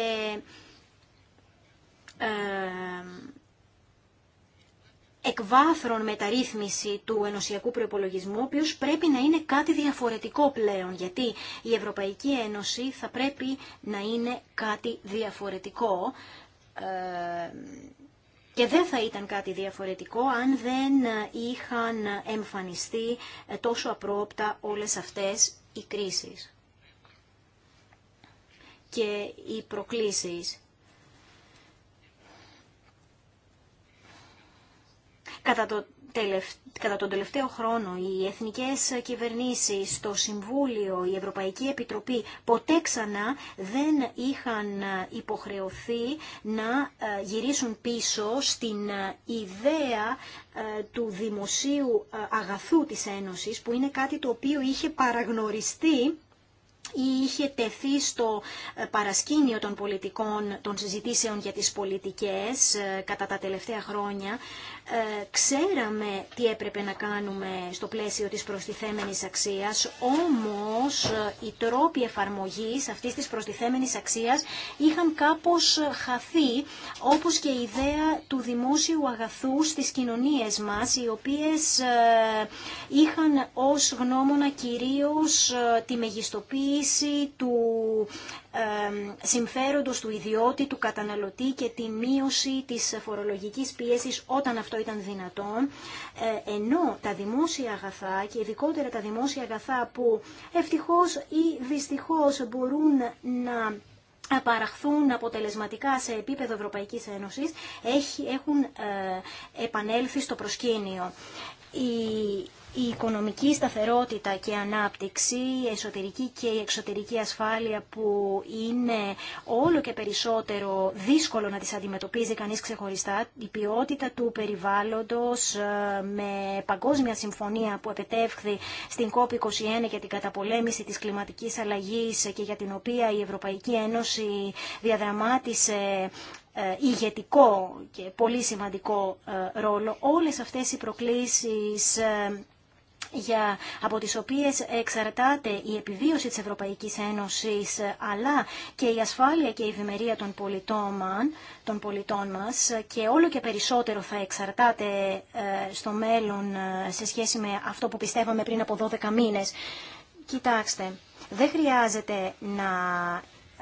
εκβάθρων μεταρρύθμιση του ενωσιακού προπολογισμού, ο πρέπει να είναι κάτι διαφορετικό πλέον, γιατί η Ευρωπαϊκή Ένωση θα πρέπει να είναι κάτι διαφορετικό ε, και δεν θα ήταν κάτι διαφορετικό αν δεν είχαν εμφανιστεί ε, τόσο απρόπτα όλες αυτές οι κρίσεις και οι προκλήσεις. Κατά το Κατά τον τελευταίο χρόνο οι εθνικές κυβερνήσεις, το Συμβούλιο, η Ευρωπαϊκή Επιτροπή ποτέ ξανά δεν είχαν υποχρεωθεί να ε, γυρίσουν πίσω στην ε, ιδέα ε, του δημοσίου αγαθού της Ένωσης που είναι κάτι το οποίο είχε παραγνωριστεί ή είχε τεθεί στο παρασκήνιο των πολιτικών των συζητήσεων για τις πολιτικές κατά τα τελευταία χρόνια ε, ξέραμε τι έπρεπε να κάνουμε στο πλαίσιο της προστιθέμενης αξίας, όμως ε, οι τρόποι εφαρμογής αυτής της προστιθέμενης αξίας είχαν κάπως ε, χαθεί, όπως και η ιδέα του δημόσιου αγαθού στις κοινωνίες μας, οι οποίες είχαν ως γνώμονα κυρίως τη μεγιστοποίηση του ε, συμφέροντος του ιδιώτη, του καταναλωτή και τη μείωση της φορολογικής πίεσης όταν αυτό ήταν δυνατόν, ε, ενώ τα δημόσια αγαθά και ειδικότερα τα δημόσια αγαθά που ευτυχώς ή δυστυχώς μπορούν να παραχθούν αποτελεσματικά σε επίπεδο Ευρωπαϊκής Ένωσης έχουν ε, επανέλθει στο προσκήνιο. η δυστυχως μπορουν να απαραχθούν αποτελεσματικα σε επιπεδο ευρωπαικης ενωσης εχουν επανελθει στο προσκηνιο η η οικονομική σταθερότητα και ανάπτυξη, η εσωτερική και η εξωτερική ασφάλεια που είναι όλο και περισσότερο δύσκολο να τις αντιμετωπίζει κανείς ξεχωριστά, η ποιότητα του περιβάλλοντος ε, με παγκόσμια συμφωνία που επετεύχθη στην COP21 για την καταπολέμηση της κλιματικής αλλαγής και για την οποία η Ευρωπαϊκή Ένωση διαδραμάτισε ε, ηγετικό και πολύ σημαντικό ε, ρόλο. Όλες αυτές οι προκλήσεις για, από τις οποίες εξαρτάται η επιβίωση της Ευρωπαϊκής Ένωσης αλλά και η ασφάλεια και η ευημερία των πολιτών, των πολιτών μας και όλο και περισσότερο θα εξαρτάται ε, στο μέλλον ε, σε σχέση με αυτό που πιστεύαμε πριν από 12 μήνες. Κοιτάξτε, δεν χρειάζεται να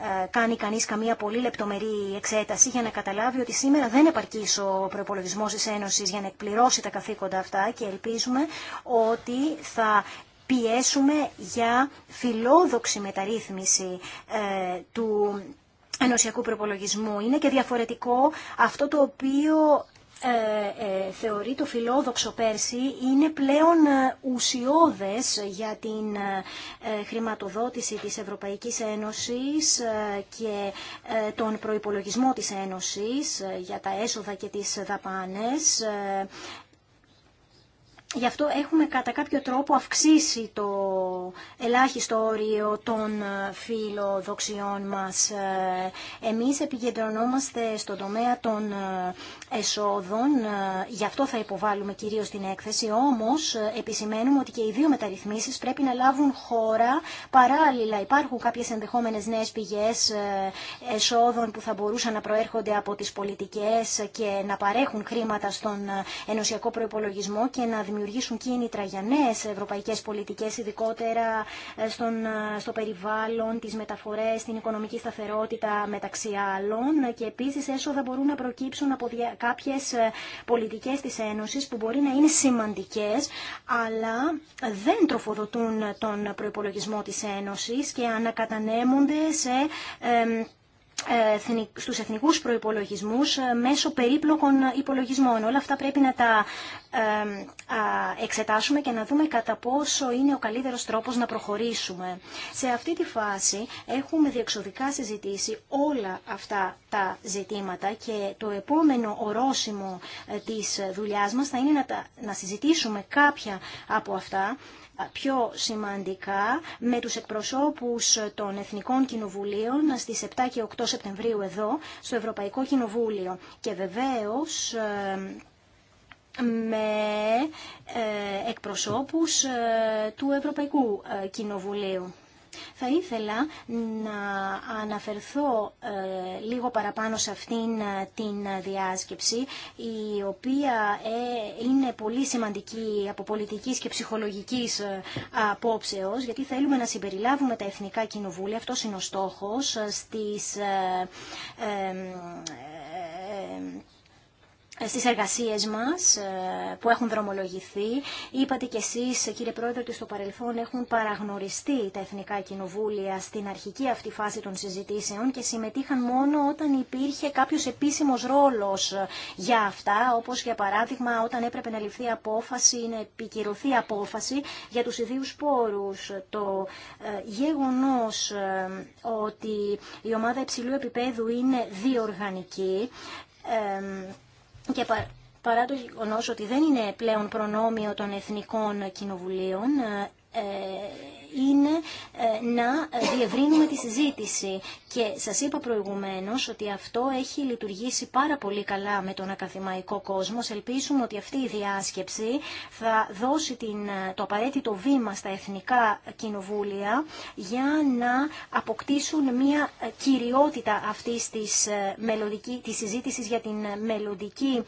ε, κάνει κανείς καμία πολύ λεπτομερή εξέταση για να καταλάβει ότι σήμερα δεν επαρκεί ο προπολογισμό της Ένωσης για να εκπληρώσει τα καθήκοντα αυτά και ελπίζουμε ότι θα πιέσουμε για φιλόδοξη μεταρρύθμιση ε, του ενωσιακού προπολογισμού. Είναι και διαφορετικό αυτό το οποίο ε, ε, θεωρεί το φιλόδοξο πέρσι είναι πλέον ε, ουσιώδες για την ε, χρηματοδότηση της Ευρωπαϊκής Ένωσης και τον προϋπολογισμό της Ένωσης για τα έσοδα και τις δαπάνες. Γι' αυτό έχουμε κατά κάποιο τρόπο αυξήσει το ελάχιστο όριο των ε, φιλοδοξιών μας. Ε, εμείς επικεντρωνόμαστε στον τομέα των ε, εσόδων, γι' αυτό θα υποβάλουμε κυρίως την έκθεση, όμως επισημαίνουμε ότι και οι δύο μεταρρυθμίσεις πρέπει να λάβουν χώρα παράλληλα. Υπάρχουν κάποιες ενδεχόμενες νέες πηγές εσόδων που θα μπορούσαν να προέρχονται από τις πολιτικές και να παρέχουν χρήματα στον ενωσιακό προϋπολογισμό και να δημιουργήσουν κίνητρα για νέε ευρωπαϊκές πολιτικές, ειδικότερα ε, στον, ε, στο περιβάλλον, τι μεταφορέ, την οικονομική σταθερότητα μεταξύ άλλων και επίσης έσοδα μπορούν να προκύψουν από κάποιε πολιτικέ της Ένωσης που μπορεί να είναι σημαντικές αλλά δεν τροφοδοτούν τον προπολογισμό της Ένωσης και ανακατανέμονται σε ε, στους εθνικούς προϋπολογισμούς ε, μέσω περίπλοκων υπολογισμών. Όλα αυτά πρέπει να τα ε, εξετάσουμε και να δούμε κατά πόσο είναι ο καλύτερος τρόπος να προχωρήσουμε. Σε αυτή τη φάση έχουμε διεξοδικά συζητήσει όλα αυτά τα ζητήματα και το επόμενο ορόσημο ε, της δουλειάς μας θα είναι να συζητήσουμε κάποια από αυτά πιο σημαντικά με τους εκπροσώπους των Εθνικών Κοινοβουλίων στις 7 και 8 Σεπτεμβρίου εδώ στο Ευρωπαϊκό Κοινοβούλιο και βεβαίως ε, με ε, εκπροσώπους ε, του Ευρωπαϊκού Κοινοβουλίου. Θα ήθελα να αναφερθώ ε, λίγο παραπάνω σε αυτήν ε, την διάσκεψη, η οποία ε, είναι πολύ σημαντική από πολιτικής και ψυχολογικής απόψεως, γιατί θέλουμε να συμπεριλάβουμε τα εθνικά κοινοβούλια, αυτός είναι ο στόχος, στις στις εργασίες μας ε, που έχουν δρομολογηθεί. Είπατε κι εσείς, κύριε Πρόεδρε, ότι στο παρελθόν έχουν παραγνωριστεί τα Εθνικά Κοινοβούλια στην αρχική αυτή φάση των συζητήσεων και συμμετείχαν μόνο όταν υπήρχε κάποιος επίσημος ρόλος για αυτά, όπως για παράδειγμα όταν έπρεπε να ληφθεί απόφαση ή να επικυρωθεί απόφαση για τους ιδίους πόρους. Το ε, γεγονός ε, ότι η ομάδα υψηλού επίπεδου είναι διοργανική, και παρά το γεγονό ότι δεν είναι πλέον προνόμιο των εθνικών κοινοβουλίων, ε, είναι ε, να ε, διευρύνουμε τη συζήτηση. Και σας είπα προηγουμένως ότι αυτό έχει λειτουργήσει πάρα πολύ καλά με τον ακαδημαϊκό κόσμο. Ελπίσουμε ότι αυτή η διάσκεψη θα δώσει την, ε, το απαραίτητο βήμα στα εθνικά κοινοβούλια για να αποκτήσουν μια κυριότητα αυτή της, της συζήτησης για την μελλοντική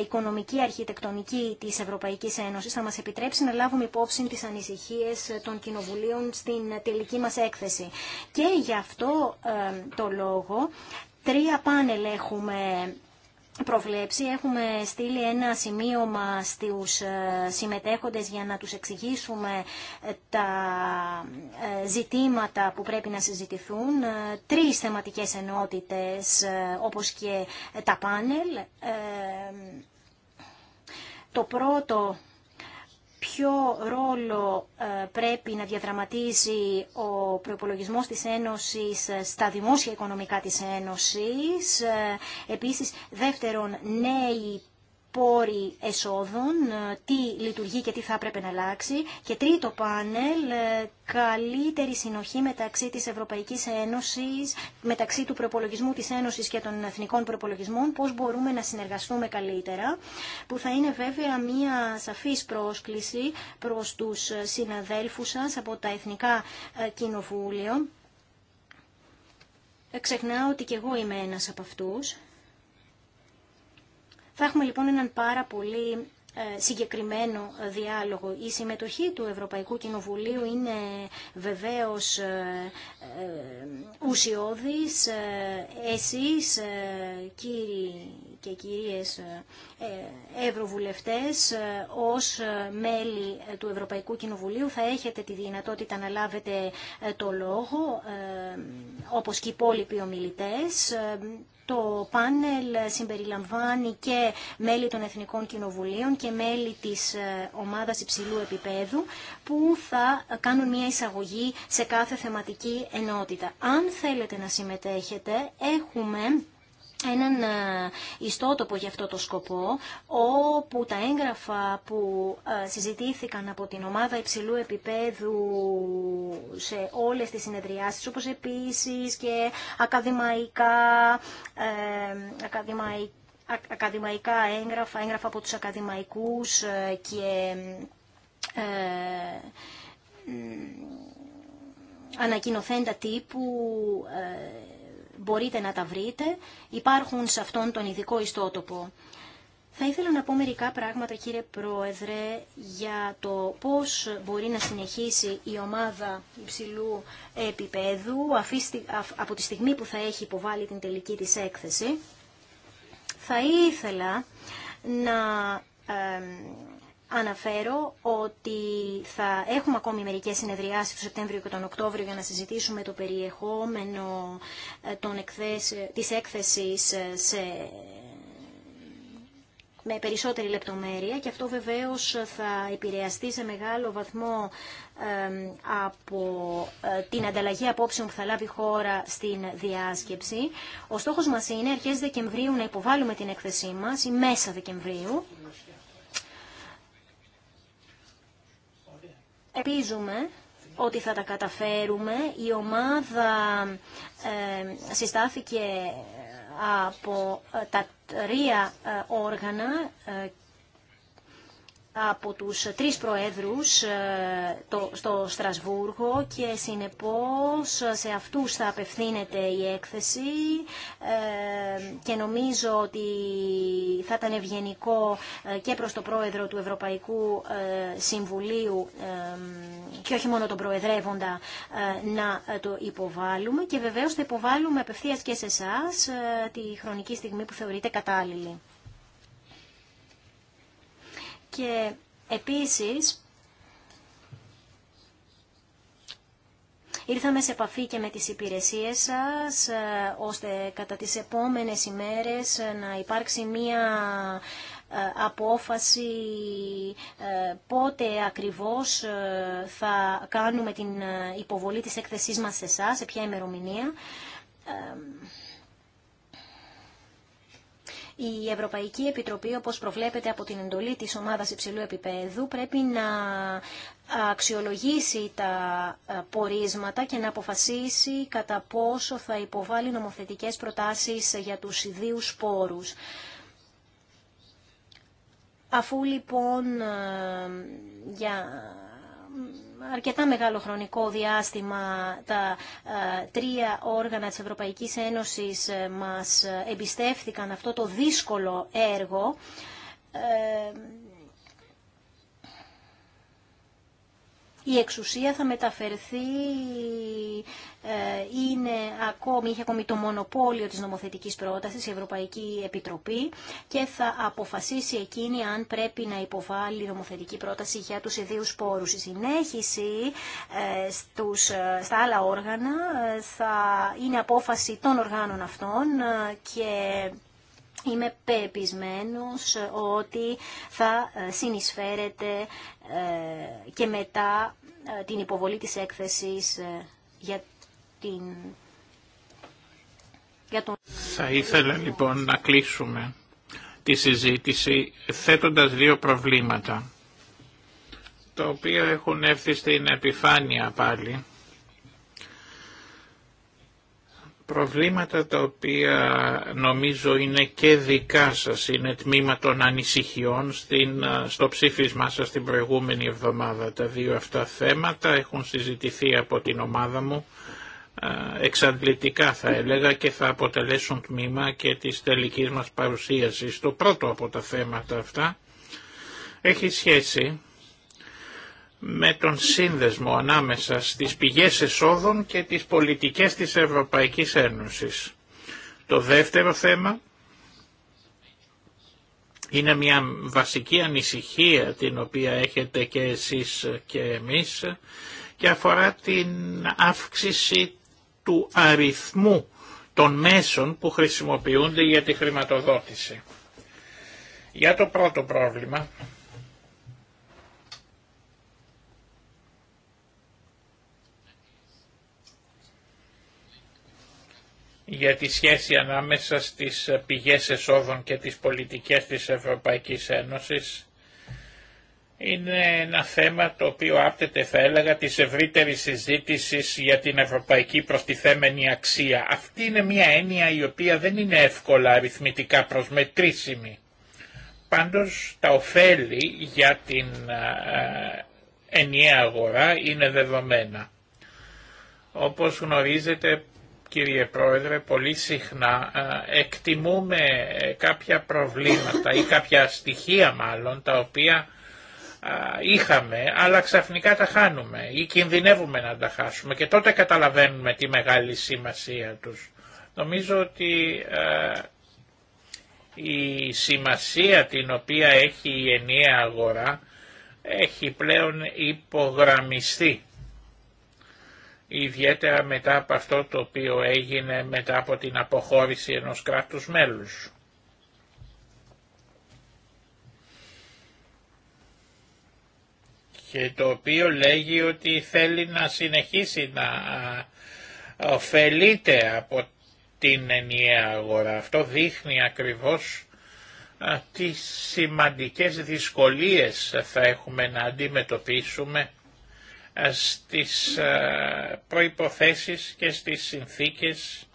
οικονομική αρχιτεκτονική της Ευρωπαϊκής Ένωσης. Θα μας επιτρέψει να λάβουμε υπόψη τις ανησυχίες των κοινοβουλίων στην τελική μας έκθεση. Και γι' αυτό ε, το λόγο τρία πάνελ έχουμε προβλέψει. Έχουμε στείλει ένα σημείωμα στους ε, συμμετέχοντες για να τους εξηγήσουμε ε, τα ζητήματα που πρέπει να συζητηθούν. Τρεις θεματικές ενότητες όπως και τα πάνελ. Το πρώτο ποιο ρόλο ε, πρέπει να διαδραματίζει ο προϋπολογισμός της Ένωσης ε, στα δημόσια οικονομικά της Ένωσης. Ε, επίσης, δεύτερον, νέοι πόροι εσόδων, ε, τι λειτουργεί και τι θα έπρεπε να αλλάξει. Και τρίτο πάνελ, ε, καλύτερη συνοχή μεταξύ της Ευρωπαϊκής Ένωσης, μεταξύ του προπολογισμού της Ένωσης και των εθνικών προπολογισμών, πώς μπορούμε να συνεργαστούμε καλύτερα, που θα είναι βέβαια μία σαφής πρόσκληση προς τους συναδέλφους σας από τα Εθνικά ε, Κοινοβούλια. Ξεχνάω ότι και εγώ είμαι ένας από αυτούς. Θα έχουμε λοιπόν έναν πάρα πολύ ε, συγκεκριμένο διάλογο. Η συμμετοχή του Ευρωπαϊκού Κοινοβουλίου είναι βεβαίως ε, ε, ουσιώδης. Εσείς, κύριοι και κυρίες ε, ε, ευρωβουλευτές ε, ως μέλη του Ευρωπαϊκού Κοινοβουλίου θα έχετε τη δυνατότητα να λάβετε το λόγο όπως και οι υπόλοιποι ομιλητές το πάνελ συμπεριλαμβάνει και μέλη των Εθνικών Κοινοβουλίων και μέλη της ομάδας υψηλού επίπεδου που θα κάνουν μια εισαγωγή σε κάθε θεματική ενότητα. Αν θέλετε να συμμετέχετε, έχουμε έναν ε, ιστότοπο για αυτό το σκοπό, όπου τα έγγραφα που ε, συζητήθηκαν από την ομάδα υψηλού επίπεδου σε όλες τις συνεδριάσεις, όπως επίσης και ακαδημαϊκά, ε, ακαδημαϊκά, έγγραφα, έγγραφα από τους ακαδημαϊκούς και ε, ανακοινοθέντα τύπου μπορείτε να τα βρείτε, υπάρχουν σε αυτόν τον ειδικό ιστότοπο. Θα ήθελα να πω μερικά πράγματα κύριε Πρόεδρε για το πώς μπορεί να συνεχίσει η ομάδα υψηλού επίπεδου από τη στιγμή που θα έχει υποβάλει την τελική της έκθεση. Θα ήθελα να αναφέρω ότι θα έχουμε ακόμη μερικές συνεδριάσεις το Σεπτέμβριο και τον Οκτώβριο για να συζητήσουμε το περιεχόμενο ε, των εκθέσεων, της έκθεσης ε, σε με περισσότερη λεπτομέρεια και αυτό βεβαίως θα επηρεαστεί σε μεγάλο βαθμό από ε, την ανταλλαγή απόψεων που θα λάβει η χώρα στην διάσκεψη. Ο στόχος μας είναι αρχές Δεκεμβρίου να υποβάλουμε την έκθεσή μας ή μέσα Δεκεμβρίου Ελπίζουμε ότι θα τα καταφέρουμε. Η ομάδα ε, συστάθηκε ε, από ε, τα τρία όργανα από τους τρεις προέδρους ε, στο Στρασβούργο και συνεπώς σε αυτούς θα απευθύνεται η έκθεση ε, και νομίζω ότι θα ήταν ευγενικό ε, και προς το πρόεδρο του Ευρωπαϊκού Συμβουλίου και όχι μόνο τον προεδρεύοντα να το υποβάλουμε και βεβαίως θα υποβάλουμε απευθείας και σε εσά τη χρονική στιγμή που θεωρείται κατάλληλη. Και επίσης Ήρθαμε σε επαφή και με τις υπηρεσίες σας, ε, ώστε κατά τις επόμενες ημέρες ε, να υπάρξει μία ε, απόφαση πότε ακριβώς θα κάνουμε την υποβολή της έκθεσής μας σε εσά, σε ποια ημερομηνία. Η Ευρωπαϊκή Επιτροπή, όπως προβλέπεται από την εντολή της ομάδας υψηλού επίπεδου, πρέπει να αξιολογήσει τα ε, πορίσματα και να αποφασίσει κατά πόσο θα υποβάλει νομοθετικές προτάσεις για τους ιδίους πόρους. Αφού λοιπόν ε, για αρκετά μεγάλο χρονικό διάστημα τα ε, τρία όργανα της Ευρωπαϊκής Ένωσης ε, μας εμπιστεύθηκαν αυτό το δύσκολο έργο ε, η εξουσία θα μεταφερθεί, ε, είναι ακόμη, είχε ακόμη το μονοπόλιο της νομοθετικής πρότασης, η Ευρωπαϊκή Επιτροπή και θα αποφασίσει εκείνη αν πρέπει να υποβάλει νομοθετική πρόταση για τους ιδίους πόρους. Η συνέχιση ε, στους, ε, στα άλλα όργανα θα είναι απόφαση των οργάνων αυτών και Είμαι πεπισμένος ότι θα ε, συνεισφέρεται ε, και μετά ε, την υποβολή της έκθεσης για την... Για τον... Θα ήθελα λοιπόν να κλείσουμε τη συζήτηση θέτοντας δύο προβλήματα τα οποία έχουν έρθει στην επιφάνεια πάλι προβλήματα τα οποία νομίζω είναι και δικά σας, είναι τμήμα των ανησυχιών στην, στο ψήφισμά σας την προηγούμενη εβδομάδα. Τα δύο αυτά θέματα έχουν συζητηθεί από την ομάδα μου εξαντλητικά θα έλεγα και θα αποτελέσουν τμήμα και της τελικής μας παρουσίασης. Το πρώτο από τα θέματα αυτά έχει σχέση με τον σύνδεσμο ανάμεσα στις πηγές εσόδων και τις πολιτικές της Ευρωπαϊκής Ένωσης. Το δεύτερο θέμα είναι μια βασική ανησυχία την οποία έχετε και εσείς και εμείς και αφορά την αύξηση του αριθμού των μέσων που χρησιμοποιούνται για τη χρηματοδότηση. Για το πρώτο πρόβλημα, για τη σχέση ανάμεσα στις πηγές εσόδων και τις πολιτικές της Ευρωπαϊκής Ένωσης είναι ένα θέμα το οποίο άπτεται θα έλεγα της ευρύτερη συζήτηση για την ευρωπαϊκή προστιθέμενη αξία. Αυτή είναι μια έννοια η οποία δεν είναι εύκολα αριθμητικά προσμετρήσιμη. Πάντως τα ωφέλη για την ε, ε, ενιαία αγορά είναι δεδομένα. Όπως γνωρίζετε κύριε Πρόεδρε, πολύ συχνά ε, εκτιμούμε ε, κάποια προβλήματα ή κάποια στοιχεία μάλλον τα οποία ε, είχαμε, αλλά ξαφνικά τα χάνουμε ή κινδυνεύουμε να τα χάσουμε και τότε καταλαβαίνουμε τη μεγάλη σημασία τους. Νομίζω ότι η σημασία την οποία έχει η ενιαία αγορά έχει πλέον υπογραμμιστεί ιδιαίτερα μετά από αυτό το οποίο έγινε μετά από την αποχώρηση ενός κράτους μέλους. και το οποίο λέγει ότι θέλει να συνεχίσει να ωφελείται από την ενιαία αγορά. Αυτό δείχνει ακριβώς τι σημαντικές δυσκολίες θα έχουμε να αντιμετωπίσουμε στις ε, προϋποθέσεις και στις συνθήκες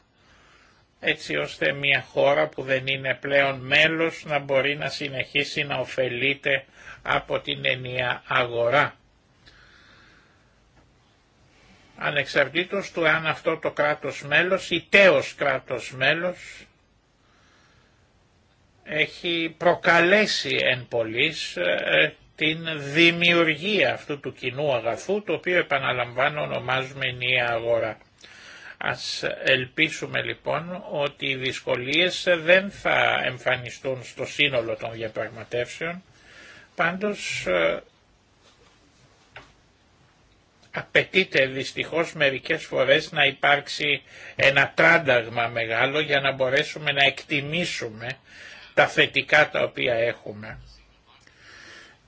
έτσι ώστε μια χώρα που δεν είναι πλέον μέλος να μπορεί να συνεχίσει να ωφελείται από την ενιαία αγορά. Ανεξαρτήτως του αν αυτό το κράτος μέλος ή τέος κράτος μέλος έχει προκαλέσει εν πολλής ε, την δημιουργία αυτού του κοινού αγαθού, το οποίο επαναλαμβάνω ονομάζουμε ενιαία αγορά. Ας ελπίσουμε λοιπόν ότι οι δυσκολίες δεν θα εμφανιστούν στο σύνολο των διαπραγματεύσεων, πάντως ε, απαιτείται δυστυχώς μερικές φορές να υπάρξει ένα τράνταγμα μεγάλο για να μπορέσουμε να εκτιμήσουμε τα θετικά τα οποία έχουμε.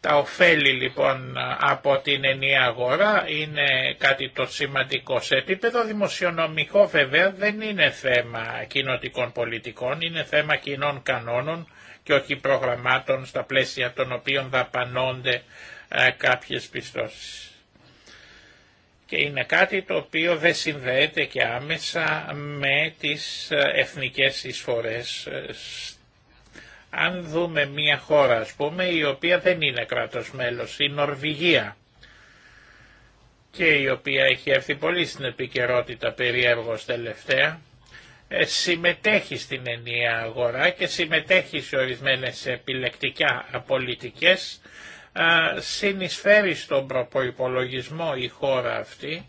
Τα ωφέλη λοιπόν από την ενιαία αγορά είναι κάτι το σημαντικό. Σε επίπεδο δημοσιονομικό βέβαια δεν είναι θέμα κοινοτικών πολιτικών, είναι θέμα κοινών κανόνων και όχι προγραμμάτων στα πλαίσια των οποίων δαπανώνται ε, κάποιες πιστώσεις. Και είναι κάτι το οποίο δεν συνδέεται και άμεσα με τις ε, εθνικές εισφορές ε, αν δούμε μια χώρα ας πούμε η οποία δεν είναι κράτος μέλος, η Νορβηγία και η οποία έχει έρθει πολύ στην επικαιρότητα περιέργως τελευταία, ε, συμμετέχει στην ενιαία αγορά και συμμετέχει σε ορισμένες επιλεκτικά πολιτικές, συνεισφέρει στον προπολογισμό η χώρα αυτή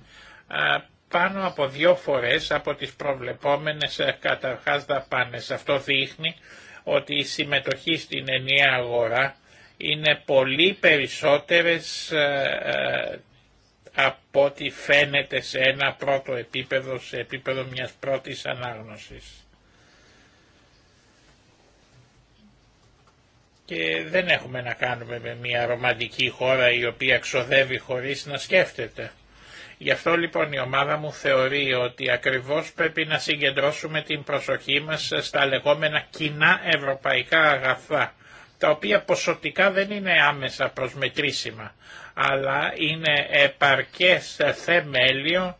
πάνω από δύο φορές από τις προβλεπόμενες ε, καταρχάς δαπάνες. Αυτό δείχνει ότι η συμμετοχή στην ενιαία αγορά είναι πολύ περισσότερες ε, ε, από ό,τι φαίνεται σε ένα πρώτο επίπεδο, σε επίπεδο μιας πρώτης ανάγνωσης. Και δεν έχουμε να κάνουμε με μια ρομαντική χώρα η οποία ξοδεύει χωρίς να σκέφτεται. Γι' αυτό λοιπόν η ομάδα μου θεωρεί ότι ακριβώς πρέπει να συγκεντρώσουμε την προσοχή μας στα λεγόμενα κοινά ευρωπαϊκά αγαθά, τα οποία ποσοτικά δεν είναι άμεσα προσμετρήσιμα, αλλά είναι επαρκές θεμέλιο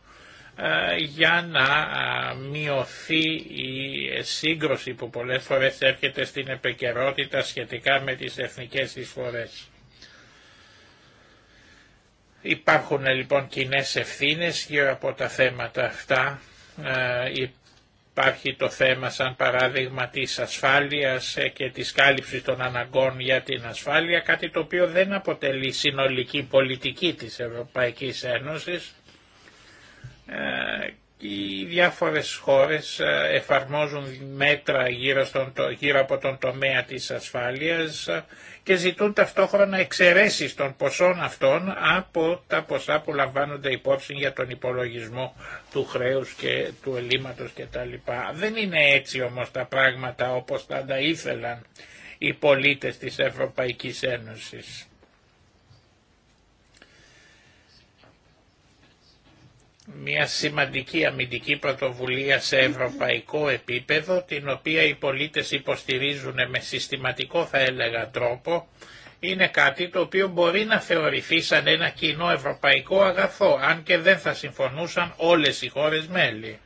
ε, για να ε, μειωθεί η σύγκρουση που πολλές φορές έρχεται στην επικαιρότητα σχετικά με τις εθνικές εισφορές. Υπάρχουν ε, λοιπόν κοινέ ευθύνε γύρω από τα θέματα αυτά. Ε, υπάρχει το θέμα σαν παράδειγμα της ασφάλειας ε, και της κάλυψης των αναγκών για την ασφάλεια, κάτι το οποίο δεν αποτελεί συνολική πολιτική της Ευρωπαϊκής Ένωσης οι διάφορες χώρες ε, εφαρμόζουν μέτρα γύρω, στον, από τον τομέα της ασφάλειας ε, και ζητούν ταυτόχρονα εξαιρέσεις των ποσών αυτών από τα ποσά που λαμβάνονται υπόψη για τον υπολογισμό του χρέους και του ελλείμματος κτλ. Δεν είναι έτσι όμως τα πράγματα όπως θα τα ήθελαν οι πολίτες της Ευρωπαϊκής Ένωσης. μια σημαντική αμυντική πρωτοβουλία σε ευρωπαϊκό επίπεδο, την οποία οι πολίτες υποστηρίζουν με συστηματικό θα έλεγα τρόπο, είναι κάτι το οποίο μπορεί να θεωρηθεί σαν ένα κοινό ευρωπαϊκό αγαθό, αν και δεν θα συμφωνούσαν όλες οι χώρες μέλη.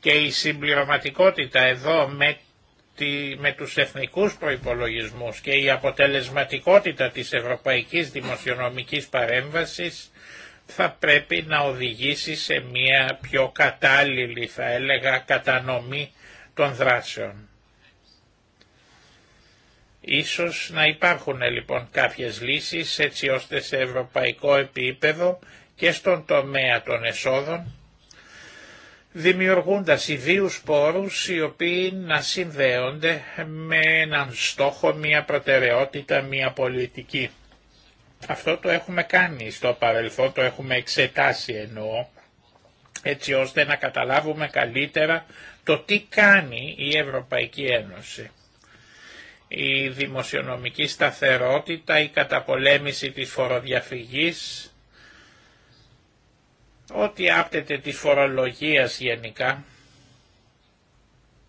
Και η συμπληρωματικότητα εδώ με, τη, με τους εθνικούς προϋπολογισμούς και η αποτελεσματικότητα της ευρωπαϊκής δημοσιονομικής παρέμβασης θα πρέπει να οδηγήσει σε μια πιο κατάλληλη θα έλεγα κατανομή των δράσεων. Ίσως να υπάρχουν λοιπόν κάποιες λύσεις έτσι ώστε σε ευρωπαϊκό επίπεδο και στον τομέα των εσόδων δημιουργούντας ιδίους πόρους οι οποίοι να συνδέονται με έναν στόχο, μια προτεραιότητα, μια πολιτική. Αυτό το έχουμε κάνει στο παρελθόν, το έχουμε εξετάσει εννοώ, έτσι ώστε να καταλάβουμε καλύτερα το τι κάνει η Ευρωπαϊκή Ένωση. Η δημοσιονομική σταθερότητα, η καταπολέμηση της φοροδιαφυγής, ό,τι άπτεται τη φορολογίας γενικά,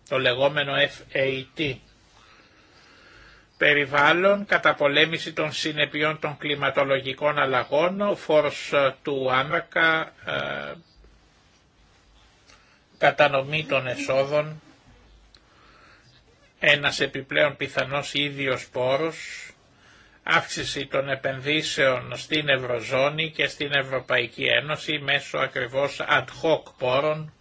το λεγόμενο FAT, περιβάλλον, καταπολέμηση των συνεπειών των κλιματολογικών αλλαγών, φόρος ε, του άνδρακα, ε, κατανομή των εσόδων, ένας επιπλέον πιθανός ίδιος πόρος, αύξηση των επενδύσεων στην Ευρωζώνη και στην Ευρωπαϊκή Ένωση μέσω ακριβώς ad hoc πόρων,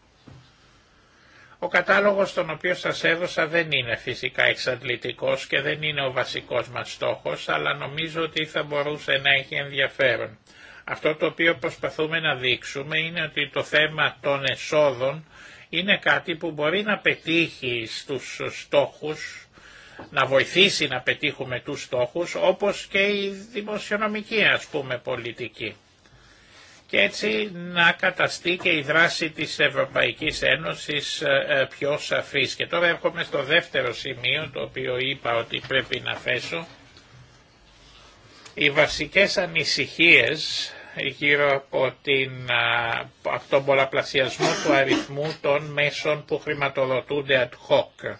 ο κατάλογος τον οποίο σας έδωσα δεν είναι φυσικά εξαντλητικός και δεν είναι ο βασικός μας στόχος, αλλά νομίζω ότι θα μπορούσε να έχει ενδιαφέρον. Αυτό το οποίο προσπαθούμε να δείξουμε είναι ότι το θέμα των εσόδων είναι κάτι που μπορεί να πετύχει στους στόχους, να βοηθήσει να πετύχουμε τους στόχους, όπως και η δημοσιονομική ας πούμε πολιτική και έτσι να καταστεί και η δράση της Ευρωπαϊκής Ένωσης ε, ε, πιο σαφής. Και τώρα έρχομαι στο δεύτερο σημείο το οποίο είπα ότι πρέπει να θέσω. Οι βασικές ανησυχίες γύρω από, την, από τον πολλαπλασιασμό του αριθμού των μέσων που χρηματοδοτούνται ad hoc.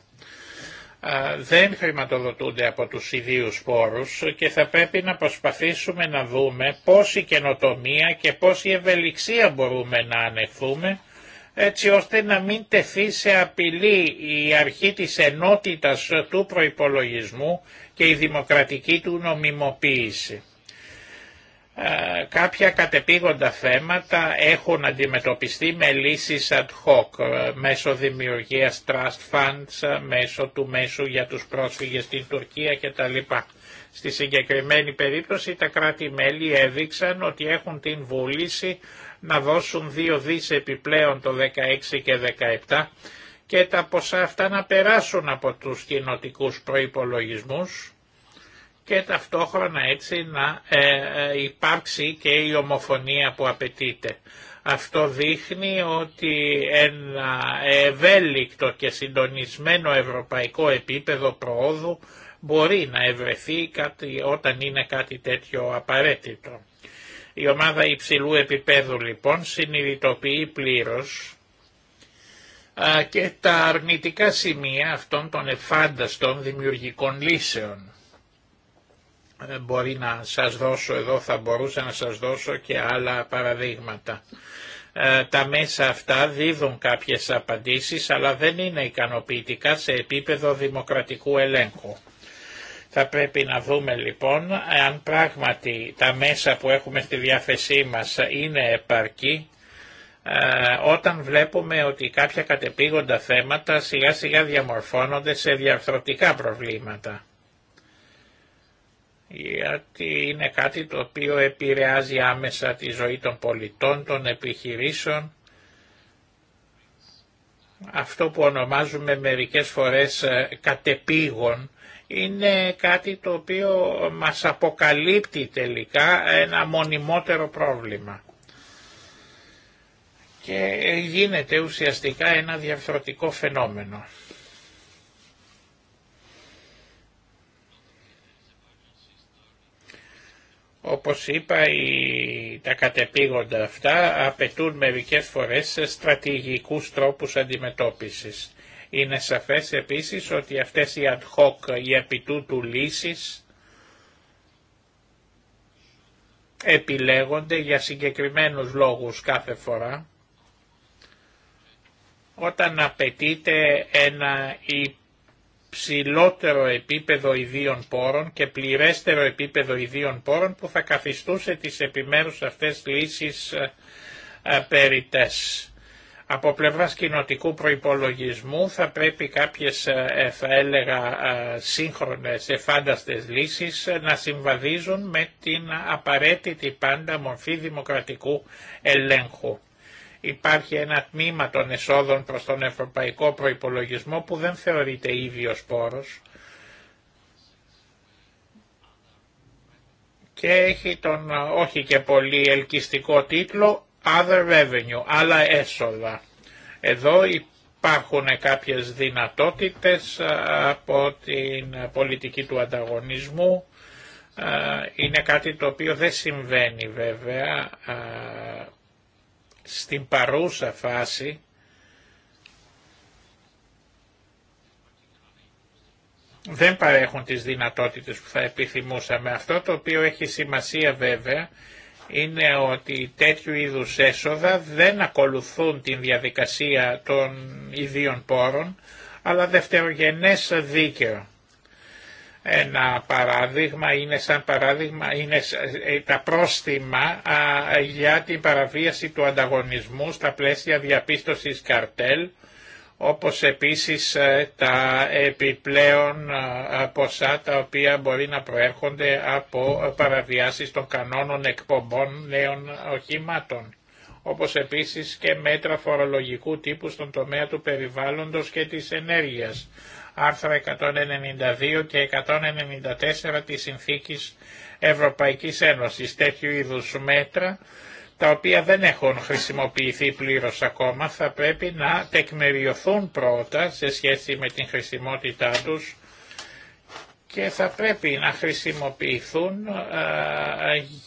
Ε, δεν χρηματοδοτούνται από τους ιδίους πόρους και θα πρέπει να προσπαθήσουμε να δούμε πόση καινοτομία και πόση ευελιξία μπορούμε να ανεχθούμε έτσι ώστε να μην τεθεί σε απειλή η αρχή της ενότητας του προϋπολογισμού και η δημοκρατική του νομιμοποίηση. Ε, κάποια κατεπήγοντα θέματα έχουν αντιμετωπιστεί με λύσεις ad hoc, ε, μέσω δημιουργίας trust funds, ε, μέσω του μέσου για τους πρόσφυγες στην Τουρκία κτλ. Στη συγκεκριμένη περίπτωση τα κράτη-μέλη έδειξαν ότι έχουν την βούληση να δώσουν δύο δις επιπλέον το 16 και 17 και τα ποσά αυτά να περάσουν από τους κοινοτικούς προϋπολογισμούς και ταυτόχρονα έτσι να ε, ε, υπάρξει και η ομοφωνία που απαιτείται. Αυτό δείχνει ότι ένα ευέλικτο και συντονισμένο ευρωπαϊκό επίπεδο προόδου μπορεί να ευρεθεί κάτι, όταν είναι κάτι τέτοιο απαραίτητο. Η ομάδα υψηλού επίπεδου λοιπόν συνειδητοποιεί πλήρως και τα αρνητικά σημεία αυτών των εφάνταστων δημιουργικών λύσεων. Ε, μπορεί να σας δώσω εδώ, θα μπορούσα να σας δώσω και άλλα παραδείγματα. Ε, τα μέσα αυτά δίδουν κάποιες απαντήσεις, αλλά δεν είναι ικανοποιητικά σε επίπεδο δημοκρατικού ελέγχου. Θα πρέπει να δούμε λοιπόν αν πράγματι τα μέσα που έχουμε στη διάθεσή μας είναι επαρκή ε, όταν βλέπουμε ότι κάποια κατεπήγοντα θέματα σιγά σιγά διαμορφώνονται σε διαρθρωτικά προβλήματα γιατί είναι κάτι το οποίο επηρεάζει άμεσα τη ζωή των πολιτών, των επιχειρήσεων. Αυτό που ονομάζουμε μερικές φορές ε, κατεπήγον είναι κάτι το οποίο μας αποκαλύπτει τελικά ένα μονιμότερο πρόβλημα. Και γίνεται ουσιαστικά ένα διαφορετικό φαινόμενο. Όπως είπα, τα κατεπήγοντα αυτά απαιτούν μερικές φορές στρατηγικούς τρόπους αντιμετώπισης. Είναι σαφές επίσης ότι αυτές οι ad hoc, οι επιτούτου λύσεις, επιλέγονται για συγκεκριμένους λόγους κάθε φορά. Όταν απαιτείται ένα ψηλότερο επίπεδο ιδίων πόρων και πληρέστερο επίπεδο ιδίων πόρων που θα καθιστούσε τις επιμέρους αυτές λύσεις ε, ε, περιτές. Από πλευράς κοινοτικού προϋπολογισμού θα πρέπει κάποιες, ε, θα έλεγα, σύγχρονες εφάνταστες λύσεις να συμβαδίζουν με την απαραίτητη πάντα μορφή δημοκρατικού ελέγχου υπάρχει ένα τμήμα των εσόδων προς τον ευρωπαϊκό προϋπολογισμό που δεν θεωρείται ίδιος πόρος και έχει τον όχι και πολύ ελκυστικό τίτλο Other Revenue, άλλα έσοδα. Εδώ υπάρχουν κάποιες δυνατότητες από την πολιτική του ανταγωνισμού. Είναι κάτι το οποίο δεν συμβαίνει βέβαια στην παρούσα φάση δεν παρέχουν τις δυνατότητες που θα επιθυμούσαμε. Αυτό το οποίο έχει σημασία βέβαια είναι ότι τέτοιου είδους έσοδα δεν ακολουθούν την διαδικασία των ιδίων πόρων, αλλά δευτερογενές δίκαιο. Ένα παράδειγμα είναι σαν παράδειγμα είναι ε, τα πρόστιμα για την παραβίαση του ανταγωνισμού στα πλαίσια διαπίστωσης καρτέλ όπως επίσης ε, τα επιπλέον ποσά τα οποία μπορεί να προέρχονται από παραβιάσεις των κανόνων εκπομπών νέων οχημάτων όπως επίσης και μέτρα φορολογικού τύπου στον τομέα του περιβάλλοντος και της ενέργειας άρθρα 192 και 194 της Συνθήκης Ευρωπαϊκής Ένωσης. Τέτοιου είδους μέτρα τα οποία δεν έχουν χρησιμοποιηθεί πλήρως ακόμα θα πρέπει να τεκμεριωθούν πρώτα σε σχέση με την χρησιμότητά τους και θα πρέπει να χρησιμοποιηθούν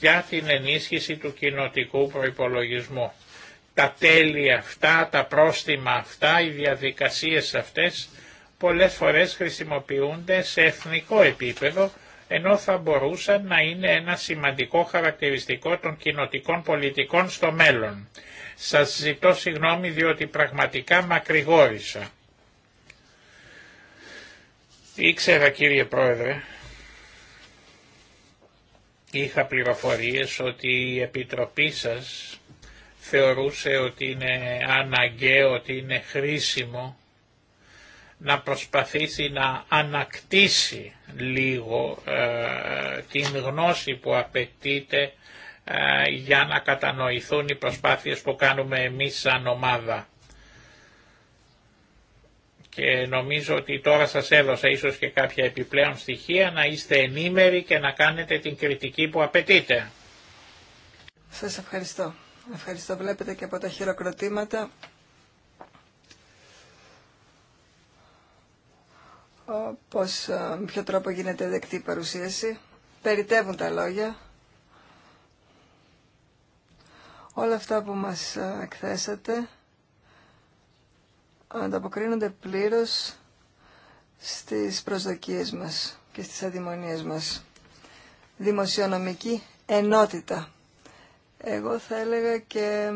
για την ενίσχυση του κοινοτικού προϋπολογισμού. Τα τέλη αυτά, τα πρόστιμα αυτά, οι διαδικασίες αυτές πολλές φορές χρησιμοποιούνται σε εθνικό επίπεδο, ενώ θα μπορούσαν να είναι ένα σημαντικό χαρακτηριστικό των κοινοτικών πολιτικών στο μέλλον. Σας ζητώ συγγνώμη διότι πραγματικά μακρηγόρησα. Ήξερα κύριε Πρόεδρε, είχα πληροφορίες ότι η Επιτροπή σας θεωρούσε ότι είναι αναγκαίο, ότι είναι χρήσιμο να προσπαθήσει να ανακτήσει λίγο ε, την γνώση που απαιτείται ε, για να κατανοηθούν οι προσπάθειες που κάνουμε εμείς σαν ομάδα. Και νομίζω ότι τώρα σας έδωσα ίσως και κάποια επιπλέον στοιχεία να είστε ενήμεροι και να κάνετε την κριτική που απαιτείτε. Σας ευχαριστώ. Ευχαριστώ. Βλέπετε και από τα χειροκροτήματα πώς, ε, με ποιο τρόπο γίνεται δεκτή η παρουσίαση. Περιτεύουν τα λόγια. Όλα αυτά που μας ε, εκθέσατε ανταποκρίνονται πλήρως στις προσδοκίες μας και στις αδημονίες μας. Δημοσιονομική ενότητα. Εγώ θα έλεγα και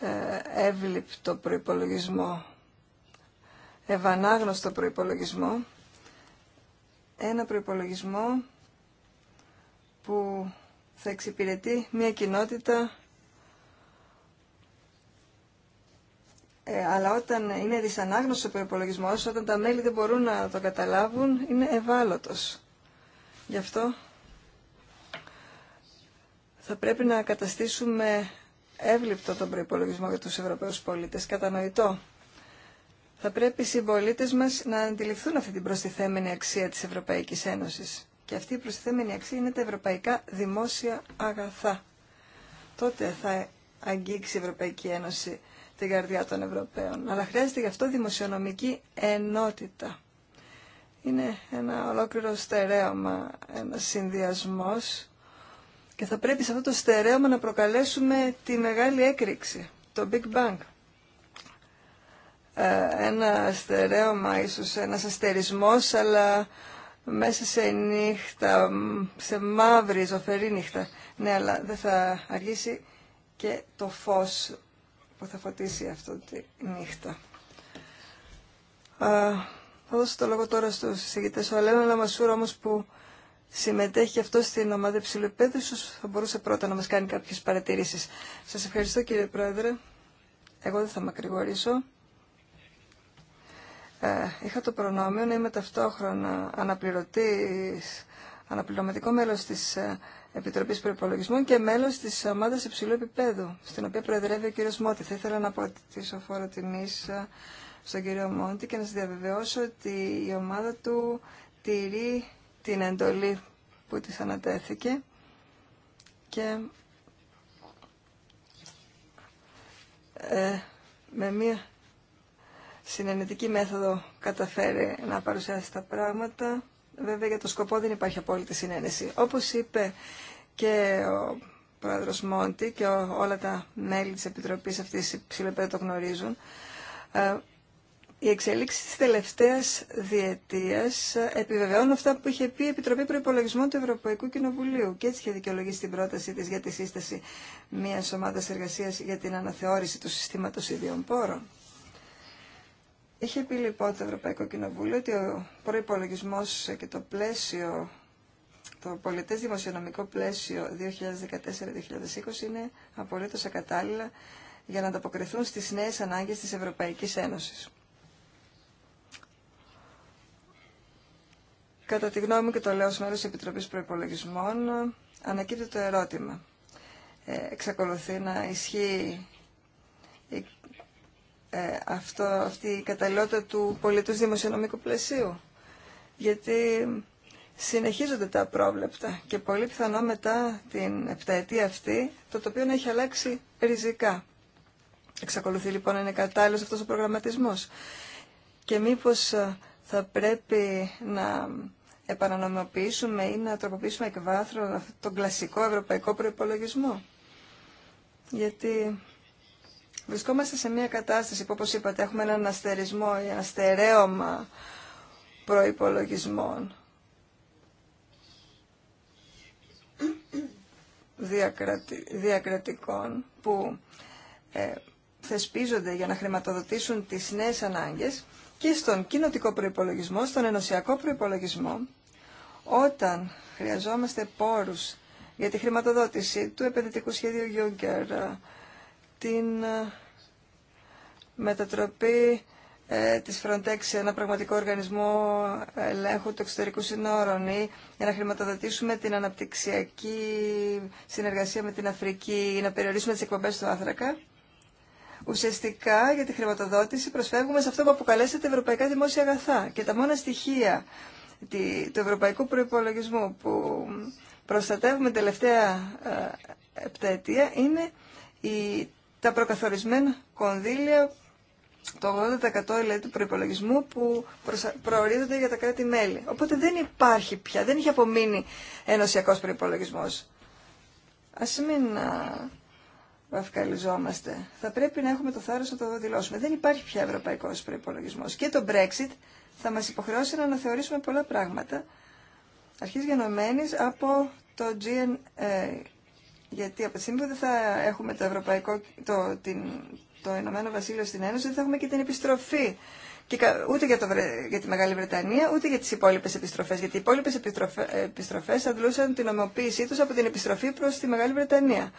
ε, εύληπτο προϋπολογισμό ευανάγνωστο προϋπολογισμό, ένα προϋπολογισμό που θα εξυπηρετεί μια κοινότητα ε, αλλά όταν είναι δυσανάγνωστο ο όταν τα μέλη δεν μπορούν να το καταλάβουν, είναι ευάλωτος. Γι' αυτό θα πρέπει να καταστήσουμε εύληπτο τον προϋπολογισμό για τους Ευρωπαίους πολίτες, κατανοητό. Θα πρέπει οι συμπολίτε μας να αντιληφθούν αυτή την προστιθέμενη αξία της Ευρωπαϊκής Ένωσης. Και αυτή η προστιθέμενη αξία είναι τα ευρωπαϊκά δημόσια αγαθά. Τότε θα αγγίξει η Ευρωπαϊκή Ένωση την καρδιά των Ευρωπαίων. Αλλά χρειάζεται γι' αυτό δημοσιονομική ενότητα. Είναι ένα ολόκληρο στερέωμα, ένα συνδυασμό και θα πρέπει σε αυτό το στερέωμα να προκαλέσουμε τη μεγάλη έκρηξη, το Big Bang ένα στερέωμα, ίσως ένας αστερισμός, αλλά μέσα σε νύχτα, σε μαύρη, ζωφερή νύχτα. Ναι, αλλά δεν θα αργήσει και το φως που θα φωτίσει αυτή τη νύχτα. θα δώσω το λόγο τώρα στους συζητητές. Ο Αλένα Λαμασούρα όμως που συμμετέχει αυτό στην ομάδα υψηλού θα μπορούσε πρώτα να μας κάνει κάποιες παρατηρήσεις. Σας ευχαριστώ κύριε Πρόεδρε. Εγώ δεν θα μακρηγορήσω. Ε, είχα το προνόμιο να είμαι ταυτόχρονα αναπληρωτής, αναπληρωματικό μέλος της ε, Επιτροπής Προπολογισμών και μέλος της ομάδας υψηλού επίπεδου, στην οποία προεδρεύει ο κύριος Μότη. Θα ήθελα να τη φόρο τιμή ε, στον κύριο Μόντι και να σας διαβεβαιώσω ότι η ομάδα του τηρεί την εντολή που της ανατέθηκε και με μία συνενετική μέθοδο καταφέρει να παρουσιάσει τα πράγματα. Βέβαια για το σκοπό δεν υπάρχει απόλυτη συνένεση. Όπως είπε και ο πρόεδρος Μόντι και όλα τα μέλη της Επιτροπής αυτής ψηλεπέτα το γνωρίζουν, ε, οι εξέλιξη της τελευταίας διετίας επιβεβαιώνουν αυτά που είχε πει η Επιτροπή Προϋπολογισμών του Ευρωπαϊκού Κοινοβουλίου και έτσι είχε δικαιολογήσει την πρότασή της για τη σύσταση μιας ομάδας εργασίας για την αναθεώρηση του συστήματος ιδιών πόρων. Είχε πει λοιπόν το Ευρωπαϊκό Κοινοβούλιο ότι ο προπολογισμό και το πλαίσιο, το πολιτέ δημοσιονομικό πλαίσιο 2014-2020 είναι απολύτω ακατάλληλα για να ανταποκριθούν στι νέε ανάγκε τη Ευρωπαϊκή Ένωση. Κατά τη γνώμη και το λέω ως μέλος της Επιτροπής Προϋπολογισμών, ανακύπτει το ερώτημα. Ε, εξακολουθεί να ισχύει ε, αυτό, αυτή η καταλληλότητα του πολιτού δημοσιονομικού πλαισίου. Γιατί συνεχίζονται τα πρόβλεπτα και πολύ πιθανό μετά την επταετία αυτή το τοπίο να έχει αλλάξει ριζικά. Εξακολουθεί λοιπόν να είναι κατάλληλος αυτός ο προγραμματισμός. Και μήπως ε, θα πρέπει να επανανομιοποιήσουμε ή να τροποποιήσουμε εκ βάθρων τον κλασικό ευρωπαϊκό προϋπολογισμό. Γιατί Βρισκόμαστε σε μια κατάσταση που όπως είπατε έχουμε έναν αστερισμό ή ένα στερέωμα προϋπολογισμών διακρατικών που ε, θεσπίζονται για να χρηματοδοτήσουν τις νέες ανάγκες και στον κοινοτικό προϋπολογισμό, στον ενωσιακό προϋπολογισμό, όταν χρειαζόμαστε πόρους για τη χρηματοδότηση του επενδυτικού σχέδιου Juncker, την ε, μετατροπή ε, της Frontex σε ένα πραγματικό οργανισμό ελέγχου του εξωτερικού συνόρων ή για να χρηματοδοτήσουμε την αναπτυξιακή συνεργασία με την Αφρική ή να περιορίσουμε τις εκπομπές του άνθρακα. Ουσιαστικά για τη χρηματοδότηση προσφεύγουμε σε αυτό που αποκαλέσατε ευρωπαϊκά δημόσια αγαθά και τα μόνα στοιχεία του ευρωπαϊκού προϋπολογισμού που προστατεύουμε τελευταία ε, αιτία είναι η τα προκαθορισμένα κονδύλια, το 80% δηλαδή του προπολογισμού που προορίζονται για τα κράτη-μέλη. Οπότε δεν υπάρχει πια, δεν έχει απομείνει ενωσιακό προπολογισμό. Ας μην βαφκαλιζόμαστε. Θα πρέπει να έχουμε το θάρρος να το δηλώσουμε. Δεν υπάρχει πια ευρωπαϊκό προπολογισμό. Και το Brexit θα μα υποχρεώσει να αναθεωρήσουμε πολλά πράγματα, αρχής γενομένης από το GNA. Γιατί από τη στιγμή που δεν θα έχουμε το, Ευρωπαϊκό, το, την, το Βασίλειο στην Ένωση, δεν θα έχουμε και την επιστροφή. Και ούτε για, το, για τη Μεγάλη Βρετανία, ούτε για τι υπόλοιπε επιστροφέ. Γιατί οι υπόλοιπε επιστροφέ αντλούσαν την ομοποίησή του από την επιστροφή προ τη Μεγάλη Βρετανία.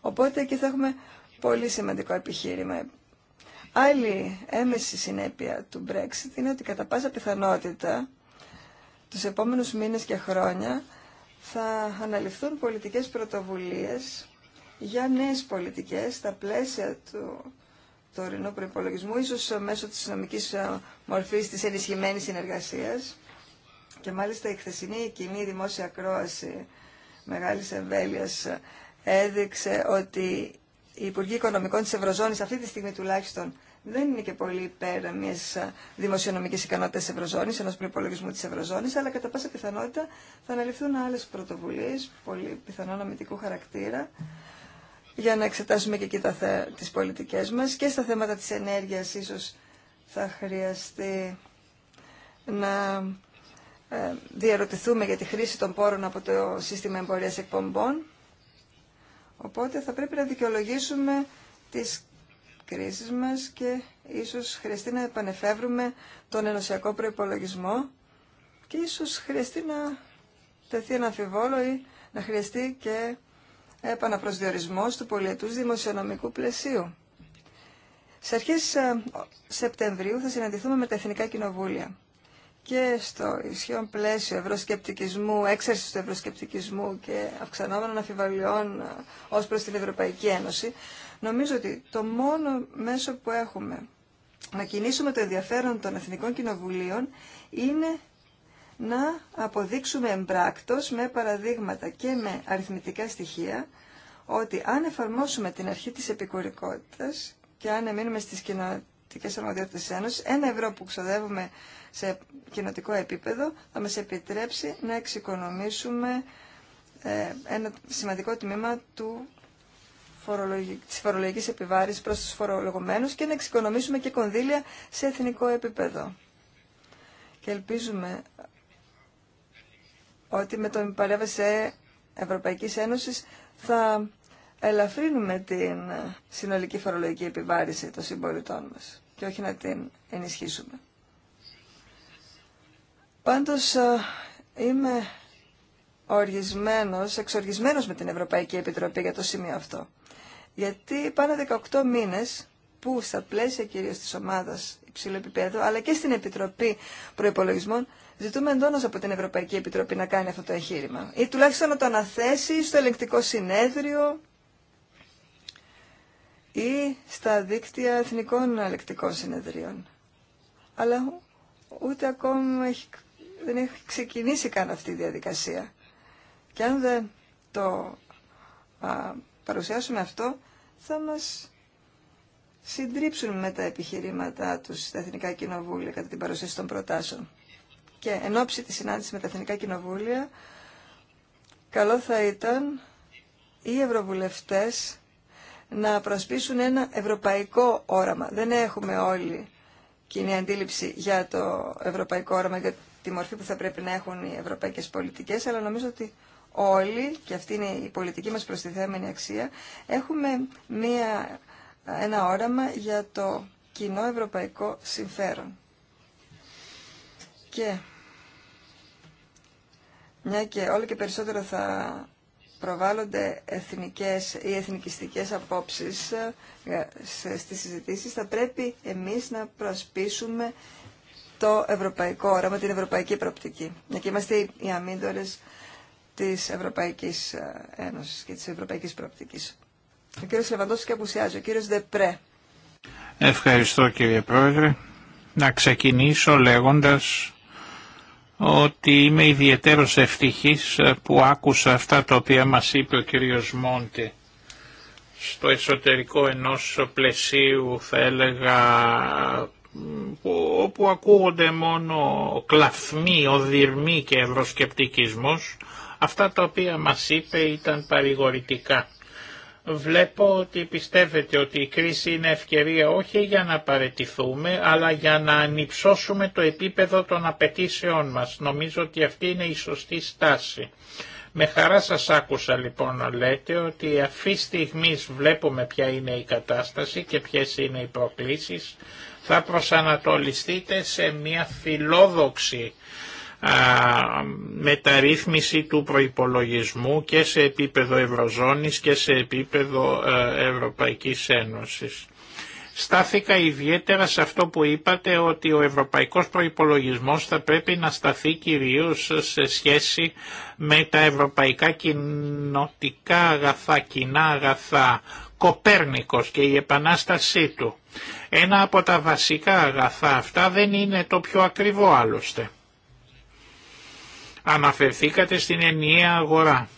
Οπότε εκεί θα έχουμε πολύ σημαντικό επιχείρημα. Άλλη έμεση συνέπεια του Brexit είναι ότι κατά πάσα πιθανότητα τους επόμενους μήνες και χρόνια θα αναλυφθούν πολιτικές πρωτοβουλίες για νέες πολιτικές στα πλαίσια του τωρινού προϋπολογισμού, ίσως μέσω της νομικής ε, μορφής της ενισχυμένης συνεργασίας. Και μάλιστα η χθεσινή κοινή δημόσια κρόαση μεγάλης εμβέλειας έδειξε ότι οι Υπουργοί Οικονομικών της Ευρωζώνης αυτή τη στιγμή τουλάχιστον δεν είναι και πολύ υπέρ μια δημοσιονομική ικανότητα τη Ευρωζώνη, ενό προπολογισμού τη Ευρωζώνη, αλλά κατά πάσα πιθανότητα θα αναλυφθούν άλλε πρωτοβουλίε, πολύ πιθανόν αμυντικού χαρακτήρα, για να εξετάσουμε και εκεί τι πολιτικέ μα. Και στα θέματα τη ενέργεια, ίσω θα χρειαστεί να ε, διαρωτηθούμε για τη χρήση των πόρων από το σύστημα εμπορίας εκπομπών. Οπότε θα πρέπει να δικαιολογήσουμε τις μας και ίσως χρειαστεί να επανεφεύρουμε τον ενωσιακό προϋπολογισμό και ίσως χρειαστεί να τεθεί ένα αμφιβόλο ή να χρειαστεί και επαναπροσδιορισμός του πολιετούς δημοσιονομικού πλαισίου. Σε αρχές ε, Σεπτεμβρίου θα συναντηθούμε με τα Εθνικά Κοινοβούλια και στο ισχύον πλαίσιο ευρωσκεπτικισμού, έξαρσης του ευρωσκεπτικισμού και αυξανόμενων αφιβαλιών ε, ως προς την Ευρωπαϊκή Ένωση, Νομίζω ότι το μόνο μέσο που έχουμε να κινήσουμε το ενδιαφέρον των Εθνικών Κοινοβουλίων είναι να αποδείξουμε εμπράκτος με παραδείγματα και με αριθμητικά στοιχεία ότι αν εφαρμόσουμε την αρχή της επικουρικότητας και αν εμείνουμε στις κοινοτικές αρμοδιότητες της Ένωσης, ένα ευρώ που ξοδεύουμε σε κοινοτικό επίπεδο θα μας επιτρέψει να εξοικονομήσουμε ε, ένα σημαντικό τμήμα του τη φορολογική επιβάρηση προς τους φορολογωμένου και να εξοικονομήσουμε και κονδύλια σε εθνικό επίπεδο. Και ελπίζουμε ότι με τον παρέμβαση ευρωπαϊκή Ένωση θα ελαφρύνουμε την συνολική φορολογική επιβάρηση των συμπολιτών μας και όχι να την ενισχύσουμε. Πάντως ε, είμαι οργισμένος, εξοργισμένος με την Ευρωπαϊκή Επιτροπή για το σημείο αυτό. Γιατί πάνε 18 μήνες που στα πλαίσια κυρίως της ομάδας υψηλού επίπεδου, αλλά και στην Επιτροπή Προϋπολογισμών, ζητούμε εντόνω από την Ευρωπαϊκή Επιτροπή να κάνει αυτό το εγχείρημα. Ή τουλάχιστον να το αναθέσει στο ελεγκτικό συνέδριο ή στα δίκτυα εθνικών ελεκτικών συνεδρίων. Αλλά ούτε ακόμα έχει, δεν έχει ξεκινήσει καν αυτή η στα δικτυα εθνικων ελεγκτικων συνεδριων αλλα ουτε ακομα δεν εχει ξεκινησει καν αυτη η διαδικασια Και αν δεν το παρουσιάσουμε αυτό θα μας συντρίψουν με τα επιχειρήματά τους στα Εθνικά Κοινοβούλια κατά την παρουσίαση των προτάσεων. Και εν ώψη της συνάντησης με τα Εθνικά Κοινοβούλια, καλό θα ήταν οι Ευρωβουλευτές να προσπίσουν ένα ευρωπαϊκό όραμα. Δεν έχουμε όλοι κοινή αντίληψη για το ευρωπαϊκό όραμα, για τη μορφή που θα πρέπει να έχουν οι ευρωπαϊκές πολιτικές, αλλά νομίζω ότι όλοι, και αυτή είναι η πολιτική μας προστιθέμενη αξία, έχουμε μία, ένα όραμα για το κοινό ευρωπαϊκό συμφέρον. Και μια και όλο και περισσότερο θα προβάλλονται εθνικές ή εθνικιστικές απόψεις ε, στις συζητήσεις, θα πρέπει εμείς να προσπίσουμε το ευρωπαϊκό όραμα, την ευρωπαϊκή προοπτική. Να και είμαστε οι αμύντορες της Ευρωπαϊκής ε, Ένωσης και της Ευρωπαϊκής Προοπτικής. Ο κύριος Λεβαντός και απουσιάζει, ο κύριος Δεπρέ. Ευχαριστώ κύριε Πρόεδρε. Να ξεκινήσω λέγοντας ότι είμαι ιδιαίτερο ευτυχής ε, που άκουσα αυτά τα οποία μας είπε ο κύριος Μόντι στο εσωτερικό ενός πλαισίου θα έλεγα που, όπου ακούγονται μόνο κλαφμοί, οδυρμοί και ευρωσκεπτικισμός Αυτά τα οποία μας είπε ήταν παρηγορητικά. Βλέπω ότι πιστεύετε ότι η κρίση είναι ευκαιρία όχι για να παρετηθούμε, αλλά για να ανυψώσουμε το επίπεδο των απαιτήσεών μας. Νομίζω ότι αυτή είναι η σωστή στάση. Με χαρά σας άκουσα λοιπόν να λέτε ότι αυτή στιγμή βλέπουμε ποια είναι η κατάσταση και ποιες είναι οι προκλήσεις. Θα προσανατολιστείτε σε μια φιλόδοξη μεταρρύθμιση του προϋπολογισμού και σε επίπεδο Ευρωζώνης και σε επίπεδο ε, Ευρωπαϊκής Ένωσης. Στάθηκα ιδιαίτερα σε αυτό που είπατε ότι ο ευρωπαϊκός προϋπολογισμός θα πρέπει να σταθεί κυρίως σε σχέση με τα ευρωπαϊκά κοινοτικά αγαθά, κοινά αγαθά, Κοπέρνικος και η επανάστασή του. Ένα από τα βασικά αγαθά αυτά δεν είναι το πιο ακριβό άλλωστε. Αναφερθήκατε στην ενιαία αγορά.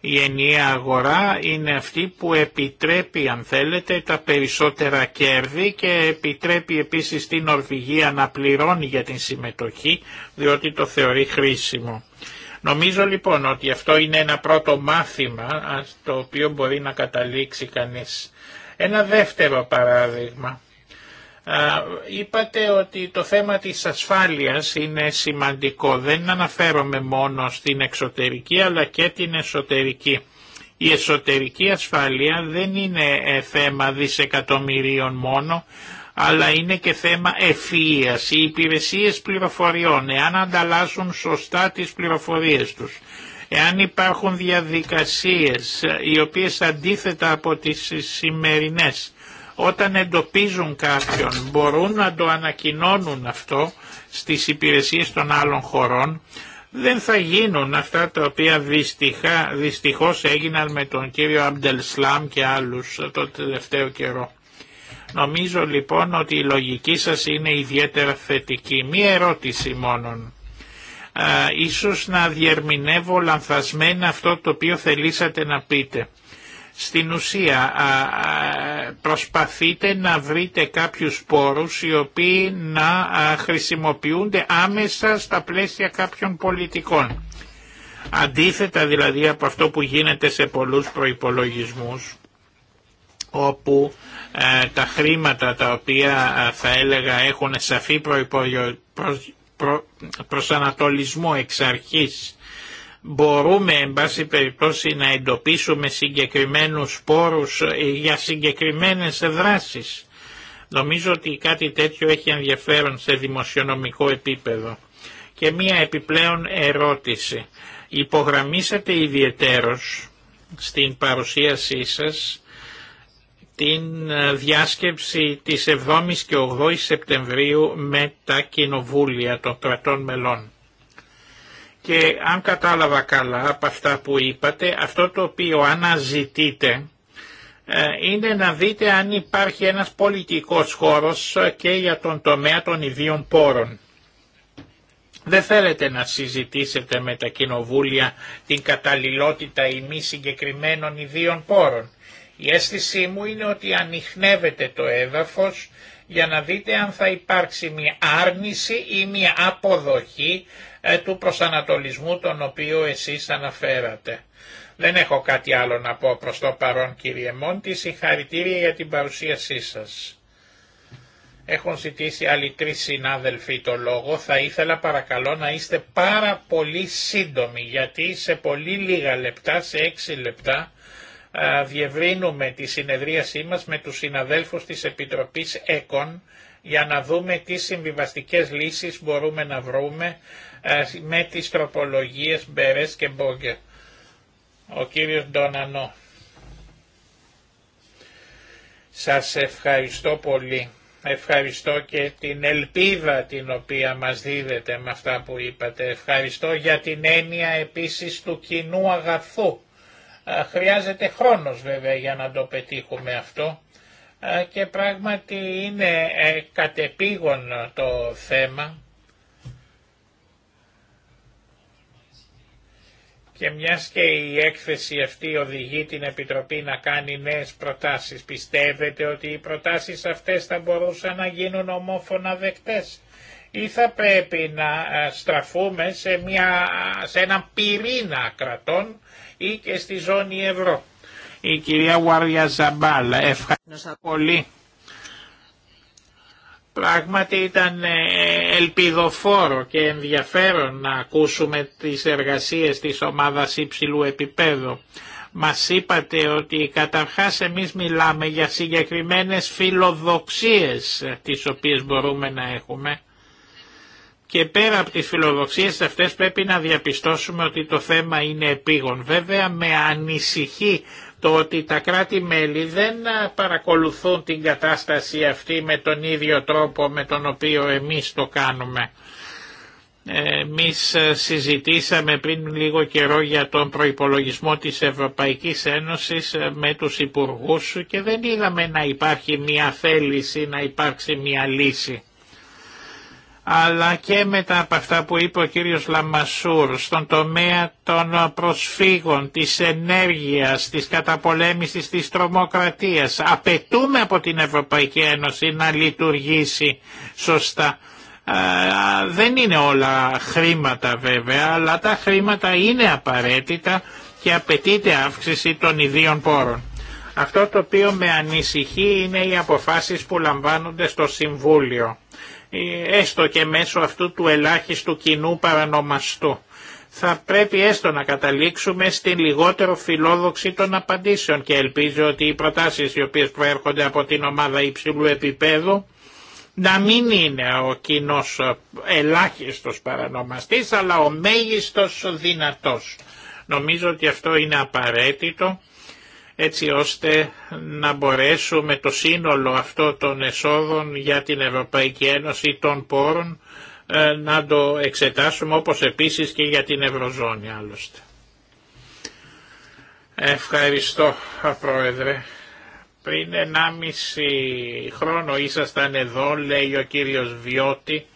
Η ενιαία αγορά είναι αυτή που επιτρέπει αν θέλετε τα περισσότερα κέρδη και επιτρέπει επίσης την Ορβηγία να πληρώνει για την συμμετοχή διότι το θεωρεί χρήσιμο. Νομίζω λοιπόν ότι αυτό είναι ένα πρώτο μάθημα στο οποίο μπορεί να καταλήξει κανείς. Ένα δεύτερο παράδειγμα Είπατε ότι το θέμα της ασφάλειας είναι σημαντικό. Δεν αναφέρομαι μόνο στην εξωτερική αλλά και την εσωτερική. Η εσωτερική ασφάλεια δεν είναι ε, θέμα δισεκατομμυρίων μόνο, αλλά είναι και θέμα ευφυΐας. Οι υπηρεσίες πληροφοριών, εάν ανταλλάσσουν σωστά τις πληροφορίες τους, εάν υπάρχουν διαδικασίες ε, οι οποίες αντίθετα από τις σημερινές όταν εντοπίζουν κάποιον μπορούν να το ανακοινώνουν αυτό στις υπηρεσίες των άλλων χωρών. Δεν θα γίνουν αυτά τα οποία δυστυχά, δυστυχώς έγιναν με τον κύριο Αμπτελσλάμ και άλλους το τελευταίο καιρό. Νομίζω λοιπόν ότι η λογική σας είναι ιδιαίτερα θετική. Μία ερώτηση μόνον. Ίσως να διερμηνεύω λανθασμένα αυτό το οποίο θελήσατε να πείτε. Στην ουσία προσπαθείτε να βρείτε κάποιους πόρους οι οποίοι να χρησιμοποιούνται άμεσα στα πλαίσια κάποιων πολιτικών. Αντίθετα δηλαδή από αυτό που γίνεται σε πολλούς προϋπολογισμούς όπου ε, τα χρήματα τα οποία θα έλεγα έχουν σαφή προσανατολισμό εξ αρχής μπορούμε εν πάση περιπτώσει να εντοπίσουμε συγκεκριμένους σπόρους ε, για συγκεκριμένες δράσεις. Νομίζω ότι κάτι τέτοιο έχει ενδιαφέρον σε δημοσιονομικό επίπεδο. Και μία επιπλέον ερώτηση. Υπογραμμίσατε ιδιαιτέρως στην παρουσίασή σας την ε, διάσκεψη της 7ης και 8ης Σεπτεμβρίου με τα κοινοβούλια των κρατών μελών. Και αν κατάλαβα καλά από αυτά που είπατε, αυτό το οποίο αναζητείτε ε, είναι να δείτε αν υπάρχει ένας πολιτικός χώρος ε, και για τον τομέα των ιδίων πόρων. Δεν θέλετε να συζητήσετε με τα κοινοβούλια την καταλληλότητα ή μη συγκεκριμένων ιδίων πόρων. Η αίσθησή μου είναι ότι ανοιχνεύεται το έδαφος για να δείτε αν θα υπάρξει μια άρνηση ή μια αποδοχή ε, του προσανατολισμού τον οποίο εσείς αναφέρατε. Δεν έχω κάτι άλλο να πω προς το παρόν κύριε Μόντι, συγχαρητήρια για την παρουσίασή σας. Έχουν ζητήσει άλλοι τρεις συνάδελφοι το λόγο, θα ήθελα παρακαλώ να είστε πάρα πολύ σύντομοι γιατί σε πολύ λίγα λεπτά, σε έξι λεπτά, διευρύνουμε τη συνεδρίασή μας με τους συναδέλφους της Επιτροπής ΕΚΟΝ για να δούμε τι συμβιβαστικές λύσεις μπορούμε να βρούμε ε, με τις τροπολογίες Μπερές και Μπόγκε. Ο κύριος Ντονανό. Σας ευχαριστώ πολύ. Ευχαριστώ και την ελπίδα την οποία μας δίδετε με αυτά που είπατε. Ευχαριστώ για την έννοια επίσης του κοινού αγαθού. Ε, χρειάζεται χρόνος βέβαια για να το πετύχουμε αυτό ε, και πράγματι είναι κατεπήγον το θέμα Και μιας και η έκθεση αυτή οδηγεί την Επιτροπή να κάνει νέες προτάσεις, πιστεύετε ότι οι προτάσεις αυτές θα μπορούσαν να γίνουν ομόφωνα δεκτές ή θα πρέπει να ε, στραφούμε σε, μια, σε έναν πυρήνα κρατών ή και στη ζώνη ευρώ. Η κυρία Γουάρια Ζαμπάλα, ευχαριστώ πολύ. Πράγματι ήταν ε, ελπιδοφόρο και ενδιαφέρον να ακούσουμε τις εργασίες της ομάδας υψηλού επίπεδου. Μας είπατε ότι καταρχάς εμείς μιλάμε για συγκεκριμένες φιλοδοξίες τις οποίες μπορούμε να έχουμε και πέρα από τις φιλοδοξίες αυτές πρέπει να διαπιστώσουμε ότι το θέμα είναι επίγον. Βέβαια με ανησυχεί το ότι τα κράτη-μέλη δεν παρακολουθούν την κατάσταση αυτή με τον ίδιο τρόπο με τον οποίο εμείς το κάνουμε. Εμείς συζητήσαμε πριν λίγο καιρό για τον προϋπολογισμό της Ευρωπαϊκής Ένωσης με τους υπουργούς και δεν είδαμε να υπάρχει μια θέληση, να υπάρξει μια λύση αλλά και μετά από αυτά που είπε ο κύριος Λαμασούρ στον τομέα των προσφύγων, της ενέργειας, της καταπολέμησης, της τρομοκρατίας. Απαιτούμε από την Ευρωπαϊκή Ένωση να λειτουργήσει σωστά. Δεν είναι όλα χρήματα βέβαια, αλλά τα χρήματα είναι απαραίτητα και απαιτείται αύξηση των ιδίων πόρων. Αυτό το οποίο με ανησυχεί είναι οι αποφάσεις που λαμβάνονται στο Συμβούλιο. Ε, έστω και μέσω αυτού του ελάχιστου κοινού παρανομαστού. Θα πρέπει έστω να καταλήξουμε στην λιγότερο φιλόδοξη των απαντήσεων και ελπίζω ότι οι προτάσεις οι οποίες προέρχονται από την ομάδα υψηλού επίπεδου να μην είναι ο κοινό ελάχιστος παρανομαστής αλλά ο μέγιστος δυνατός. Νομίζω ότι αυτό είναι απαραίτητο έτσι ώστε να μπορέσουμε το σύνολο αυτό των εσόδων για την Ευρωπαϊκή Ένωση των πόρων ε, να το εξετάσουμε όπως επίσης και για την Ευρωζώνη άλλωστε. Ευχαριστώ Πρόεδρε. Πριν 1,5 χρόνο ήσασταν εδώ λέει ο κύριος Βιώτη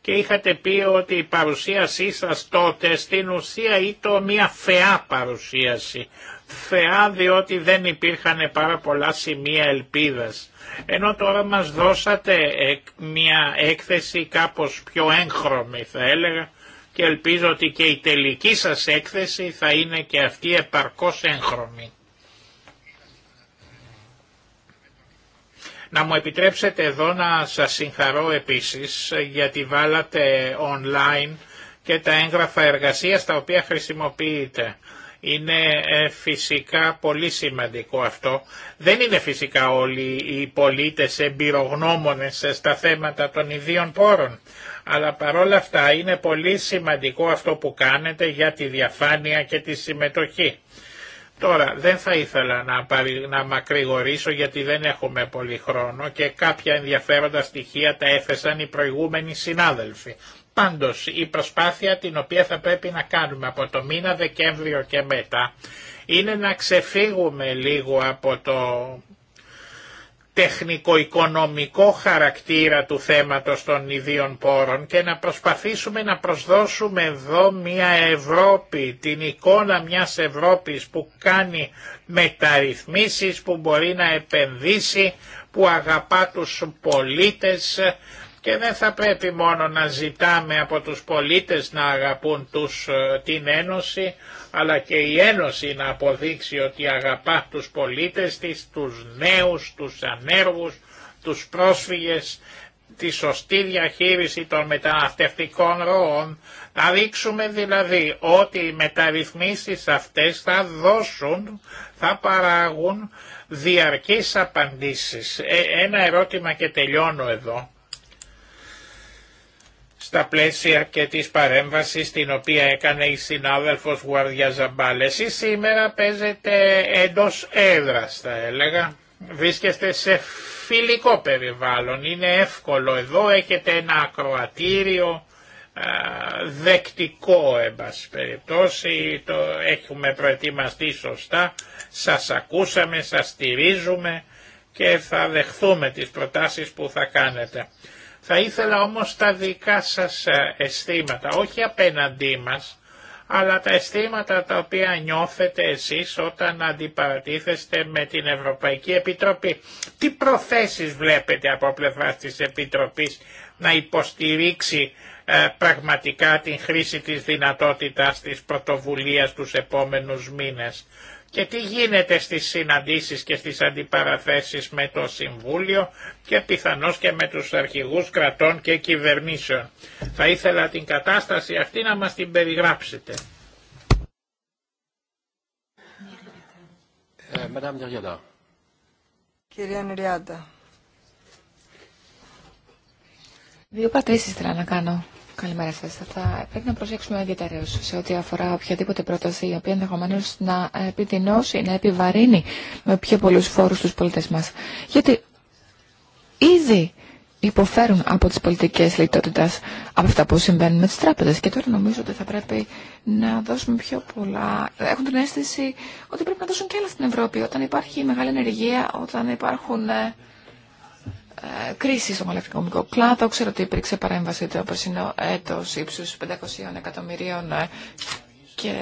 και είχατε πει ότι η παρουσίασή σας τότε στην ουσία ήταν μια φεά παρουσίαση θεά διότι δεν υπήρχαν πάρα πολλά σημεία ελπίδας. Ενώ τώρα μας δώσατε μια έκθεση κάπως πιο έγχρωμη θα έλεγα και ελπίζω ότι και η τελική σας έκθεση θα είναι και αυτή επαρκώς έγχρωμη. Να μου επιτρέψετε εδώ να σας συγχαρώ επίσης γιατί βάλατε online και τα έγγραφα εργασίας τα οποία χρησιμοποιείτε. Είναι ε, φυσικά πολύ σημαντικό αυτό. Δεν είναι φυσικά όλοι οι πολίτες εμπειρογνώμονες στα θέματα των ιδίων πόρων. Αλλά παρόλα αυτά είναι πολύ σημαντικό αυτό που κάνετε για τη διαφάνεια και τη συμμετοχή. Τώρα δεν θα ήθελα να, παρι, να μακρηγορήσω γιατί δεν έχουμε πολύ χρόνο και κάποια ενδιαφέροντα στοιχεία τα έφεσαν οι προηγούμενοι συνάδελφοι. Πάντως η προσπάθεια την οποία θα πρέπει να κάνουμε από το μήνα Δεκέμβριο και μετά είναι να ξεφύγουμε λίγο από το τεχνικο-οικονομικό χαρακτήρα του θέματος των ιδίων πόρων και να προσπαθήσουμε να προσδώσουμε εδώ μια Ευρώπη, την εικόνα μιας Ευρώπης που κάνει μεταρρυθμίσεις, που μπορεί να επενδύσει, που αγαπά τους πολίτες, και δεν θα πρέπει μόνο να ζητάμε από τους πολίτες να αγαπούν τους, ε, την Ένωση, αλλά και η Ένωση να αποδείξει ότι αγαπά τους πολίτες της, τους νέους, τους ανέργους, τους πρόσφυγες, τη σωστή διαχείριση των μεταναστευτικών ροών, να δείξουμε δηλαδή ότι οι μεταρρυθμίσεις αυτές θα δώσουν, θα παράγουν διαρκείς απαντήσεις. Ε, ένα ερώτημα και τελειώνω εδώ στα πλαίσια και της παρέμβασης την οποία έκανε η συνάδελφος Γουαρδιά Ζαμπάλε. σήμερα παίζετε εντός έδρας θα έλεγα, βρίσκεστε σε φιλικό περιβάλλον, είναι εύκολο εδώ, έχετε ένα ακροατήριο δεκτικό εν περιπτώσει, το έχουμε προετοιμαστεί σωστά, σας ακούσαμε, σας στηρίζουμε και θα δεχθούμε τις προτάσεις που θα κάνετε. Θα ήθελα όμως τα δικά σας ε, αισθήματα, όχι απέναντί μας, αλλά τα αισθήματα τα οποία νιώθετε εσείς όταν αντιπαρατήθεστε με την Ευρωπαϊκή Επιτροπή. Τι προθέσεις βλέπετε από πλευρά της Επιτροπής να υποστηρίξει ε, πραγματικά την χρήση της δυνατότητας της πρωτοβουλίας τους επόμενους μήνες και τι γίνεται στις συναντήσεις και στις αντιπαραθέσεις με το Συμβούλιο και πιθανώς και με τους αρχηγούς κρατών και κυβερνήσεων. Θα ήθελα την κατάσταση αυτή να μας την περιγράψετε. Ε, Κυρία Νουριάντα. Δύο πατήσεις θέλω να κάνω. Καλημέρα σα. Θα πρέπει να προσέξουμε ιδιαίτερω σε ό,τι αφορά οποιαδήποτε πρόταση η οποία ενδεχομένω να επιδεινώσει, να επιβαρύνει με πιο πολλού φόρου του πολιτέ μα. Γιατί ήδη υποφέρουν από τις πολιτικές λιτότητας από αυτά που συμβαίνουν με τις τράπεζες και τώρα νομίζω ότι θα πρέπει να δώσουμε πιο πολλά. Έχουν την αίσθηση ότι πρέπει να δώσουν και άλλα στην Ευρώπη όταν υπάρχει μεγάλη ενεργεία, όταν υπάρχουν ε, κρίση στο γαλακτοκομικό κλάδο. Ξέρω ότι υπήρξε παρέμβαση το περσινό έτος ύψους 500 εκατομμυρίων ε, και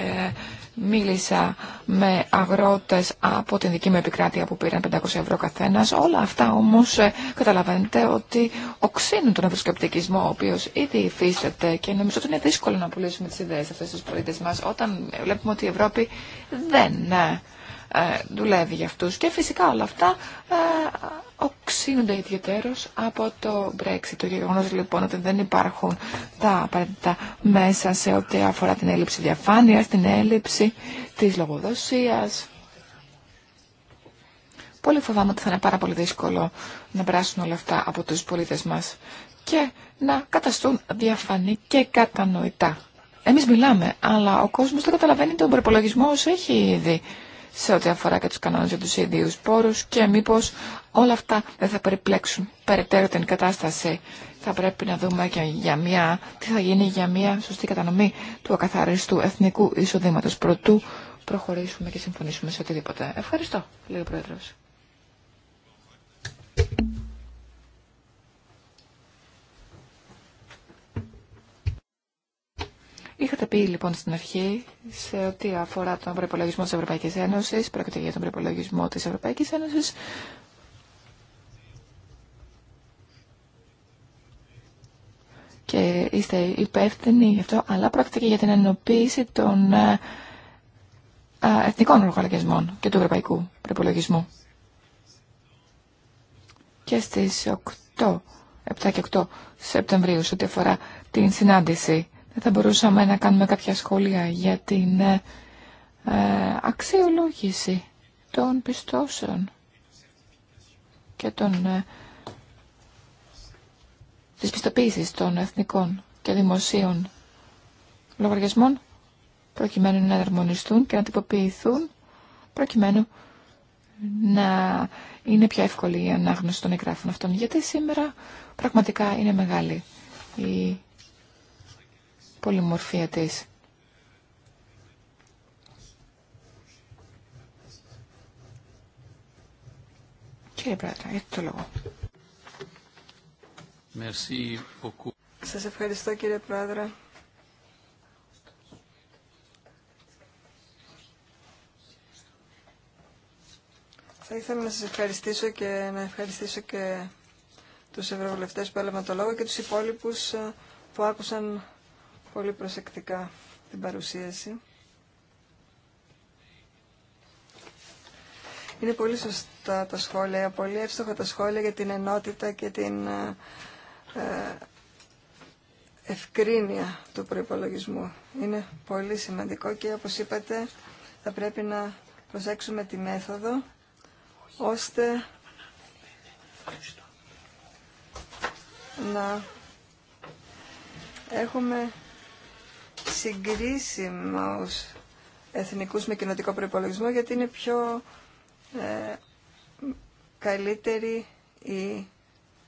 μίλησα με αγρότες από την δική μου επικράτεια που πήραν 500 ευρώ καθένας. Όλα αυτά όμως ε, καταλαβαίνετε ότι οξύνουν τον ευρωσκεπτικισμό ο οποίος ήδη υφίσταται και νομίζω ότι είναι δύσκολο να πουλήσουμε τις ιδέες αυτές στους πολίτες μας όταν βλέπουμε ότι η Ευρώπη δεν ε, ε, δουλεύει για αυτούς. Και φυσικά όλα αυτά ε, οξύνονται ιδιαίτερως από το Brexit. Το γεγονό λοιπόν ότι δεν υπάρχουν τα απαραίτητα μέσα σε ό,τι αφορά την έλλειψη διαφάνειας, την έλλειψη της λογοδοσίας. Πολύ φοβάμαι ότι θα είναι πάρα πολύ δύσκολο να περάσουν όλα αυτά από τους πολίτες μας και να καταστούν διαφανή και κατανοητά. Εμείς μιλάμε, αλλά ο κόσμος δεν καταλαβαίνει τον προπολογισμό όσο έχει ήδη σε ό,τι αφορά και τους κανόνες για τους ίδιους πόρους και μήπως όλα αυτά δεν θα περιπλέξουν περαιτέρω την κατάσταση. Θα πρέπει να δούμε και για μια, τι θα γίνει για μια σωστή κατανομή του ακαθαρίστου εθνικού εισοδήματος. Προτού προχωρήσουμε και συμφωνήσουμε σε οτιδήποτε. Ευχαριστώ, λέει ο Πρόεδρος. Είχατε πει λοιπόν στην αρχή σε ό,τι αφορά τον προπολογισμό της Ευρωπαϊκής Ένωσης, πρόκειται για τον προπολογισμό της Ευρωπαϊκής Ένωσης, και είστε υπεύθυνοι γι' αυτό, αλλά πρόκειται και για την ενοποίηση των ε, εθνικών οργανισμών και του ευρωπαϊκού προπολογισμού. Και στις 7 και 8 Σεπτεμβρίου, σε ό,τι αφορά την συνάντηση δεν θα μπορούσαμε να κάνουμε κάποια σχόλια για την ε, ε, αξιολόγηση των πιστώσεων και των, ε, της πιστοποίησης των εθνικών και δημοσίων λογαριασμών προκειμένου να εναρμονιστούν και να τυποποιηθούν προκειμένου να είναι πιο εύκολη η ανάγνωση των εγγράφων αυτών γιατί σήμερα πραγματικά είναι μεγάλη η πολυμορφία της. Κύριε Πρόεδρε, έχετε το λόγο. Σας ευχαριστώ κύριε Πρόεδρε. Θα ήθελα να σας ευχαριστήσω και να ευχαριστήσω και τους ευρωβουλευτές που έλαβαν το λόγο και τους υπόλοιπους ε, που άκουσαν πολύ προσεκτικά την παρουσίαση. Είναι πολύ σωστά τα σχόλια, πολύ εύστοχα τα σχόλια για την ενότητα και την ε, ε, ευκρίνεια του προϋπολογισμού. Είναι πολύ σημαντικό και όπως είπατε θα πρέπει να προσέξουμε τη μέθοδο ώστε να έχουμε συγκρίσιμους εθνικούς με κοινοτικό προϋπολογισμό γιατί είναι πιο ε, καλύτερη η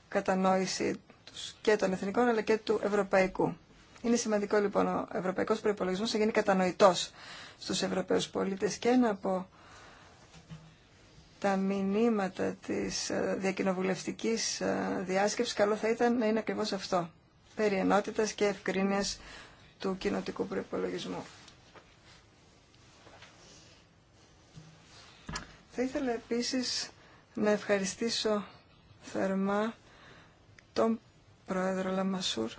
κατανόηση τους και των εθνικών αλλά και του ευρωπαϊκού. Είναι σημαντικό λοιπόν ο ευρωπαϊκός προϋπολογισμός να γίνει κατανοητός στους ευρωπαίους πολίτες και ένα από τα μηνύματα της ε, διακοινοβουλευτικής ε, διάσκεψης καλό θα ήταν να είναι ακριβώς αυτό. Περί και ευκρίνειας του κοινοτικού προπολογισμού. Θα ήθελα επίσης να ευχαριστήσω θερμά τον Πρόεδρο Λαμασούρ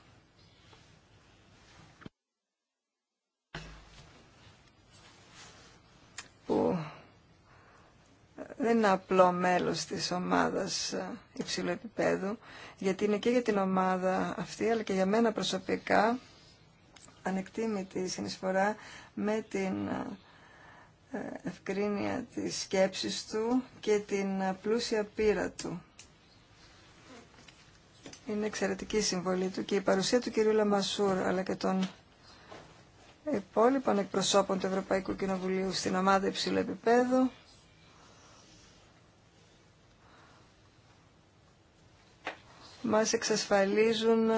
που δεν είναι απλό μέλος της ομάδας ε, υψηλού επίπεδου, γιατί είναι και για την ομάδα αυτή, αλλά και για μένα προσωπικά ανεκτήμητη συνεισφορά με την ε, ευκρίνεια της σκέψης του και την πλούσια πείρα του. Είναι εξαιρετική η συμβολή του και η παρουσία του κυρίου Λαμασούρ αλλά και των υπόλοιπων εκπροσώπων του Ευρωπαϊκού Κοινοβουλίου στην ομάδα υψηλού επίπεδου μας εξασφαλίζουν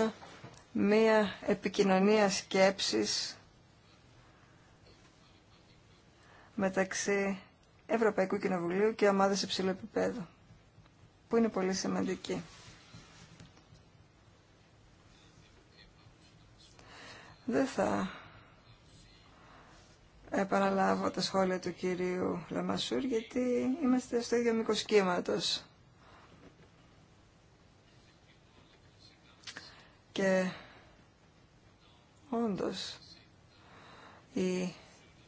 μία επικοινωνία σκέψης μεταξύ Ευρωπαϊκού Κοινοβουλίου και ομάδας υψηλού επίπεδου, που είναι πολύ σημαντική. Δεν θα επαναλάβω τα σχόλια του κυρίου Λαμασούρ, γιατί είμαστε στο ίδιο μήκος κύματος. Και όντως οι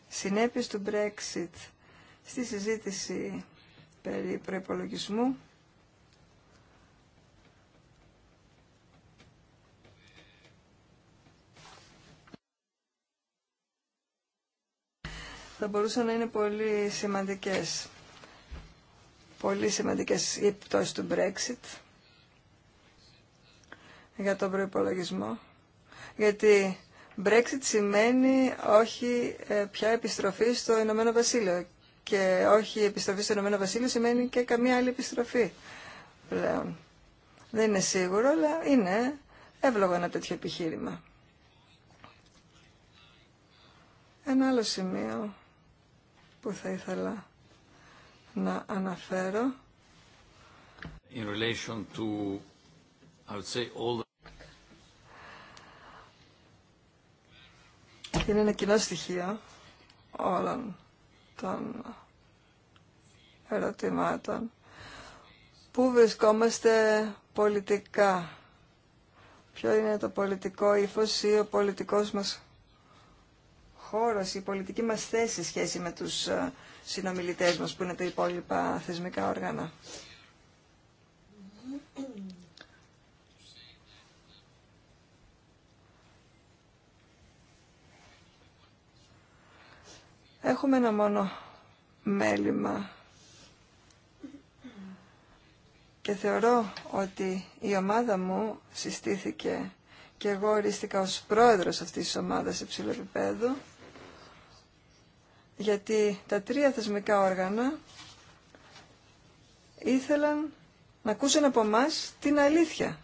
συνέπειες του Brexit στη συζήτηση περί προϋπολογισμού θα μπορούσαν να είναι πολύ σημαντικές. Πολύ σημαντικές οι επιπτώσεις του Brexit για τον προϋπολογισμό. Γιατί Brexit σημαίνει όχι ε, πια επιστροφή στο Ηνωμένο Βασίλειο και όχι επιστροφή στο Ηνωμένο Βασίλειο σημαίνει και καμία άλλη επιστροφή πλέον. Δεν είναι σίγουρο, αλλά είναι εύλογο ένα τέτοιο επιχείρημα. Ένα άλλο σημείο που θα ήθελα να αναφέρω In relation to είναι ένα κοινό στοιχείο όλων των ερωτημάτων. Πού βρισκόμαστε πολιτικά. Ποιο είναι το πολιτικό ύφος ή ο πολιτικός μας χώρος, η πολιτική μας θέση σχέση με τους ε, συνομιλητές μας που είναι τα υπόλοιπα θεσμικά όργανα. Έχουμε ένα μόνο μέλημα και θεωρώ ότι η ομάδα μου συστήθηκε και εγώ ορίστηκα ως πρόεδρος αυτής της ομάδας υψηλού επίπεδου γιατί τα τρία θεσμικά όργανα ήθελαν να ακούσουν από εμά την αλήθεια.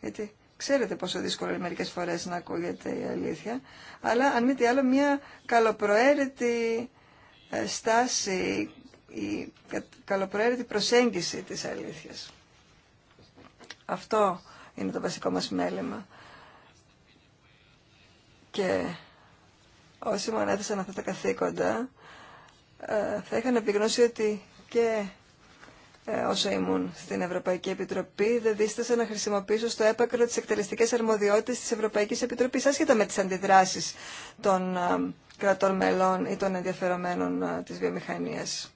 Γιατί Ξέρετε πόσο δύσκολο είναι μερικές φορές να ακούγεται η αλήθεια, αλλά αν μη τι άλλο μια καλοπροαίρετη ε, στάση, η καλοπροαίρετη προσέγγιση της αλήθειας. Αυτό είναι το βασικό μας μέλημα. Και όσοι μου ανέθεσαν αυτά τα καθήκοντα, ε, θα είχαν επιγνώσει ότι και ε, όσο ήμουν στην Ευρωπαϊκή Επιτροπή, δεν δίστασα να χρησιμοποιήσω στο έπακρο τις εκτελεστικές αρμοδιότητες της Ευρωπαϊκής Επιτροπής, άσχετα με τις αντιδράσεις των ε, κρατών μελών ή των ενδιαφερομένων ε, της βιομηχανίας.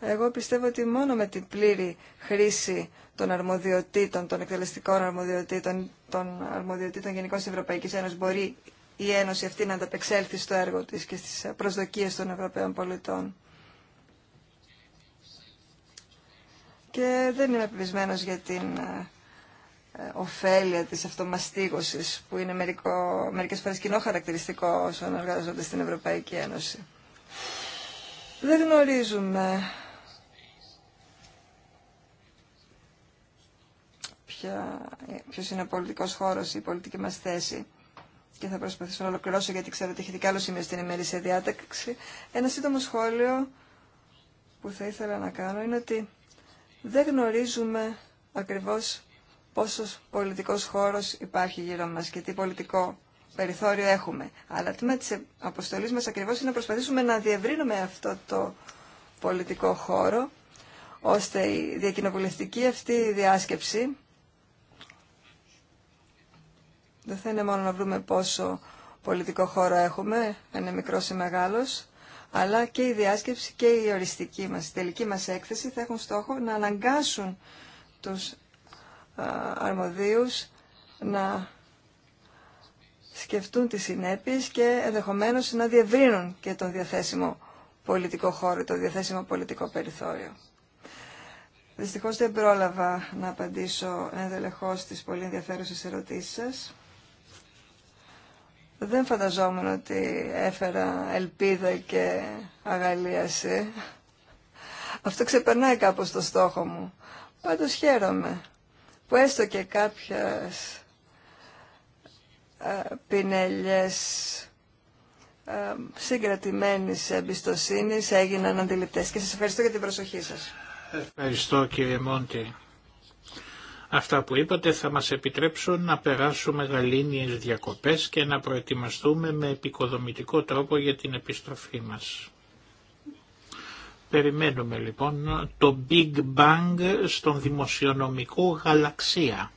Εγώ πιστεύω ότι μόνο με την πλήρη χρήση των αρμοδιοτήτων, των εκτελεστικών αρμοδιοτήτων, των αρμοδιοτήτων γενικώ της Ευρωπαϊκή Ένωση μπορεί η Ένωση αυτή να ανταπεξέλθει στο έργο της και στις προσδοκίες των Ευρωπαίων πολιτών. και δεν είμαι πεπισμένος για την ε, ε, ωφέλεια της αυτομαστίγωσης που είναι μερικό, μερικές φορές κοινό χαρακτηριστικό όσων εργάζονται στην Ευρωπαϊκή Ένωση. Δεν γνωρίζουμε ποια, ποιος είναι ο πολιτικός χώρος, η πολιτική μας θέση και θα προσπαθήσω να ολοκληρώσω γιατί ξέρω ότι έχει κι άλλο σημείο στην ημερήσια διάταξη. Ένα σύντομο σχόλιο που θα ήθελα να κάνω είναι ότι δεν γνωρίζουμε ακριβώς πόσος πολιτικός χώρος υπάρχει γύρω μας και τι πολιτικό περιθώριο έχουμε. Αλλά τίμα τη αποστολή μας ακριβώς είναι να προσπαθήσουμε να διευρύνουμε αυτό το πολιτικό χώρο, ώστε η διακοινοβουλευτική αυτή διάσκεψη δεν θα είναι μόνο να βρούμε πόσο πολιτικό χώρο έχουμε, ένα μικρός ή μεγάλος, αλλά και η διάσκεψη και η οριστική μας, η τελική μας έκθεση θα έχουν στόχο να αναγκάσουν τους αρμοδίους να σκεφτούν τις συνέπειες και ενδεχομένως να διευρύνουν και τον διαθέσιμο πολιτικό χώρο, το διαθέσιμο πολιτικό περιθώριο. Δυστυχώς δεν πρόλαβα να απαντήσω ενδελεχώς στις πολύ ενδιαφέρουσες ερωτήσεις σας. Δεν φανταζόμουν ότι έφερα ελπίδα και αγαλίαση. Αυτό ξεπερνάει κάπως το στόχο μου. Πάντως χαίρομαι που έστω και κάποιες ε, πινελιές ε, συγκρατημένης εμπιστοσύνης έγιναν αντιληπτές. Και σας ευχαριστώ για την προσοχή σας. Ευχαριστώ κύριε Μόντι. Αυτά που είπατε θα μας επιτρέψουν να περάσουμε γαλήνιες διακοπές και να προετοιμαστούμε με επικοδομητικό τρόπο για την επιστροφή μας. Περιμένουμε λοιπόν το Big Bang στον δημοσιονομικό γαλαξία.